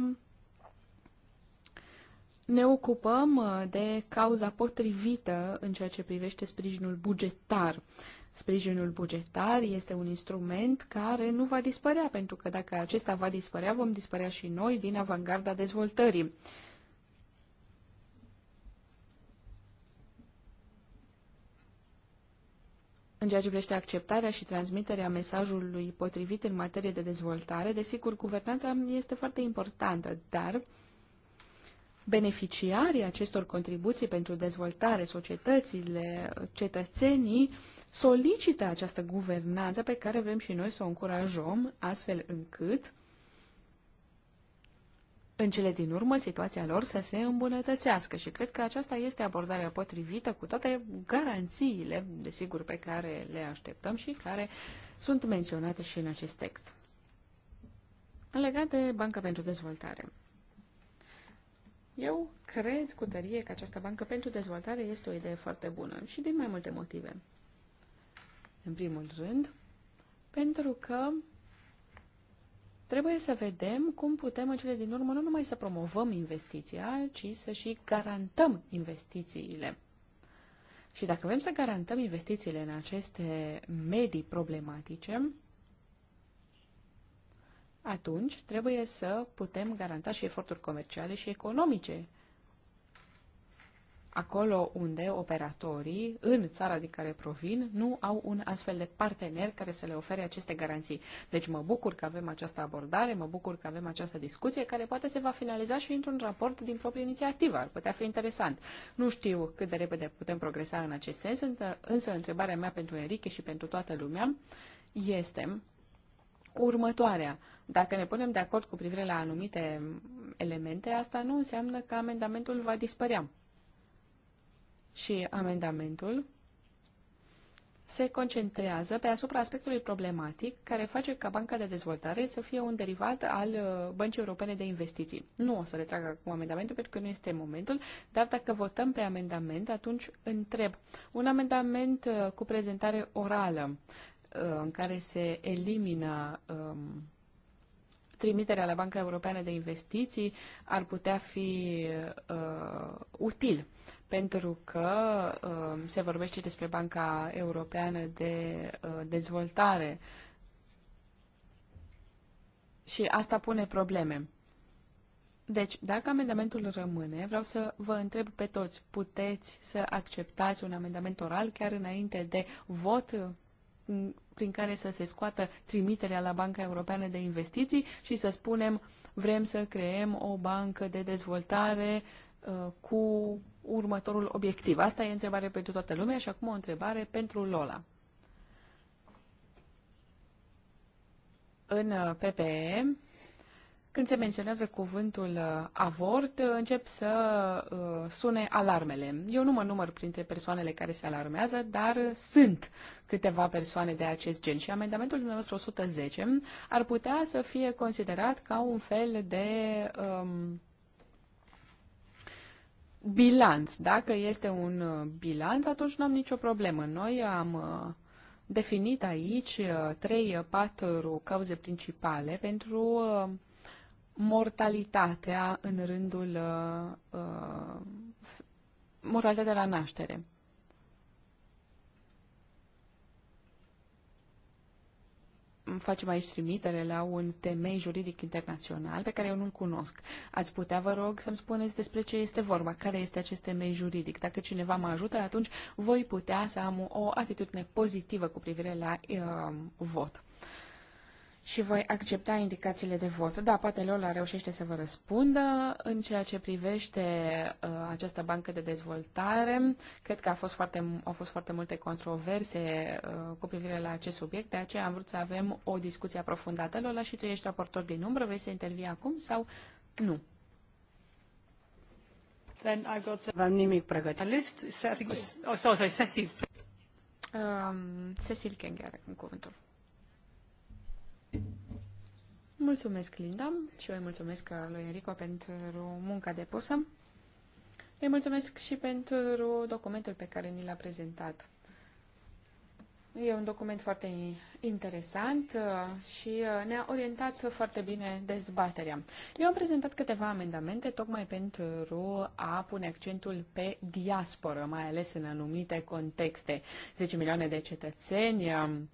ne ocupăm uh, de cauza potrivită în ceea ce privește sprijinul bugetar. Sprijinul bugetar este un instrument care nu va dispărea, pentru că dacă acesta va dispărea, vom dispărea și noi din avangarda dezvoltării. Uh, în ceea ce privește acceptarea și transmiterea mesajului potrivit în materie de dezvoltare. Desigur, guvernanța este foarte importantă, dar beneficiarii acestor contribuții pentru dezvoltare, societățile, cetățenii, solicită această guvernanță pe care vrem și noi să o încurajăm, astfel încât în cele din urmă situația lor să se îmbunătățească și cred că aceasta este abordarea potrivită cu toate garanțiile, desigur, pe care le așteptăm și care sunt menționate și în acest text. Legat de Banca pentru Dezvoltare. Eu cred cu tărie că această bancă pentru dezvoltare este o idee foarte bună și din mai multe motive. În primul rând, pentru că Trebuie să vedem cum putem în cele din urmă nu numai să promovăm investiția, ci să și garantăm investițiile. Și dacă vrem să garantăm investițiile în aceste medii problematice, atunci trebuie să putem garanta și eforturi comerciale și economice acolo unde operatorii în țara din care provin nu au un astfel de partener care să le ofere aceste garanții. Deci mă bucur că avem această abordare, mă bucur că avem această discuție care poate se va finaliza și într-un raport din proprie inițiativă. Ar putea fi interesant. Nu știu cât de repede putem progresa în acest sens, însă întrebarea mea pentru Enrique și pentru toată lumea este următoarea. Dacă ne punem de acord cu privire la anumite elemente, asta nu înseamnă că amendamentul va dispărea și amendamentul se concentrează pe asupra aspectului problematic care face ca banca de dezvoltare să fie un derivat al uh, Băncii Europene de Investiții. Nu o să retrag acum amendamentul pentru că nu este momentul, dar dacă votăm pe amendament, atunci întreb. Un amendament uh, cu prezentare orală uh, în care se elimină um, trimiterea la Banca Europeană de Investiții ar putea fi uh, util pentru că uh, se vorbește despre Banca Europeană de uh, Dezvoltare și asta pune probleme. Deci, dacă amendamentul rămâne, vreau să vă întreb pe toți, puteți să acceptați un amendament oral chiar înainte de vot prin care să se scoată trimiterea la Banca Europeană de Investiții și să spunem vrem să creăm o bancă de dezvoltare uh, Uh, cu următorul obiectiv? Asta e întrebare pentru toată lumea și acum o întrebare pentru Lola. În uh, PPM, când se menționează cuvântul uh, avort, încep să sune alarmele. Eu nu mă număr printre persoanele care se alarmează, dar sunt câteva persoane de acest gen și amendamentul dumneavoastră 110 ar putea să fie considerat ca un fel de um, bilanț. Dacă este un uh, bilanț, atunci nu am nicio problemă. Noi am uh, definit aici 3-4 uh, cauze principale pentru mortalitatea în rândul mortalitatea la naștere. facem aici trimitere la un temei juridic internațional pe care eu nu-l cunosc. Ați putea, vă rog, să-mi spuneți despre ce este vorba, care este acest temei juridic. Dacă cineva mă ajută, atunci voi putea să am o atitudine pozitivă cu privire la uh, vot și voi accepta indicațiile de vot. Da, poate Lola reușește să vă răspundă în ceea ce privește uh, această bancă de dezvoltare. Cred că a fost foarte, au fost foarte multe controverse uh, cu privire la acest subiect, de aceea am vrut să avem o discuție aprofundată. Lola, și tu ești raportor din umbră, vrei să intervii acum sau nu? Then I've got the... V-am nimic pregătit. List, I think, oh, sorry, Cecil. Um, Cecil Kenger, în cuvântul. Mulțumesc, Linda, și eu îi mulțumesc lui Enrico pentru munca depusă. Îi mulțumesc și pentru documentul pe care ni l-a prezentat. E un document foarte interesant uh, și uh, ne-a orientat foarte bine dezbaterea. Eu am prezentat câteva amendamente tocmai pentru a pune accentul pe diasporă, mai ales în anumite contexte. 10 milioane de cetățeni um,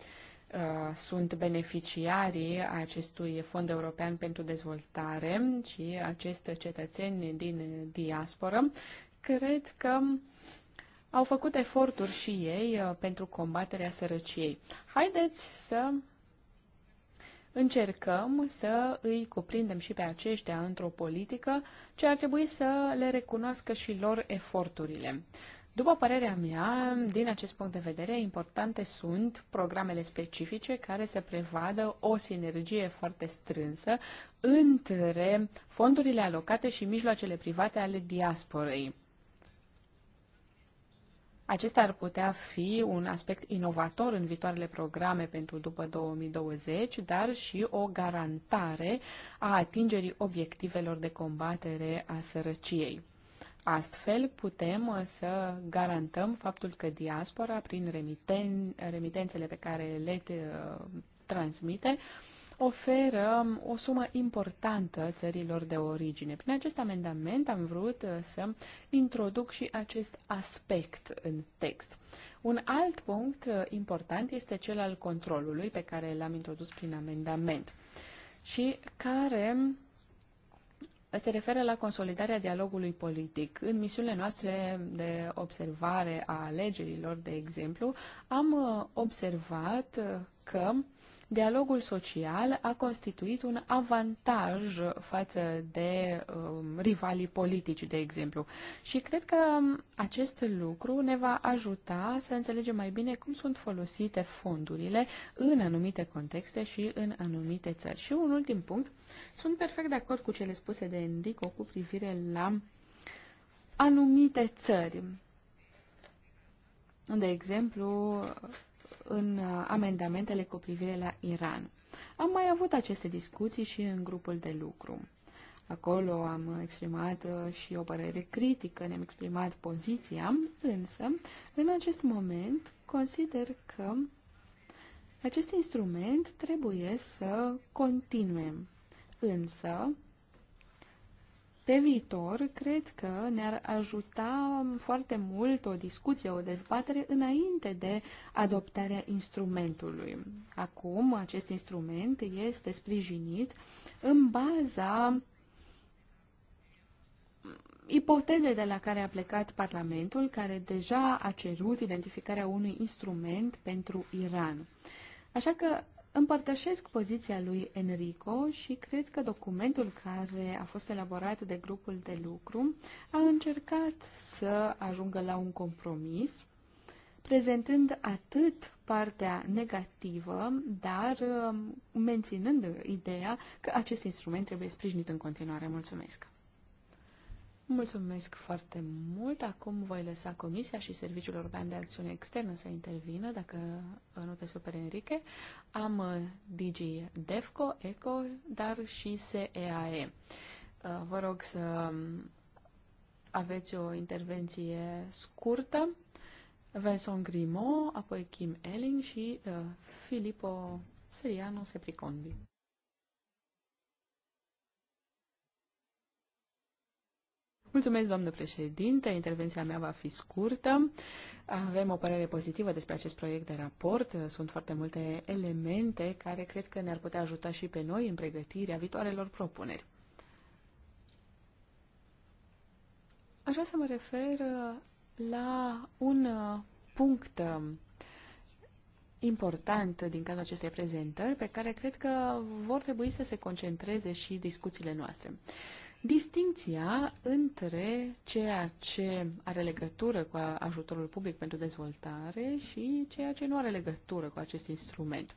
Uh, sunt beneficiarii acestui Fond European pentru Dezvoltare și acest cetățeni din diasporă, cred că au făcut eforturi și ei uh, pentru combaterea sărăciei. Haideți să încercăm să îi cuprindem și pe aceștia într-o politică ce ar trebui să le recunoască și lor eforturile. După părerea mea, din acest punct de vedere, importante sunt programele specifice care să prevadă o sinergie foarte strânsă între fondurile alocate și mijloacele private ale diasporei. Acesta ar putea fi un aspect inovator în viitoarele programe pentru după 2020, dar și o garantare a atingerii obiectivelor de combatere a sărăciei. Astfel putem uh, să garantăm faptul că diaspora, prin remiten, remitențele pe care le uh, transmite, oferă um, o sumă importantă țărilor de origine. Prin acest amendament am vrut uh, să introduc și acest aspect în text. Un alt punct important este cel al controlului pe care l-am introdus prin amendament și care se referă la consolidarea dialogului politic. În misiunile noastre de observare a alegerilor, de exemplu, am uh, observat uh, că uh, Dialogul social a constituit un avantaj față de um, rivalii politici, de exemplu. Și cred că acest lucru ne va ajuta să înțelegem mai bine cum sunt folosite fondurile în anumite contexte și în anumite țări. Și un ultim punct, sunt perfect de acord cu cele spuse de Enrico cu privire la anumite țări. De exemplu, în uh, amendamentele cu privire la Iran. Am mai avut aceste discuții și în grupul de lucru. Acolo am exprimat uh, și o părere critică, ne-am exprimat poziția, însă, în acest moment, consider că acest instrument trebuie să continuem. Însă, pe viitor, cred că ne-ar ajuta foarte mult o discuție, o dezbatere înainte de adoptarea instrumentului. Acum, acest instrument este sprijinit în baza ipoteze de la care a plecat Parlamentul, care deja a cerut identificarea unui instrument pentru Iran. Așa că Împărtășesc poziția lui Enrico și cred că documentul care a fost elaborat de grupul de lucru a încercat să ajungă la un compromis, prezentând atât partea negativă, dar um, menținând ideea că acest instrument trebuie sprijinit în continuare. Mulțumesc! Mulțumesc foarte mult. Acum voi lăsa Comisia și Serviciul European de Acțiune Externă să intervină, dacă nu te supere, Enrique. Am uh, DG DEFCO, ECO, dar și SEAE. Uh, vă rog să um, aveți o intervenție scurtă. Vincent Grimaud, apoi Kim Elling și uh, Filippo Seriano Sepricondi. Mulțumesc, doamnă președinte. Intervenția mea va fi scurtă. Avem o părere pozitivă despre acest proiect de raport. Sunt foarte multe elemente care cred că ne-ar putea ajuta și pe noi în pregătirea viitoarelor propuneri. Aș vrea să mă refer la un punct important din cazul acestei prezentări, pe care cred că vor trebui să se concentreze și discuțiile noastre distinția între ceea ce are legătură cu ajutorul public pentru dezvoltare și ceea ce nu are legătură cu acest instrument.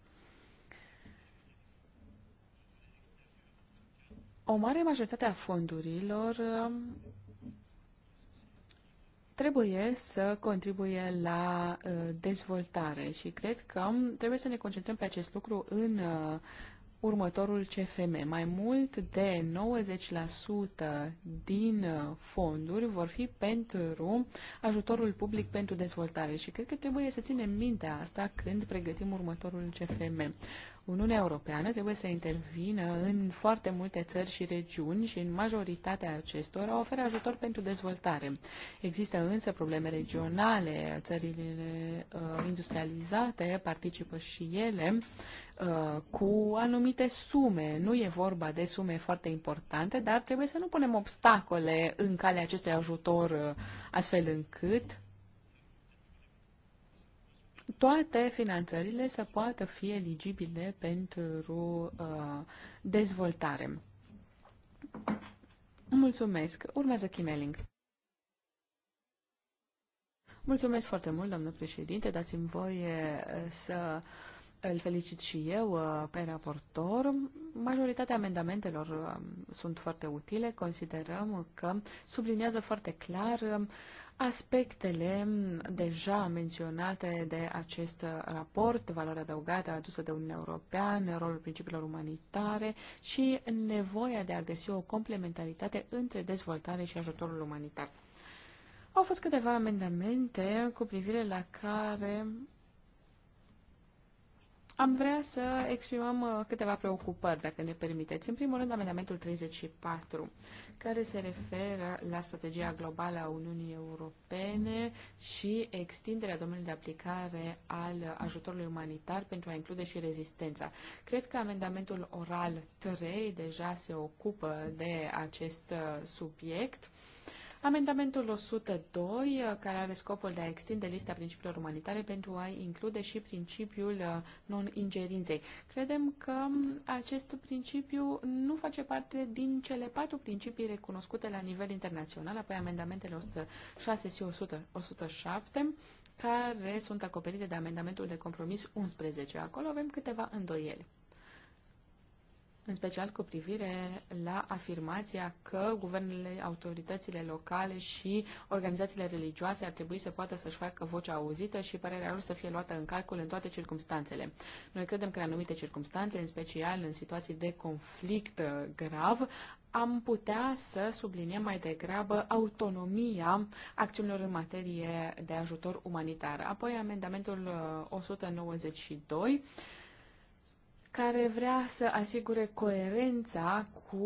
O mare majoritate a fondurilor um, trebuie să contribuie la uh, dezvoltare și cred că um, trebuie să ne concentrăm pe acest lucru în uh, următorul CFM. Mai mult de 90% din uh, fonduri vor fi pentru ajutorul public pentru dezvoltare și cred că trebuie să ținem minte asta când pregătim următorul CFM. Uniunea Europeană trebuie să intervină în foarte multe țări și regiuni și în majoritatea acestora oferă ajutor pentru dezvoltare. Există însă probleme regionale, țările uh, industrializate participă și ele uh, cu anumite sume. Nu e vorba de sume foarte importante, dar trebuie să nu punem obstacole în calea acestui ajutor uh, astfel încât toate finanțările să poată fi eligibile pentru uh, dezvoltare. Mulțumesc. Urmează Kimeling. Mulțumesc foarte mult, domnul președinte. Dați-mi voie uh, să îl felicit și eu uh, pe raportor. Majoritatea amendamentelor uh, sunt foarte utile. Considerăm că subliniază foarte clar aspectele deja menționate de acest raport, valoarea adăugată adusă de Uniunea Europeană, rolul principiilor umanitare și nevoia de a găsi o complementaritate între dezvoltare și ajutorul umanitar. Au fost câteva amendamente cu privire la care am vrea să exprimăm uh, câteva preocupări, dacă ne permiteți. În primul rând, amendamentul 34, care se referă la strategia globală a Uniunii Europene și extinderea domeniului de aplicare al ajutorului umanitar pentru a include și rezistența. Cred că amendamentul oral 3 deja se ocupă de acest uh, subiect Amendamentul 102, uh, care are scopul de a extinde lista principiilor umanitare pentru a include și principiul uh, non-ingerinței. Credem că um, acest principiu nu face parte din cele patru principii recunoscute la nivel internațional, apoi amendamentele 106 și 100, 107, care sunt acoperite de amendamentul de compromis 11. Acolo avem câteva îndoieli în special cu privire la afirmația că guvernele, autoritățile locale și organizațiile religioase ar trebui să poată să-și facă vocea auzită și părerea lor să fie luată în calcul în toate circumstanțele. Noi credem că în anumite circunstanțe, în special în situații de conflict grav, am putea să subliniem mai degrabă autonomia acțiunilor în materie de ajutor umanitar. Apoi amendamentul 192 uh, care vrea să asigure coerența cu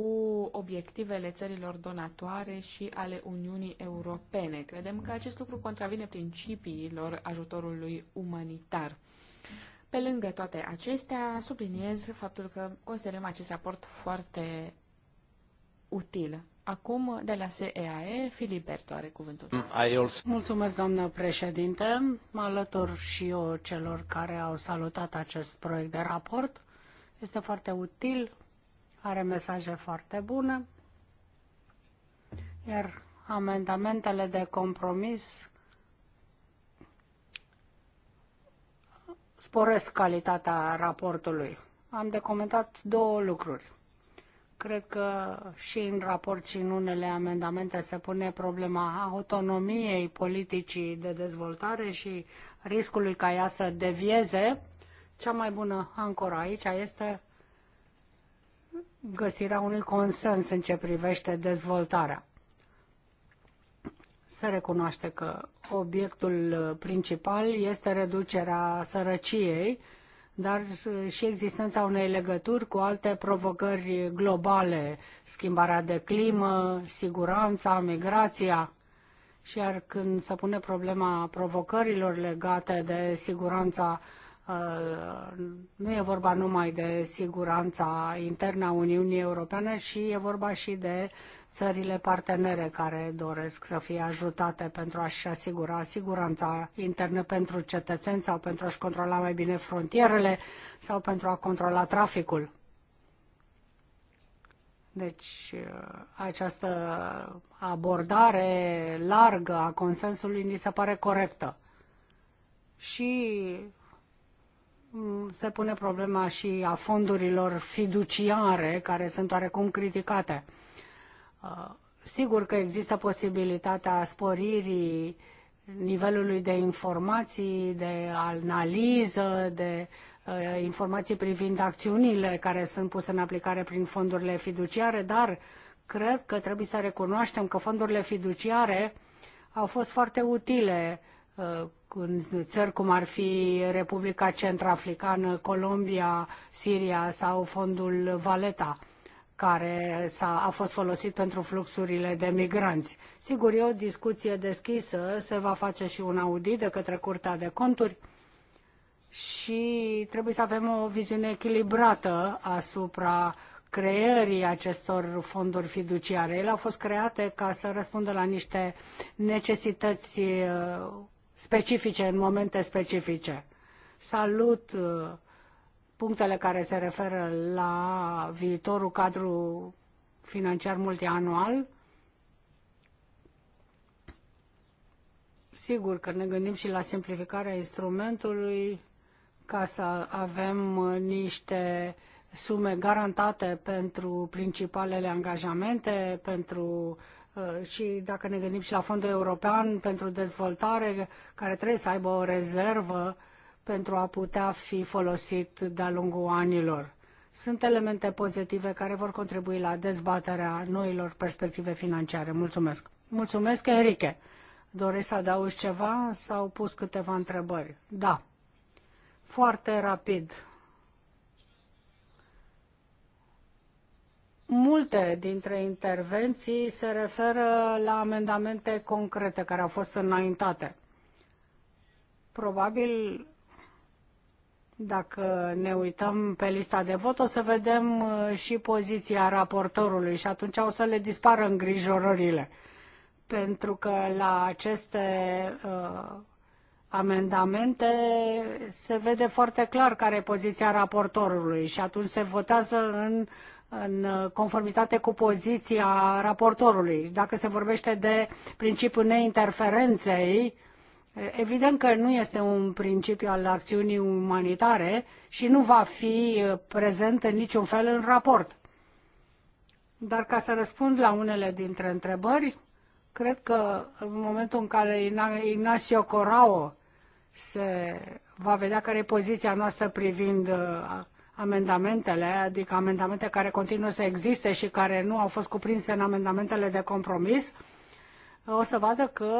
obiectivele țărilor donatoare și ale Uniunii Europene. Credem că acest lucru contravine principiilor ajutorului umanitar. Pe lângă toate acestea, subliniez faptul că considerăm acest raport foarte util. Acum, de la SEAE, Berto are cuvântul. Mulțumesc, doamnă președinte. Mă alătur și eu celor care au salutat acest proiect de raport. Este foarte util, are mesaje foarte bune, iar amendamentele de compromis sporesc calitatea raportului. Am de comentat două lucruri. Cred că și în raport și în unele amendamente se pune problema autonomiei politicii de dezvoltare și riscului ca ea să devieze cea mai bună ancoră aici este găsirea unui consens în ce privește dezvoltarea. Se recunoaște că obiectul principal este reducerea sărăciei, dar și existența unei legături cu alte provocări globale, schimbarea de climă, siguranța, migrația. Și iar când se pune problema provocărilor legate de siguranța Uh, nu e vorba numai de siguranța internă a Uniunii Europene, și e vorba și de țările partenere care doresc să fie ajutate pentru a-și asigura siguranța internă pentru cetățeni sau pentru a-și controla mai bine frontierele sau pentru a controla traficul. Deci uh, această abordare largă a consensului ni se pare corectă. Și Mm, se pune problema și a fondurilor fiduciare care sunt oarecum criticate. Uh, sigur că există posibilitatea sporirii nivelului de informații, de analiză, de uh, informații privind acțiunile care sunt puse în aplicare prin fondurile fiduciare, dar cred că trebuie să recunoaștem că fondurile fiduciare au fost foarte utile Uh, în țări cum ar fi Republica Centrafricană, Colombia, Siria sau fondul Valeta care s-a, a fost folosit pentru fluxurile de migranți. Sigur, e o discuție deschisă, se va face și un audit de către Curtea de Conturi și trebuie să avem o viziune echilibrată asupra creării acestor fonduri fiduciare. Ele au fost create ca să răspundă la niște necesități uh, specifice, în momente specifice. Salut uh, punctele care se referă la viitorul cadru financiar multianual. Sigur că ne gândim și la simplificarea instrumentului ca să avem uh, niște sume garantate pentru principalele angajamente, pentru uh, Uh, și dacă ne gândim și la Fondul European pentru Dezvoltare, care trebuie să aibă o rezervă pentru a putea fi folosit de-a lungul anilor. Sunt elemente pozitive care vor contribui la dezbaterea noilor perspective financiare. Mulțumesc! Mulțumesc, Enrique! Doresc să adaugi ceva? S-au pus câteva întrebări. Da. Foarte rapid. Multe dintre intervenții se referă la amendamente concrete care au fost înaintate. Probabil, dacă ne uităm pe lista de vot, o să vedem uh, și poziția raportorului și atunci o să le dispară îngrijorările. Pentru că la aceste uh, amendamente se vede foarte clar care e poziția raportorului și atunci se votează în uh, în conformitate cu poziția raportorului. Dacă se vorbește de principiul neinterferenței, evident că nu este un principiu al acțiunii umanitare și nu va fi prezent în niciun fel în raport. Dar ca să răspund la unele dintre întrebări, cred că în momentul în care Ignacio Corao se va vedea care e poziția noastră privind uh, amendamentele, adică amendamente care continuă să existe și care nu au fost cuprinse în amendamentele de compromis, o să vadă că,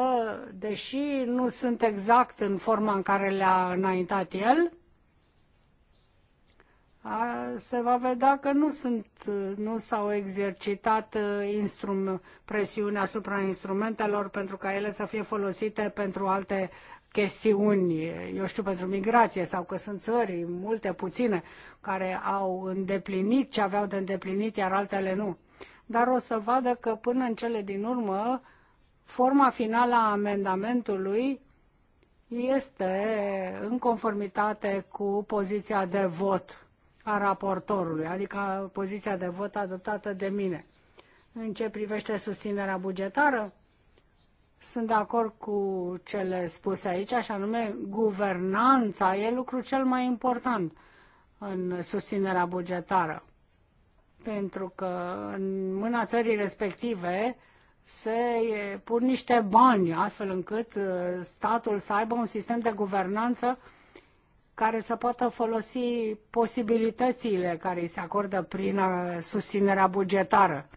deși nu sunt exact în forma în care le-a înaintat el, se va vedea că nu, sunt, nu s-au exercitat uh, instrum, presiuni asupra instrumentelor pentru ca ele să fie folosite pentru alte chestiuni, eu știu, pentru migrație sau că sunt țări, multe, puține, care au îndeplinit ce aveau de îndeplinit, iar altele nu. Dar o să vadă că până în cele din urmă, forma finală a amendamentului este în conformitate cu poziția de vot a raportorului, adică poziția de vot adoptată de mine. În ce privește susținerea bugetară, sunt de acord cu cele spuse aici, așa nume, guvernanța e lucru cel mai important în susținerea bugetară. Pentru că în mâna țării respective se pun niște bani, astfel încât uh, statul să aibă un sistem de guvernanță care să poată folosi posibilitățile care îi se acordă prin uh, susținerea bugetară.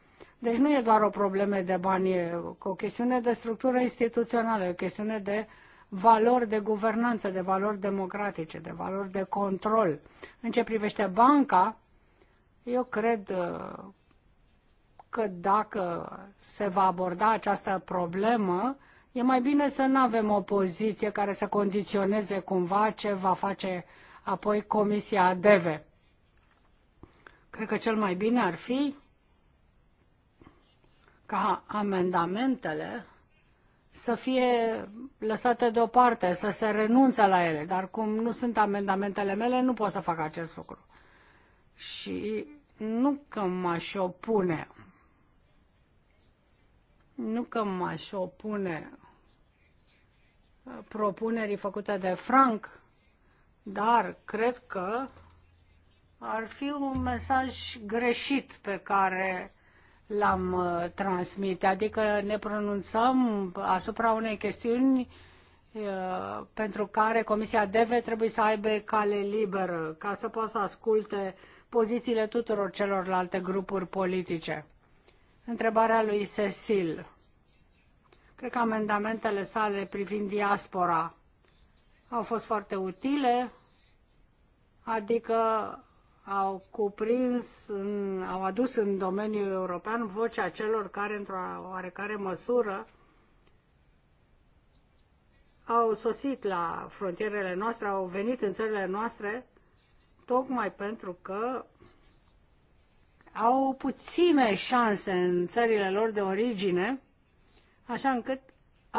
Deci nu e doar o problemă de bani, e o chestiune de structură instituțională, e o chestiune de valori de guvernanță, de valori democratice, de valori de control. În ce privește banca, eu cred uh, că dacă se va aborda această problemă, e mai bine să nu avem o poziție care să condiționeze cumva ce va face apoi Comisia DEVE. Cred că cel mai bine ar fi ca amendamentele să fie lăsate deoparte, să se renunțe la ele, dar cum nu sunt amendamentele mele, nu pot să fac acest lucru. Și nu că m-aș opune, nu că m-aș opune propunerii făcute de Frank, dar cred că ar fi un mesaj greșit pe care l-am uh, transmite, adică ne pronunțăm asupra unei chestiuni uh, pentru care Comisia DEVE trebuie să aibă cale liberă, ca să poată să asculte pozițiile tuturor celorlalte grupuri politice. Întrebarea lui Cecil. Cred că amendamentele sale privind diaspora au fost foarte utile, adică au cuprins, în, au adus în domeniul european vocea celor care, într-o oarecare măsură, au sosit la frontierele noastre, au venit în țările noastre, tocmai pentru că au puține șanse în țările lor de origine, așa încât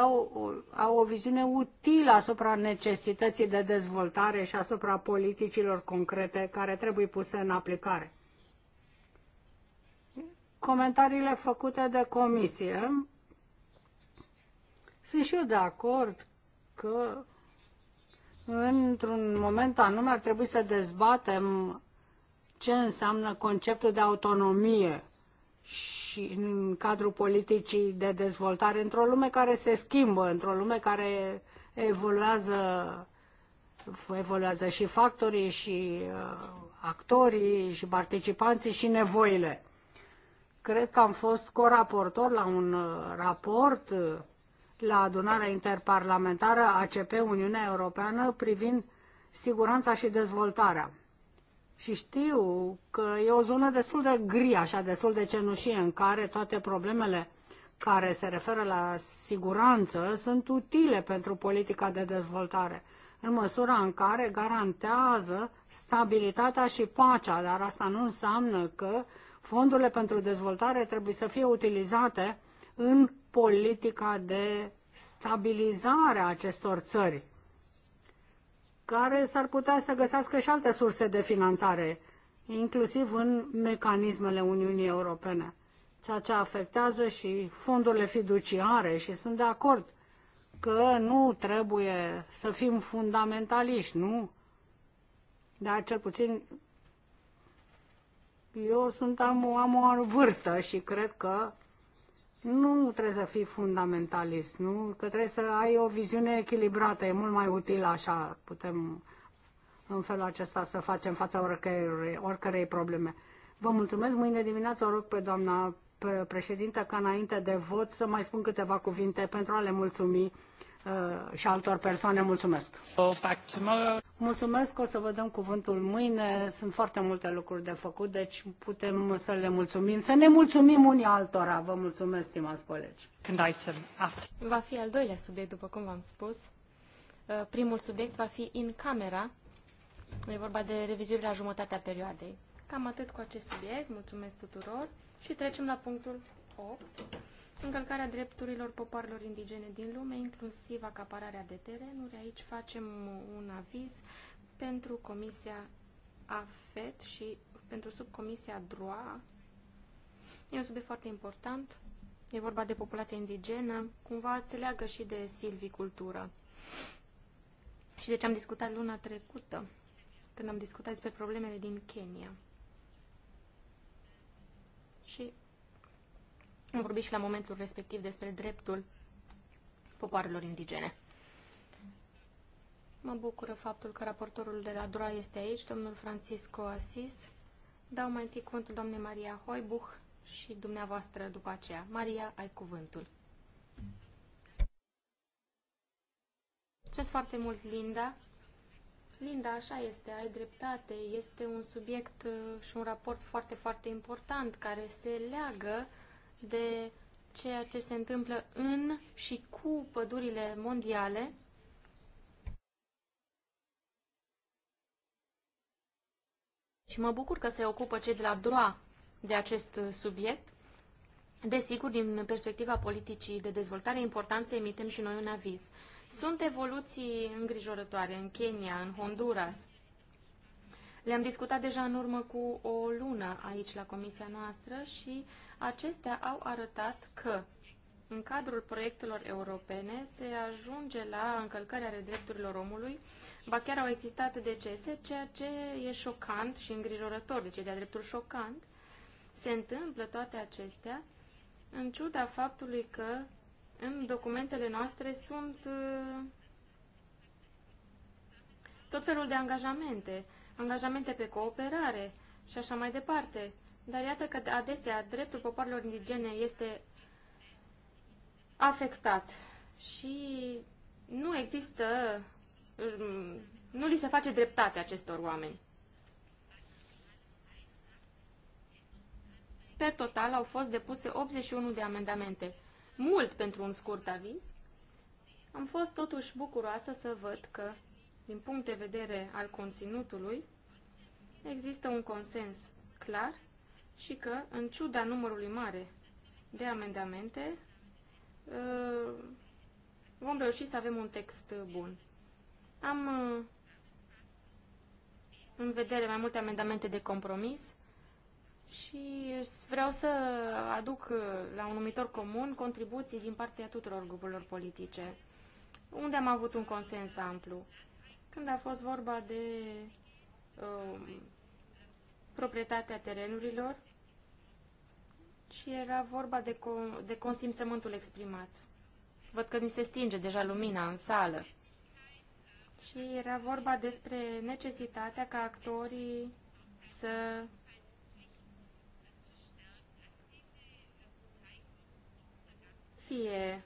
au, au o viziune utilă asupra necesității de dezvoltare și asupra politicilor concrete care trebuie puse în aplicare. Comentariile făcute de comisie. Sunt și eu de acord că într-un moment anume ar trebui să dezbatem ce înseamnă conceptul de autonomie și în cadrul politicii de dezvoltare, într-o lume care se schimbă, într-o lume care evoluează, evoluează și factorii, și uh, actorii, și participanții, și nevoile. Cred că am fost coraportor la un uh, raport uh, la adunarea interparlamentară ACP Uniunea Europeană privind siguranța și dezvoltarea și știu că e o zonă destul de gri, așa, destul de cenușie, în care toate problemele care se referă la siguranță sunt utile pentru politica de dezvoltare, în măsura în care garantează stabilitatea și pacea, dar asta nu înseamnă că fondurile pentru dezvoltare trebuie să fie utilizate în politica de stabilizare a acestor țări care s-ar putea să găsească și alte surse de finanțare, inclusiv în mecanismele Uniunii Europene, ceea ce afectează și fondurile fiduciare și sunt de acord că nu trebuie să fim fundamentaliști, nu? Dar cel puțin eu sunt, am, am o vârstă și cred că nu trebuie să fii fundamentalist, nu? că trebuie să ai o viziune echilibrată, e mult mai util așa, putem în felul acesta să facem fața oricărei, oricărei probleme. Vă mulțumesc, mâine dimineață o rog pe doamna președintă ca înainte de vot să mai spun câteva cuvinte pentru a le mulțumi Uh, și altor persoane. Mulțumesc! Mulțumesc, o să vă dăm cuvântul mâine. Sunt foarte multe lucruri de făcut, deci putem să le mulțumim, să ne mulțumim unii altora. Vă mulțumesc, stimați colegi! Va fi al doilea subiect, după cum v-am spus. Uh, primul subiect va fi în camera. E vorba de revizuirea jumătatea perioadei. Cam atât cu acest subiect. Mulțumesc tuturor și trecem la punctul 8 încălcarea drepturilor popoarelor indigene din lume, inclusiv acapararea de terenuri. Aici facem un aviz pentru Comisia AFET și pentru subcomisia DROA. E un subiect foarte important. E vorba de populația indigenă, cumva se leagă și de silvicultură. Și de ce am discutat luna trecută, când am discutat despre problemele din Kenya. Și am vorbit și la momentul respectiv despre dreptul popoarelor indigene. Mă bucură faptul că raportorul de la Dura este aici, domnul Francisco Asis. Dau mai întâi cuvântul doamnei Maria Hoibuch și dumneavoastră după aceea. Maria, ai cuvântul. Mulțumesc foarte mult, Linda. Linda, așa este, ai dreptate. Este un subiect uh, și un raport foarte, foarte important care se leagă de ceea ce se întâmplă în și cu pădurile mondiale. Și mă bucur că se ocupă cei de la DROA de acest subiect. Desigur, din perspectiva politicii de dezvoltare, e important să emitem și noi un aviz. Sunt evoluții îngrijorătoare în Kenya, în Honduras. Le-am discutat deja în urmă cu o lună aici la comisia noastră și uh, Acestea au arătat că în cadrul proiectelor europene se ajunge la încălcarea drepturilor omului, ba chiar au existat decese, ceea ce e șocant și îngrijorător, deci e de-a dreptul șocant. Se întâmplă toate acestea în ciuda faptului că în documentele noastre sunt uh, tot felul de angajamente, angajamente pe cooperare și așa mai departe. Dar iată că adesea dreptul popoarelor indigene este afectat și nu există, mm, nu li se face dreptate acestor oameni. Pe total au fost depuse 81 de amendamente, mult pentru un scurt aviz. Am fost totuși bucuroasă să văd că, din punct de vedere al conținutului, există un consens clar și că, în ciuda numărului mare de amendamente, uh, vom reuși să avem un text bun. Am uh, în vedere mai multe amendamente de compromis și vreau să aduc uh, la un numitor comun contribuții din partea tuturor grupurilor politice, unde am avut un consens amplu. Când a fost vorba de uh, proprietatea terenurilor și era vorba de, co- de consimțământul exprimat. Văd că mi se stinge deja lumina în sală. Și era vorba despre necesitatea ca actorii să fie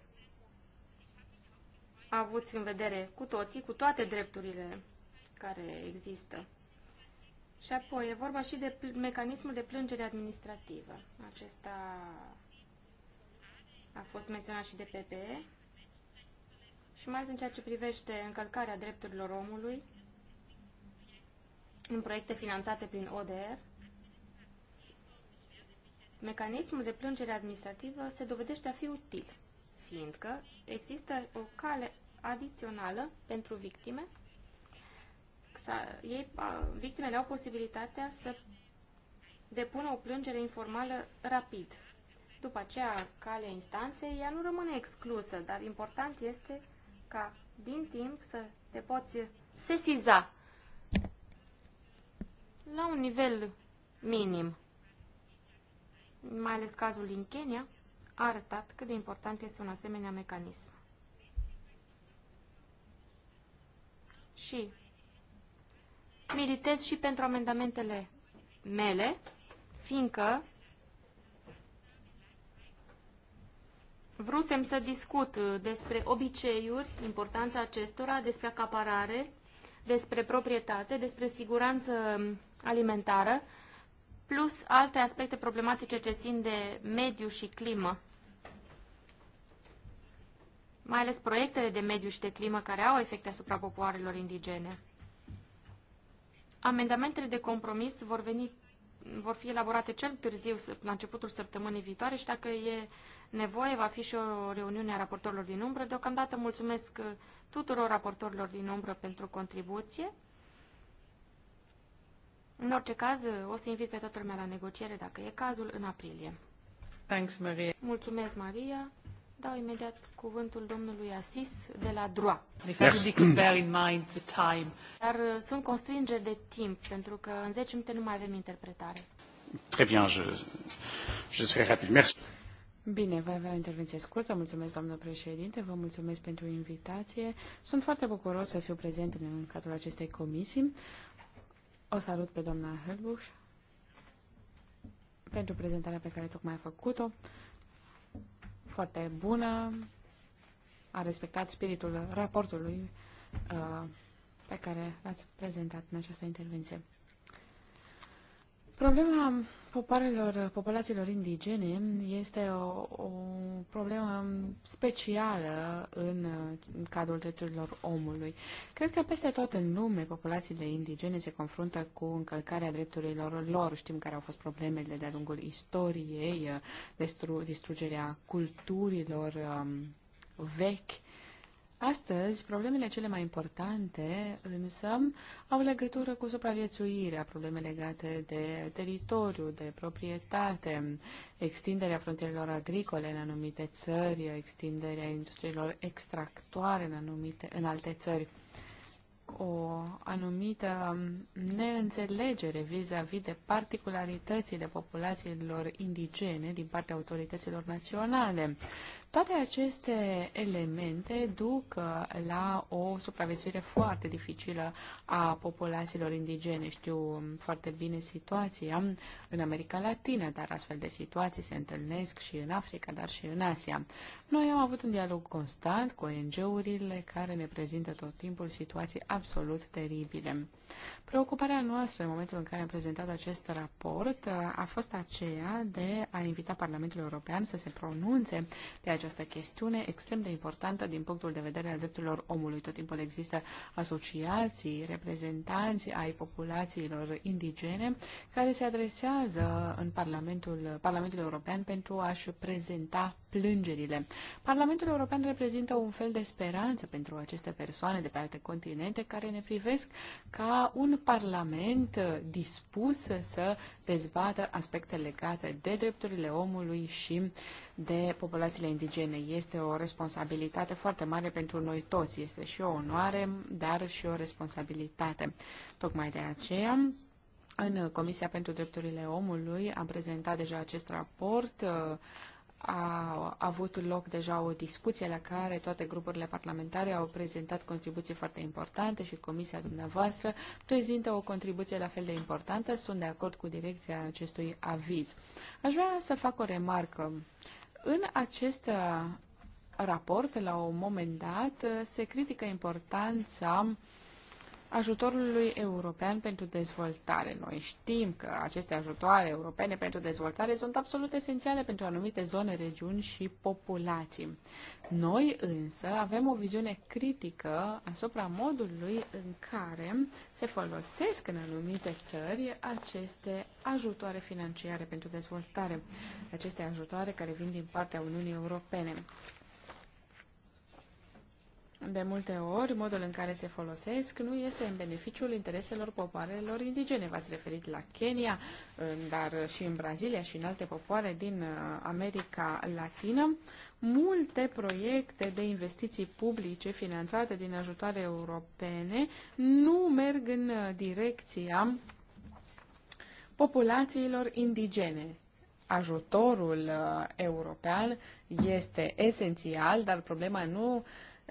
avuți în vedere cu toții, cu toate drepturile care există. Și apoi e vorba și de mecanismul de plângere administrativă. Acesta a fost menționat și de PPE. Și mai ales în ceea ce privește încălcarea drepturilor omului în proiecte finanțate prin ODR, mecanismul de plângere administrativă se dovedește a fi util, fiindcă există o cale adițională pentru victime ei, victimele au posibilitatea să depună o plângere informală rapid. După aceea, calea instanței, ea nu rămâne exclusă, dar important este ca din timp să te poți sesiza la un nivel minim. Mai ales cazul din Kenya a arătat cât de important este un asemenea mecanism. Și militez și pentru amendamentele mele, fiindcă vrusem să discut uh, despre obiceiuri, importanța acestora, despre acaparare, despre proprietate, despre siguranță um, alimentară, plus alte aspecte problematice ce țin de mediu și climă. Mai ales proiectele de mediu și de climă care au efecte asupra popoarelor indigene. Amendamentele de compromis vor veni vor fi elaborate cel târziu, la începutul săptămânii viitoare și dacă e nevoie, va fi și o reuniune a raportorilor din umbră. Deocamdată mulțumesc uh, tuturor raportorilor din umbră pentru contribuție. În orice caz, uh, o să invit pe toată lumea la negociere, dacă e cazul, în aprilie. Thanks, Maria. Mulțumesc, Maria. Dau imediat cuvântul domnului Asis de la DROA. Dar uh, sunt constrângeri de timp, pentru că în 10 minute nu mai avem interpretare. Très bien, je, je serai rapid. Merci. Bine, voi avea o intervenție scurtă. Mulțumesc, doamnă președinte, vă mulțumesc pentru invitație. Sunt foarte bucuros să fiu prezent în cadrul acestei comisii. O salut pe doamna Helbuș pentru prezentarea pe care tocmai a făcut-o foarte bună, a respectat spiritul raportului uh, pe care l-ați prezentat în această intervenție. Problema Popoarelor, populațiilor indigene este o, o problemă specială în, în cadrul drepturilor omului. Cred că peste tot în lume populațiile indigene se confruntă cu încălcarea drepturilor lor. Știm care au fost problemele de-a lungul istoriei, distru, distrugerea culturilor um, vechi Astăzi, problemele cele mai importante, însă, au legătură cu supraviețuirea, probleme legate de teritoriu, de proprietate, extinderea frontierelor agricole în anumite țări, extinderea industriilor extractoare în, anumite, în alte țări, o anumită neînțelegere vis-a-vis -vis de particularitățile populațiilor indigene din partea autorităților naționale, toate aceste elemente duc uh, la o supraviețuire foarte dificilă a populațiilor indigene. Știu um, foarte bine situația în America Latină, dar astfel de situații se întâlnesc și în Africa, dar și în Asia. Noi am avut un dialog constant cu ONG-urile care ne prezintă tot timpul situații absolut teribile. Preocuparea noastră în momentul în care am prezentat acest raport uh, a fost aceea de a invita Parlamentul European să se pronunțe pe această chestiune extrem de importantă din punctul de vedere al drepturilor omului. Tot timpul există asociații, reprezentanți ai populațiilor indigene care se adresează în Parlamentul, Parlamentul European pentru a-și prezenta plângerile. Parlamentul European reprezintă un fel de speranță pentru aceste persoane de pe alte continente care ne privesc ca un parlament dispus să dezbată aspecte legate de drepturile omului și de populațiile indigene. Este o responsabilitate foarte mare pentru noi toți. Este și o onoare, dar și o responsabilitate. Tocmai de aceea, în Comisia pentru Drepturile Omului am prezentat deja acest raport uh, a avut loc deja o discuție la care toate grupurile parlamentare au prezentat contribuții foarte importante și comisia dumneavoastră prezintă o contribuție la fel de importantă. Sunt de acord cu direcția acestui aviz. Aș vrea să fac o remarcă. În acest uh, raport, la un moment dat, uh, se critică importanța uh, ajutorului european pentru dezvoltare. Noi știm că aceste ajutoare europene pentru dezvoltare sunt absolut esențiale pentru anumite zone, regiuni și populații. Noi însă avem o viziune critică asupra modului în care se folosesc în anumite țări aceste ajutoare financiare pentru dezvoltare, aceste ajutoare care vin din partea Uniunii Europene. De multe ori, modul în care se folosesc nu este în beneficiul intereselor popoarelor indigene. V-ați referit la Kenya, dar și în Brazilia și în alte popoare din uh, America Latină. Multe proiecte de investiții publice finanțate din ajutoare europene nu merg în uh, direcția populațiilor indigene ajutorul uh, european este esențial, dar problema nu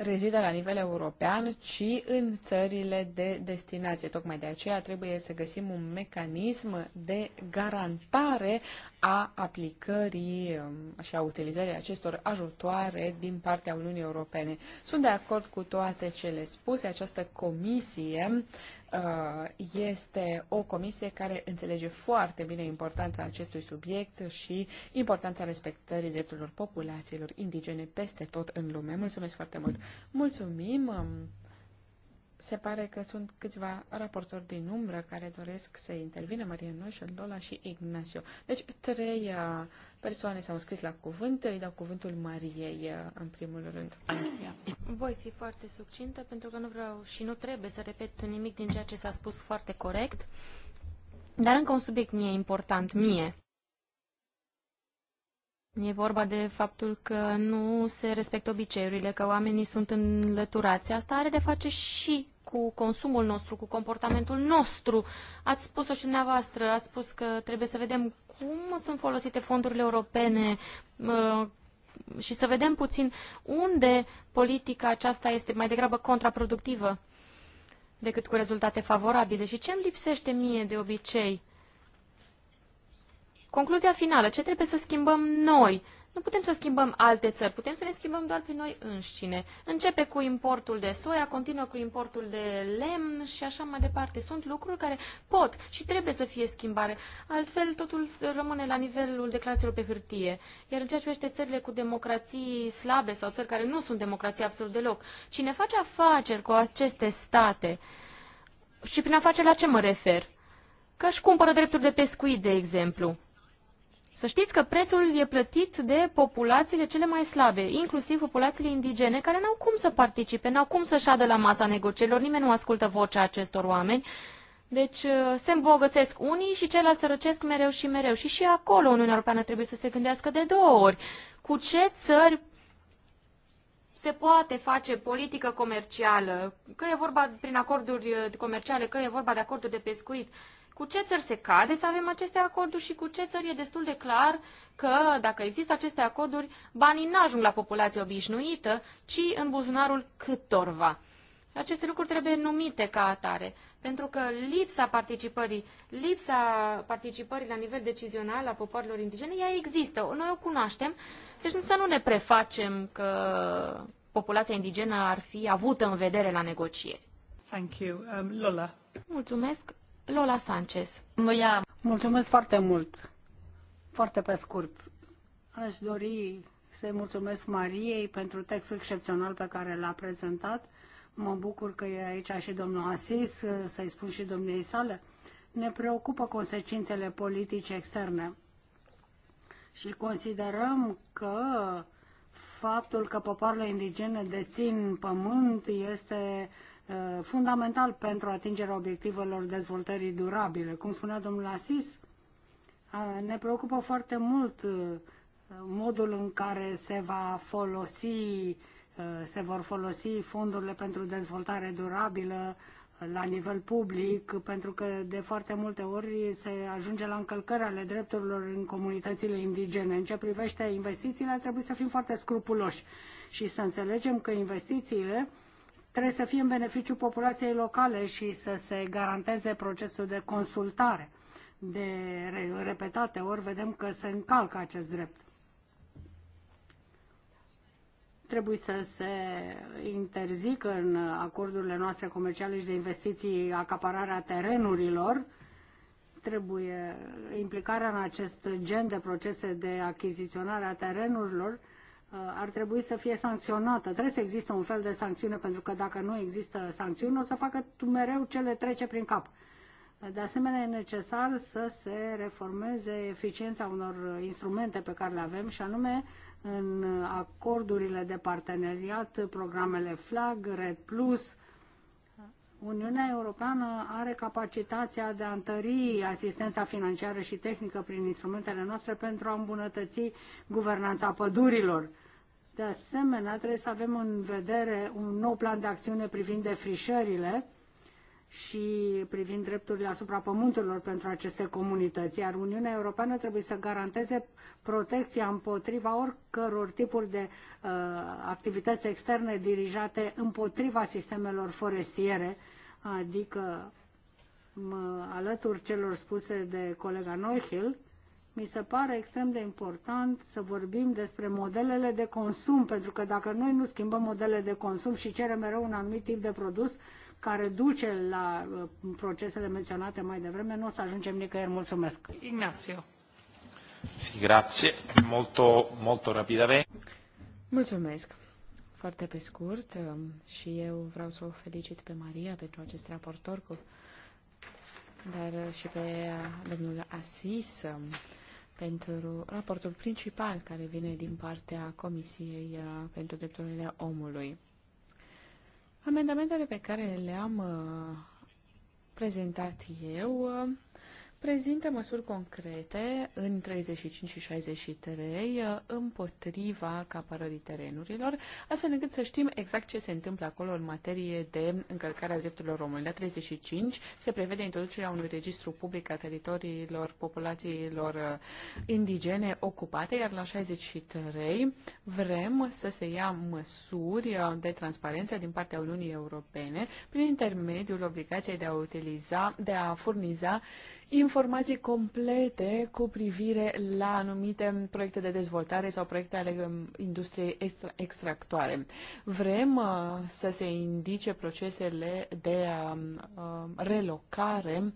rezidă la nivel european, ci în țările de destinație. Tocmai de aceea trebuie să găsim un mecanism de garantare a aplicării um, și a utilizării acestor ajutoare din partea Uniunii Europene. Sunt de acord cu toate cele spuse. Această comisie Uh, este o comisie care înțelege foarte bine importanța acestui subiect și importanța respectării drepturilor populațiilor indigene peste tot în lume. Mulțumesc foarte mult! Mulțumim! Um, se pare că sunt câțiva raportori din umbră care doresc să intervină, Maria Noșel, Lola și Ignacio. Deci, trei uh, persoane s-au scris la cuvânt. Îi dau cuvântul Mariei, uh, în primul rând. Voi fi foarte succintă pentru că nu vreau și nu trebuie să repet nimic din ceea ce s-a spus foarte corect, dar încă un subiect mie important, mie. E vorba de faptul că nu se respectă obiceiurile, că oamenii sunt înlăturați. Asta are de face și cu consumul nostru, cu comportamentul nostru. Ați spus-o și dumneavoastră, ați spus că trebuie să vedem cum sunt folosite fondurile europene, și să vedem puțin unde politica aceasta este mai degrabă contraproductivă decât cu rezultate favorabile și ce îmi lipsește mie de obicei. Concluzia finală, ce trebuie să schimbăm noi nu putem să schimbăm alte țări, putem să ne schimbăm doar pe noi înșine. Începe cu importul de soia, continuă cu importul de lemn și așa mai departe. Sunt lucruri care pot și trebuie să fie schimbare. Altfel, totul rămâne la nivelul declarațiilor pe hârtie. Iar în ceea ce privește țările cu democrații slabe sau țări care nu sunt democrații absolut deloc, cine face afaceri cu aceste state, și prin afaceri la ce mă refer? Că își cumpără drepturi de pescuit, de exemplu să știți că prețul e plătit de populațiile cele mai slabe, inclusiv populațiile indigene, care n-au cum să participe, n-au cum să șadă la masa negocierilor, nimeni nu ascultă vocea acestor oameni. Deci uh, se îmbogățesc unii și ceilalți sărăcesc mereu și mereu. Și și acolo Uniunea Europeană trebuie să se gândească de două ori. Cu ce țări se poate face politică comercială, că e vorba prin acorduri uh, comerciale, că e vorba de acorduri de pescuit, cu ce țări se cade să avem aceste acorduri și cu ce țări e destul de clar că, dacă există aceste acorduri, banii n-ajung la populația obișnuită, ci în buzunarul câtorva. Aceste lucruri trebuie numite ca atare, pentru că lipsa participării, lipsa participării la nivel decizional a popoarelor indigene, ea există, noi o cunoaștem, deci nu să nu ne prefacem că populația indigenă ar fi avută în vedere la negocieri. Thank you. Um, Lola. Mulțumesc. Lola Sanchez. Mulțumesc foarte mult. Foarte pe scurt. Aș dori să-i mulțumesc Mariei pentru textul excepțional pe care l-a prezentat. Mă bucur că e aici și domnul Asis, să-i spun și domniei sale. Ne preocupă consecințele politice externe și considerăm că faptul că popoarele indigene dețin pământ este Uh, fundamental pentru atingerea obiectivelor dezvoltării durabile. Cum spunea domnul Asis, uh, ne preocupă foarte mult uh, modul în care se va folosi, se vor folosi fondurile pentru dezvoltare durabilă la nivel public, pentru că de foarte multe ori se ajunge la încălcări ale drepturilor în comunitățile indigene. În ce privește investițiile, ar trebui să fim foarte scrupuloși și să înțelegem că investițiile uh, trebuie să fie în beneficiu populației locale și să se garanteze procesul de consultare. De repetate ori vedem că se încalcă acest drept. Trebuie să se interzică în acordurile noastre comerciale și de investiții acapararea terenurilor, trebuie implicarea în acest gen de procese de achiziționare a terenurilor Uh, ar trebui să fie sancționată. Trebuie să existe un fel de sancțiune, pentru că dacă nu există sancțiuni, o să facă mereu ce le trece prin cap. De asemenea, e necesar să se reformeze eficiența unor instrumente pe care le avem, și anume în acordurile de parteneriat, programele FLAG, RED Plus, Uniunea Europeană are capacitatea de a întări asistența financiară și tehnică prin instrumentele noastre pentru a îmbunătăți guvernanța pădurilor. De asemenea, trebuie să avem în vedere un nou plan de acțiune privind defrișările, și privind drepturile asupra pământurilor pentru aceste comunități, iar Uniunea Europeană trebuie să garanteze protecția împotriva oricăror tipuri de uh, activități externe dirijate împotriva sistemelor forestiere, adică mă alătur celor spuse de colega Neuchel, mi se pare extrem de important să vorbim despre modelele de consum, pentru că dacă noi nu schimbăm modelele de consum și cerem mereu un anumit tip de produs, care duce la uh, procesele menționate mai devreme, nu o să ajungem nicăieri. Mulțumesc. Ignacio. Sì, grazie. Molto, molto rapidamente. Mulțumesc. Foarte pe scurt um, și eu vreau să o felicit pe Maria pentru acest raportor cu dar uh, și pe uh, domnul Asis um, pentru raportul principal care vine din partea Comisiei pentru Drepturile Omului. Amendamentele pe care le-am uh, prezentat eu uh, prezintă măsuri concrete în 35 și 63 uh, împotriva acapărării terenurilor, astfel încât să știm exact ce se întâmplă acolo în materie de încălcarea drepturilor omului. La 35 se prevede introducerea unui registru public a teritoriilor populațiilor uh, indigene ocupate, iar la 63 vrem să se ia măsuri uh, de transparență din partea Uniunii Europene prin intermediul obligației de a utiliza, de a furniza informații complete cu privire la anumite proiecte de dezvoltare sau proiecte ale um, industriei extra extractoare. Vrem uh, să se indice procesele de um, uh, relocare uh,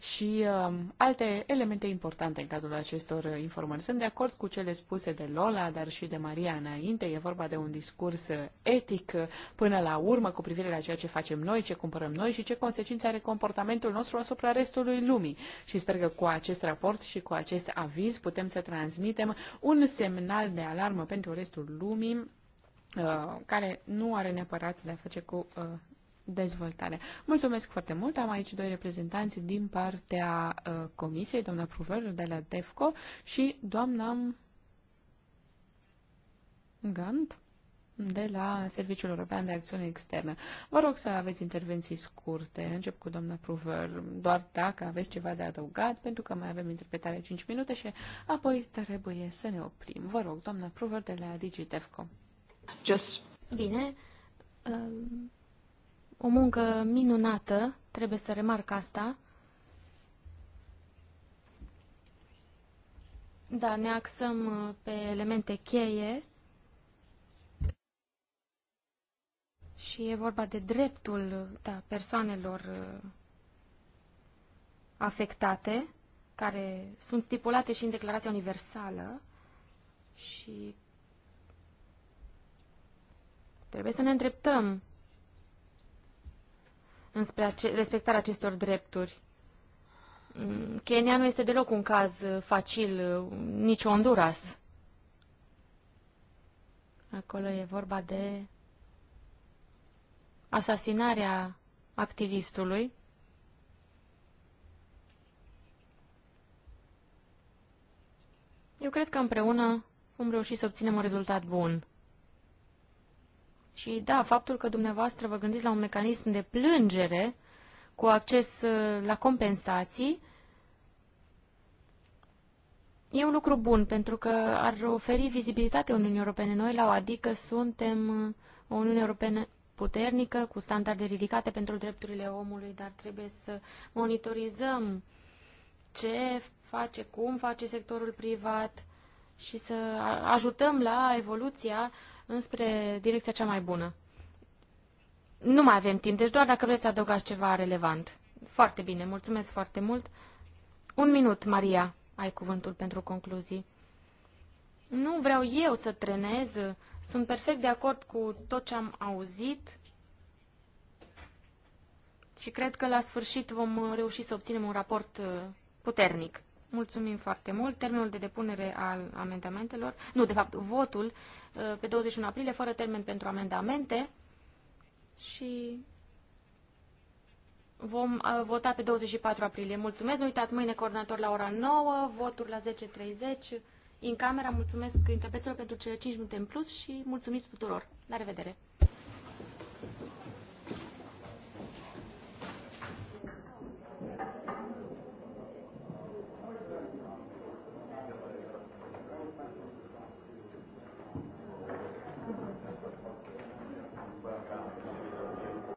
și uh, alte elemente importante în cadrul acestor uh, informări. Sunt de acord cu cele spuse de Lola, dar și de Maria înainte. E vorba de un discurs uh, etic uh, până la urmă cu privire la ceea ce facem noi, ce cumpărăm noi și ce consecințe are comportamentul nostru asupra restului lumii. Și sper că cu acest raport și cu acest aviz putem să transmitem un semnal de alarmă pentru restul lumii care nu are neapărat de a face cu dezvoltare. Mulțumesc foarte mult. Am aici doi reprezentanți din partea uh, comisiei, doamna Pruver de la DEFCO și doamna Gant de la Serviciul European de Acțiune Externă. Vă rog să aveți intervenții scurte. Încep cu doamna Pruver, doar dacă aveți ceva de adăugat, pentru că mai avem interpretare 5 minute și apoi trebuie să ne oprim. Vă rog, doamna Pruver de la DigiDevco. Just... Bine. Um o muncă minunată, trebuie să remarc asta. Da, ne axăm uh, pe elemente cheie și e vorba de dreptul da, persoanelor uh, afectate, care sunt stipulate și în Declarația Universală și trebuie să ne îndreptăm înspre respectarea acestor drepturi. Mm, Kenya nu este deloc un caz uh, facil, uh, nici Honduras. Acolo e vorba de asasinarea activistului. Eu cred că împreună vom reuși să obținem un rezultat bun. Și da, faptul că dumneavoastră vă gândiți la un mecanism de plângere cu acces uh, la compensații e un lucru bun pentru că ar oferi vizibilitate Uniunii Europene. Noi la o adică suntem uh, o Uniune Europeană puternică, cu standarde ridicate pentru drepturile omului, dar trebuie să monitorizăm ce face, cum face sectorul privat și să ajutăm la evoluția uh, înspre direcția cea mai bună. Nu mai avem timp, deci doar dacă vreți să adăugați ceva relevant. Foarte bine, mulțumesc foarte mult. Un minut, Maria, ai cuvântul pentru concluzii. Nu vreau eu să trenez, sunt perfect de acord cu tot ce am auzit și cred că la sfârșit vom reuși să obținem un raport uh, puternic. Mulțumim foarte mult. Termenul de depunere al amendamentelor, nu, de fapt, votul uh, pe 21 aprilie, fără termen pentru amendamente și vom uh, vota pe 24 aprilie. Mulțumesc. Nu uitați, mâine coordonator la ora 9, voturi la 10.30. În camera, mulțumesc interpreților pentru cele 5 minute în plus și mulțumim tuturor. La revedere!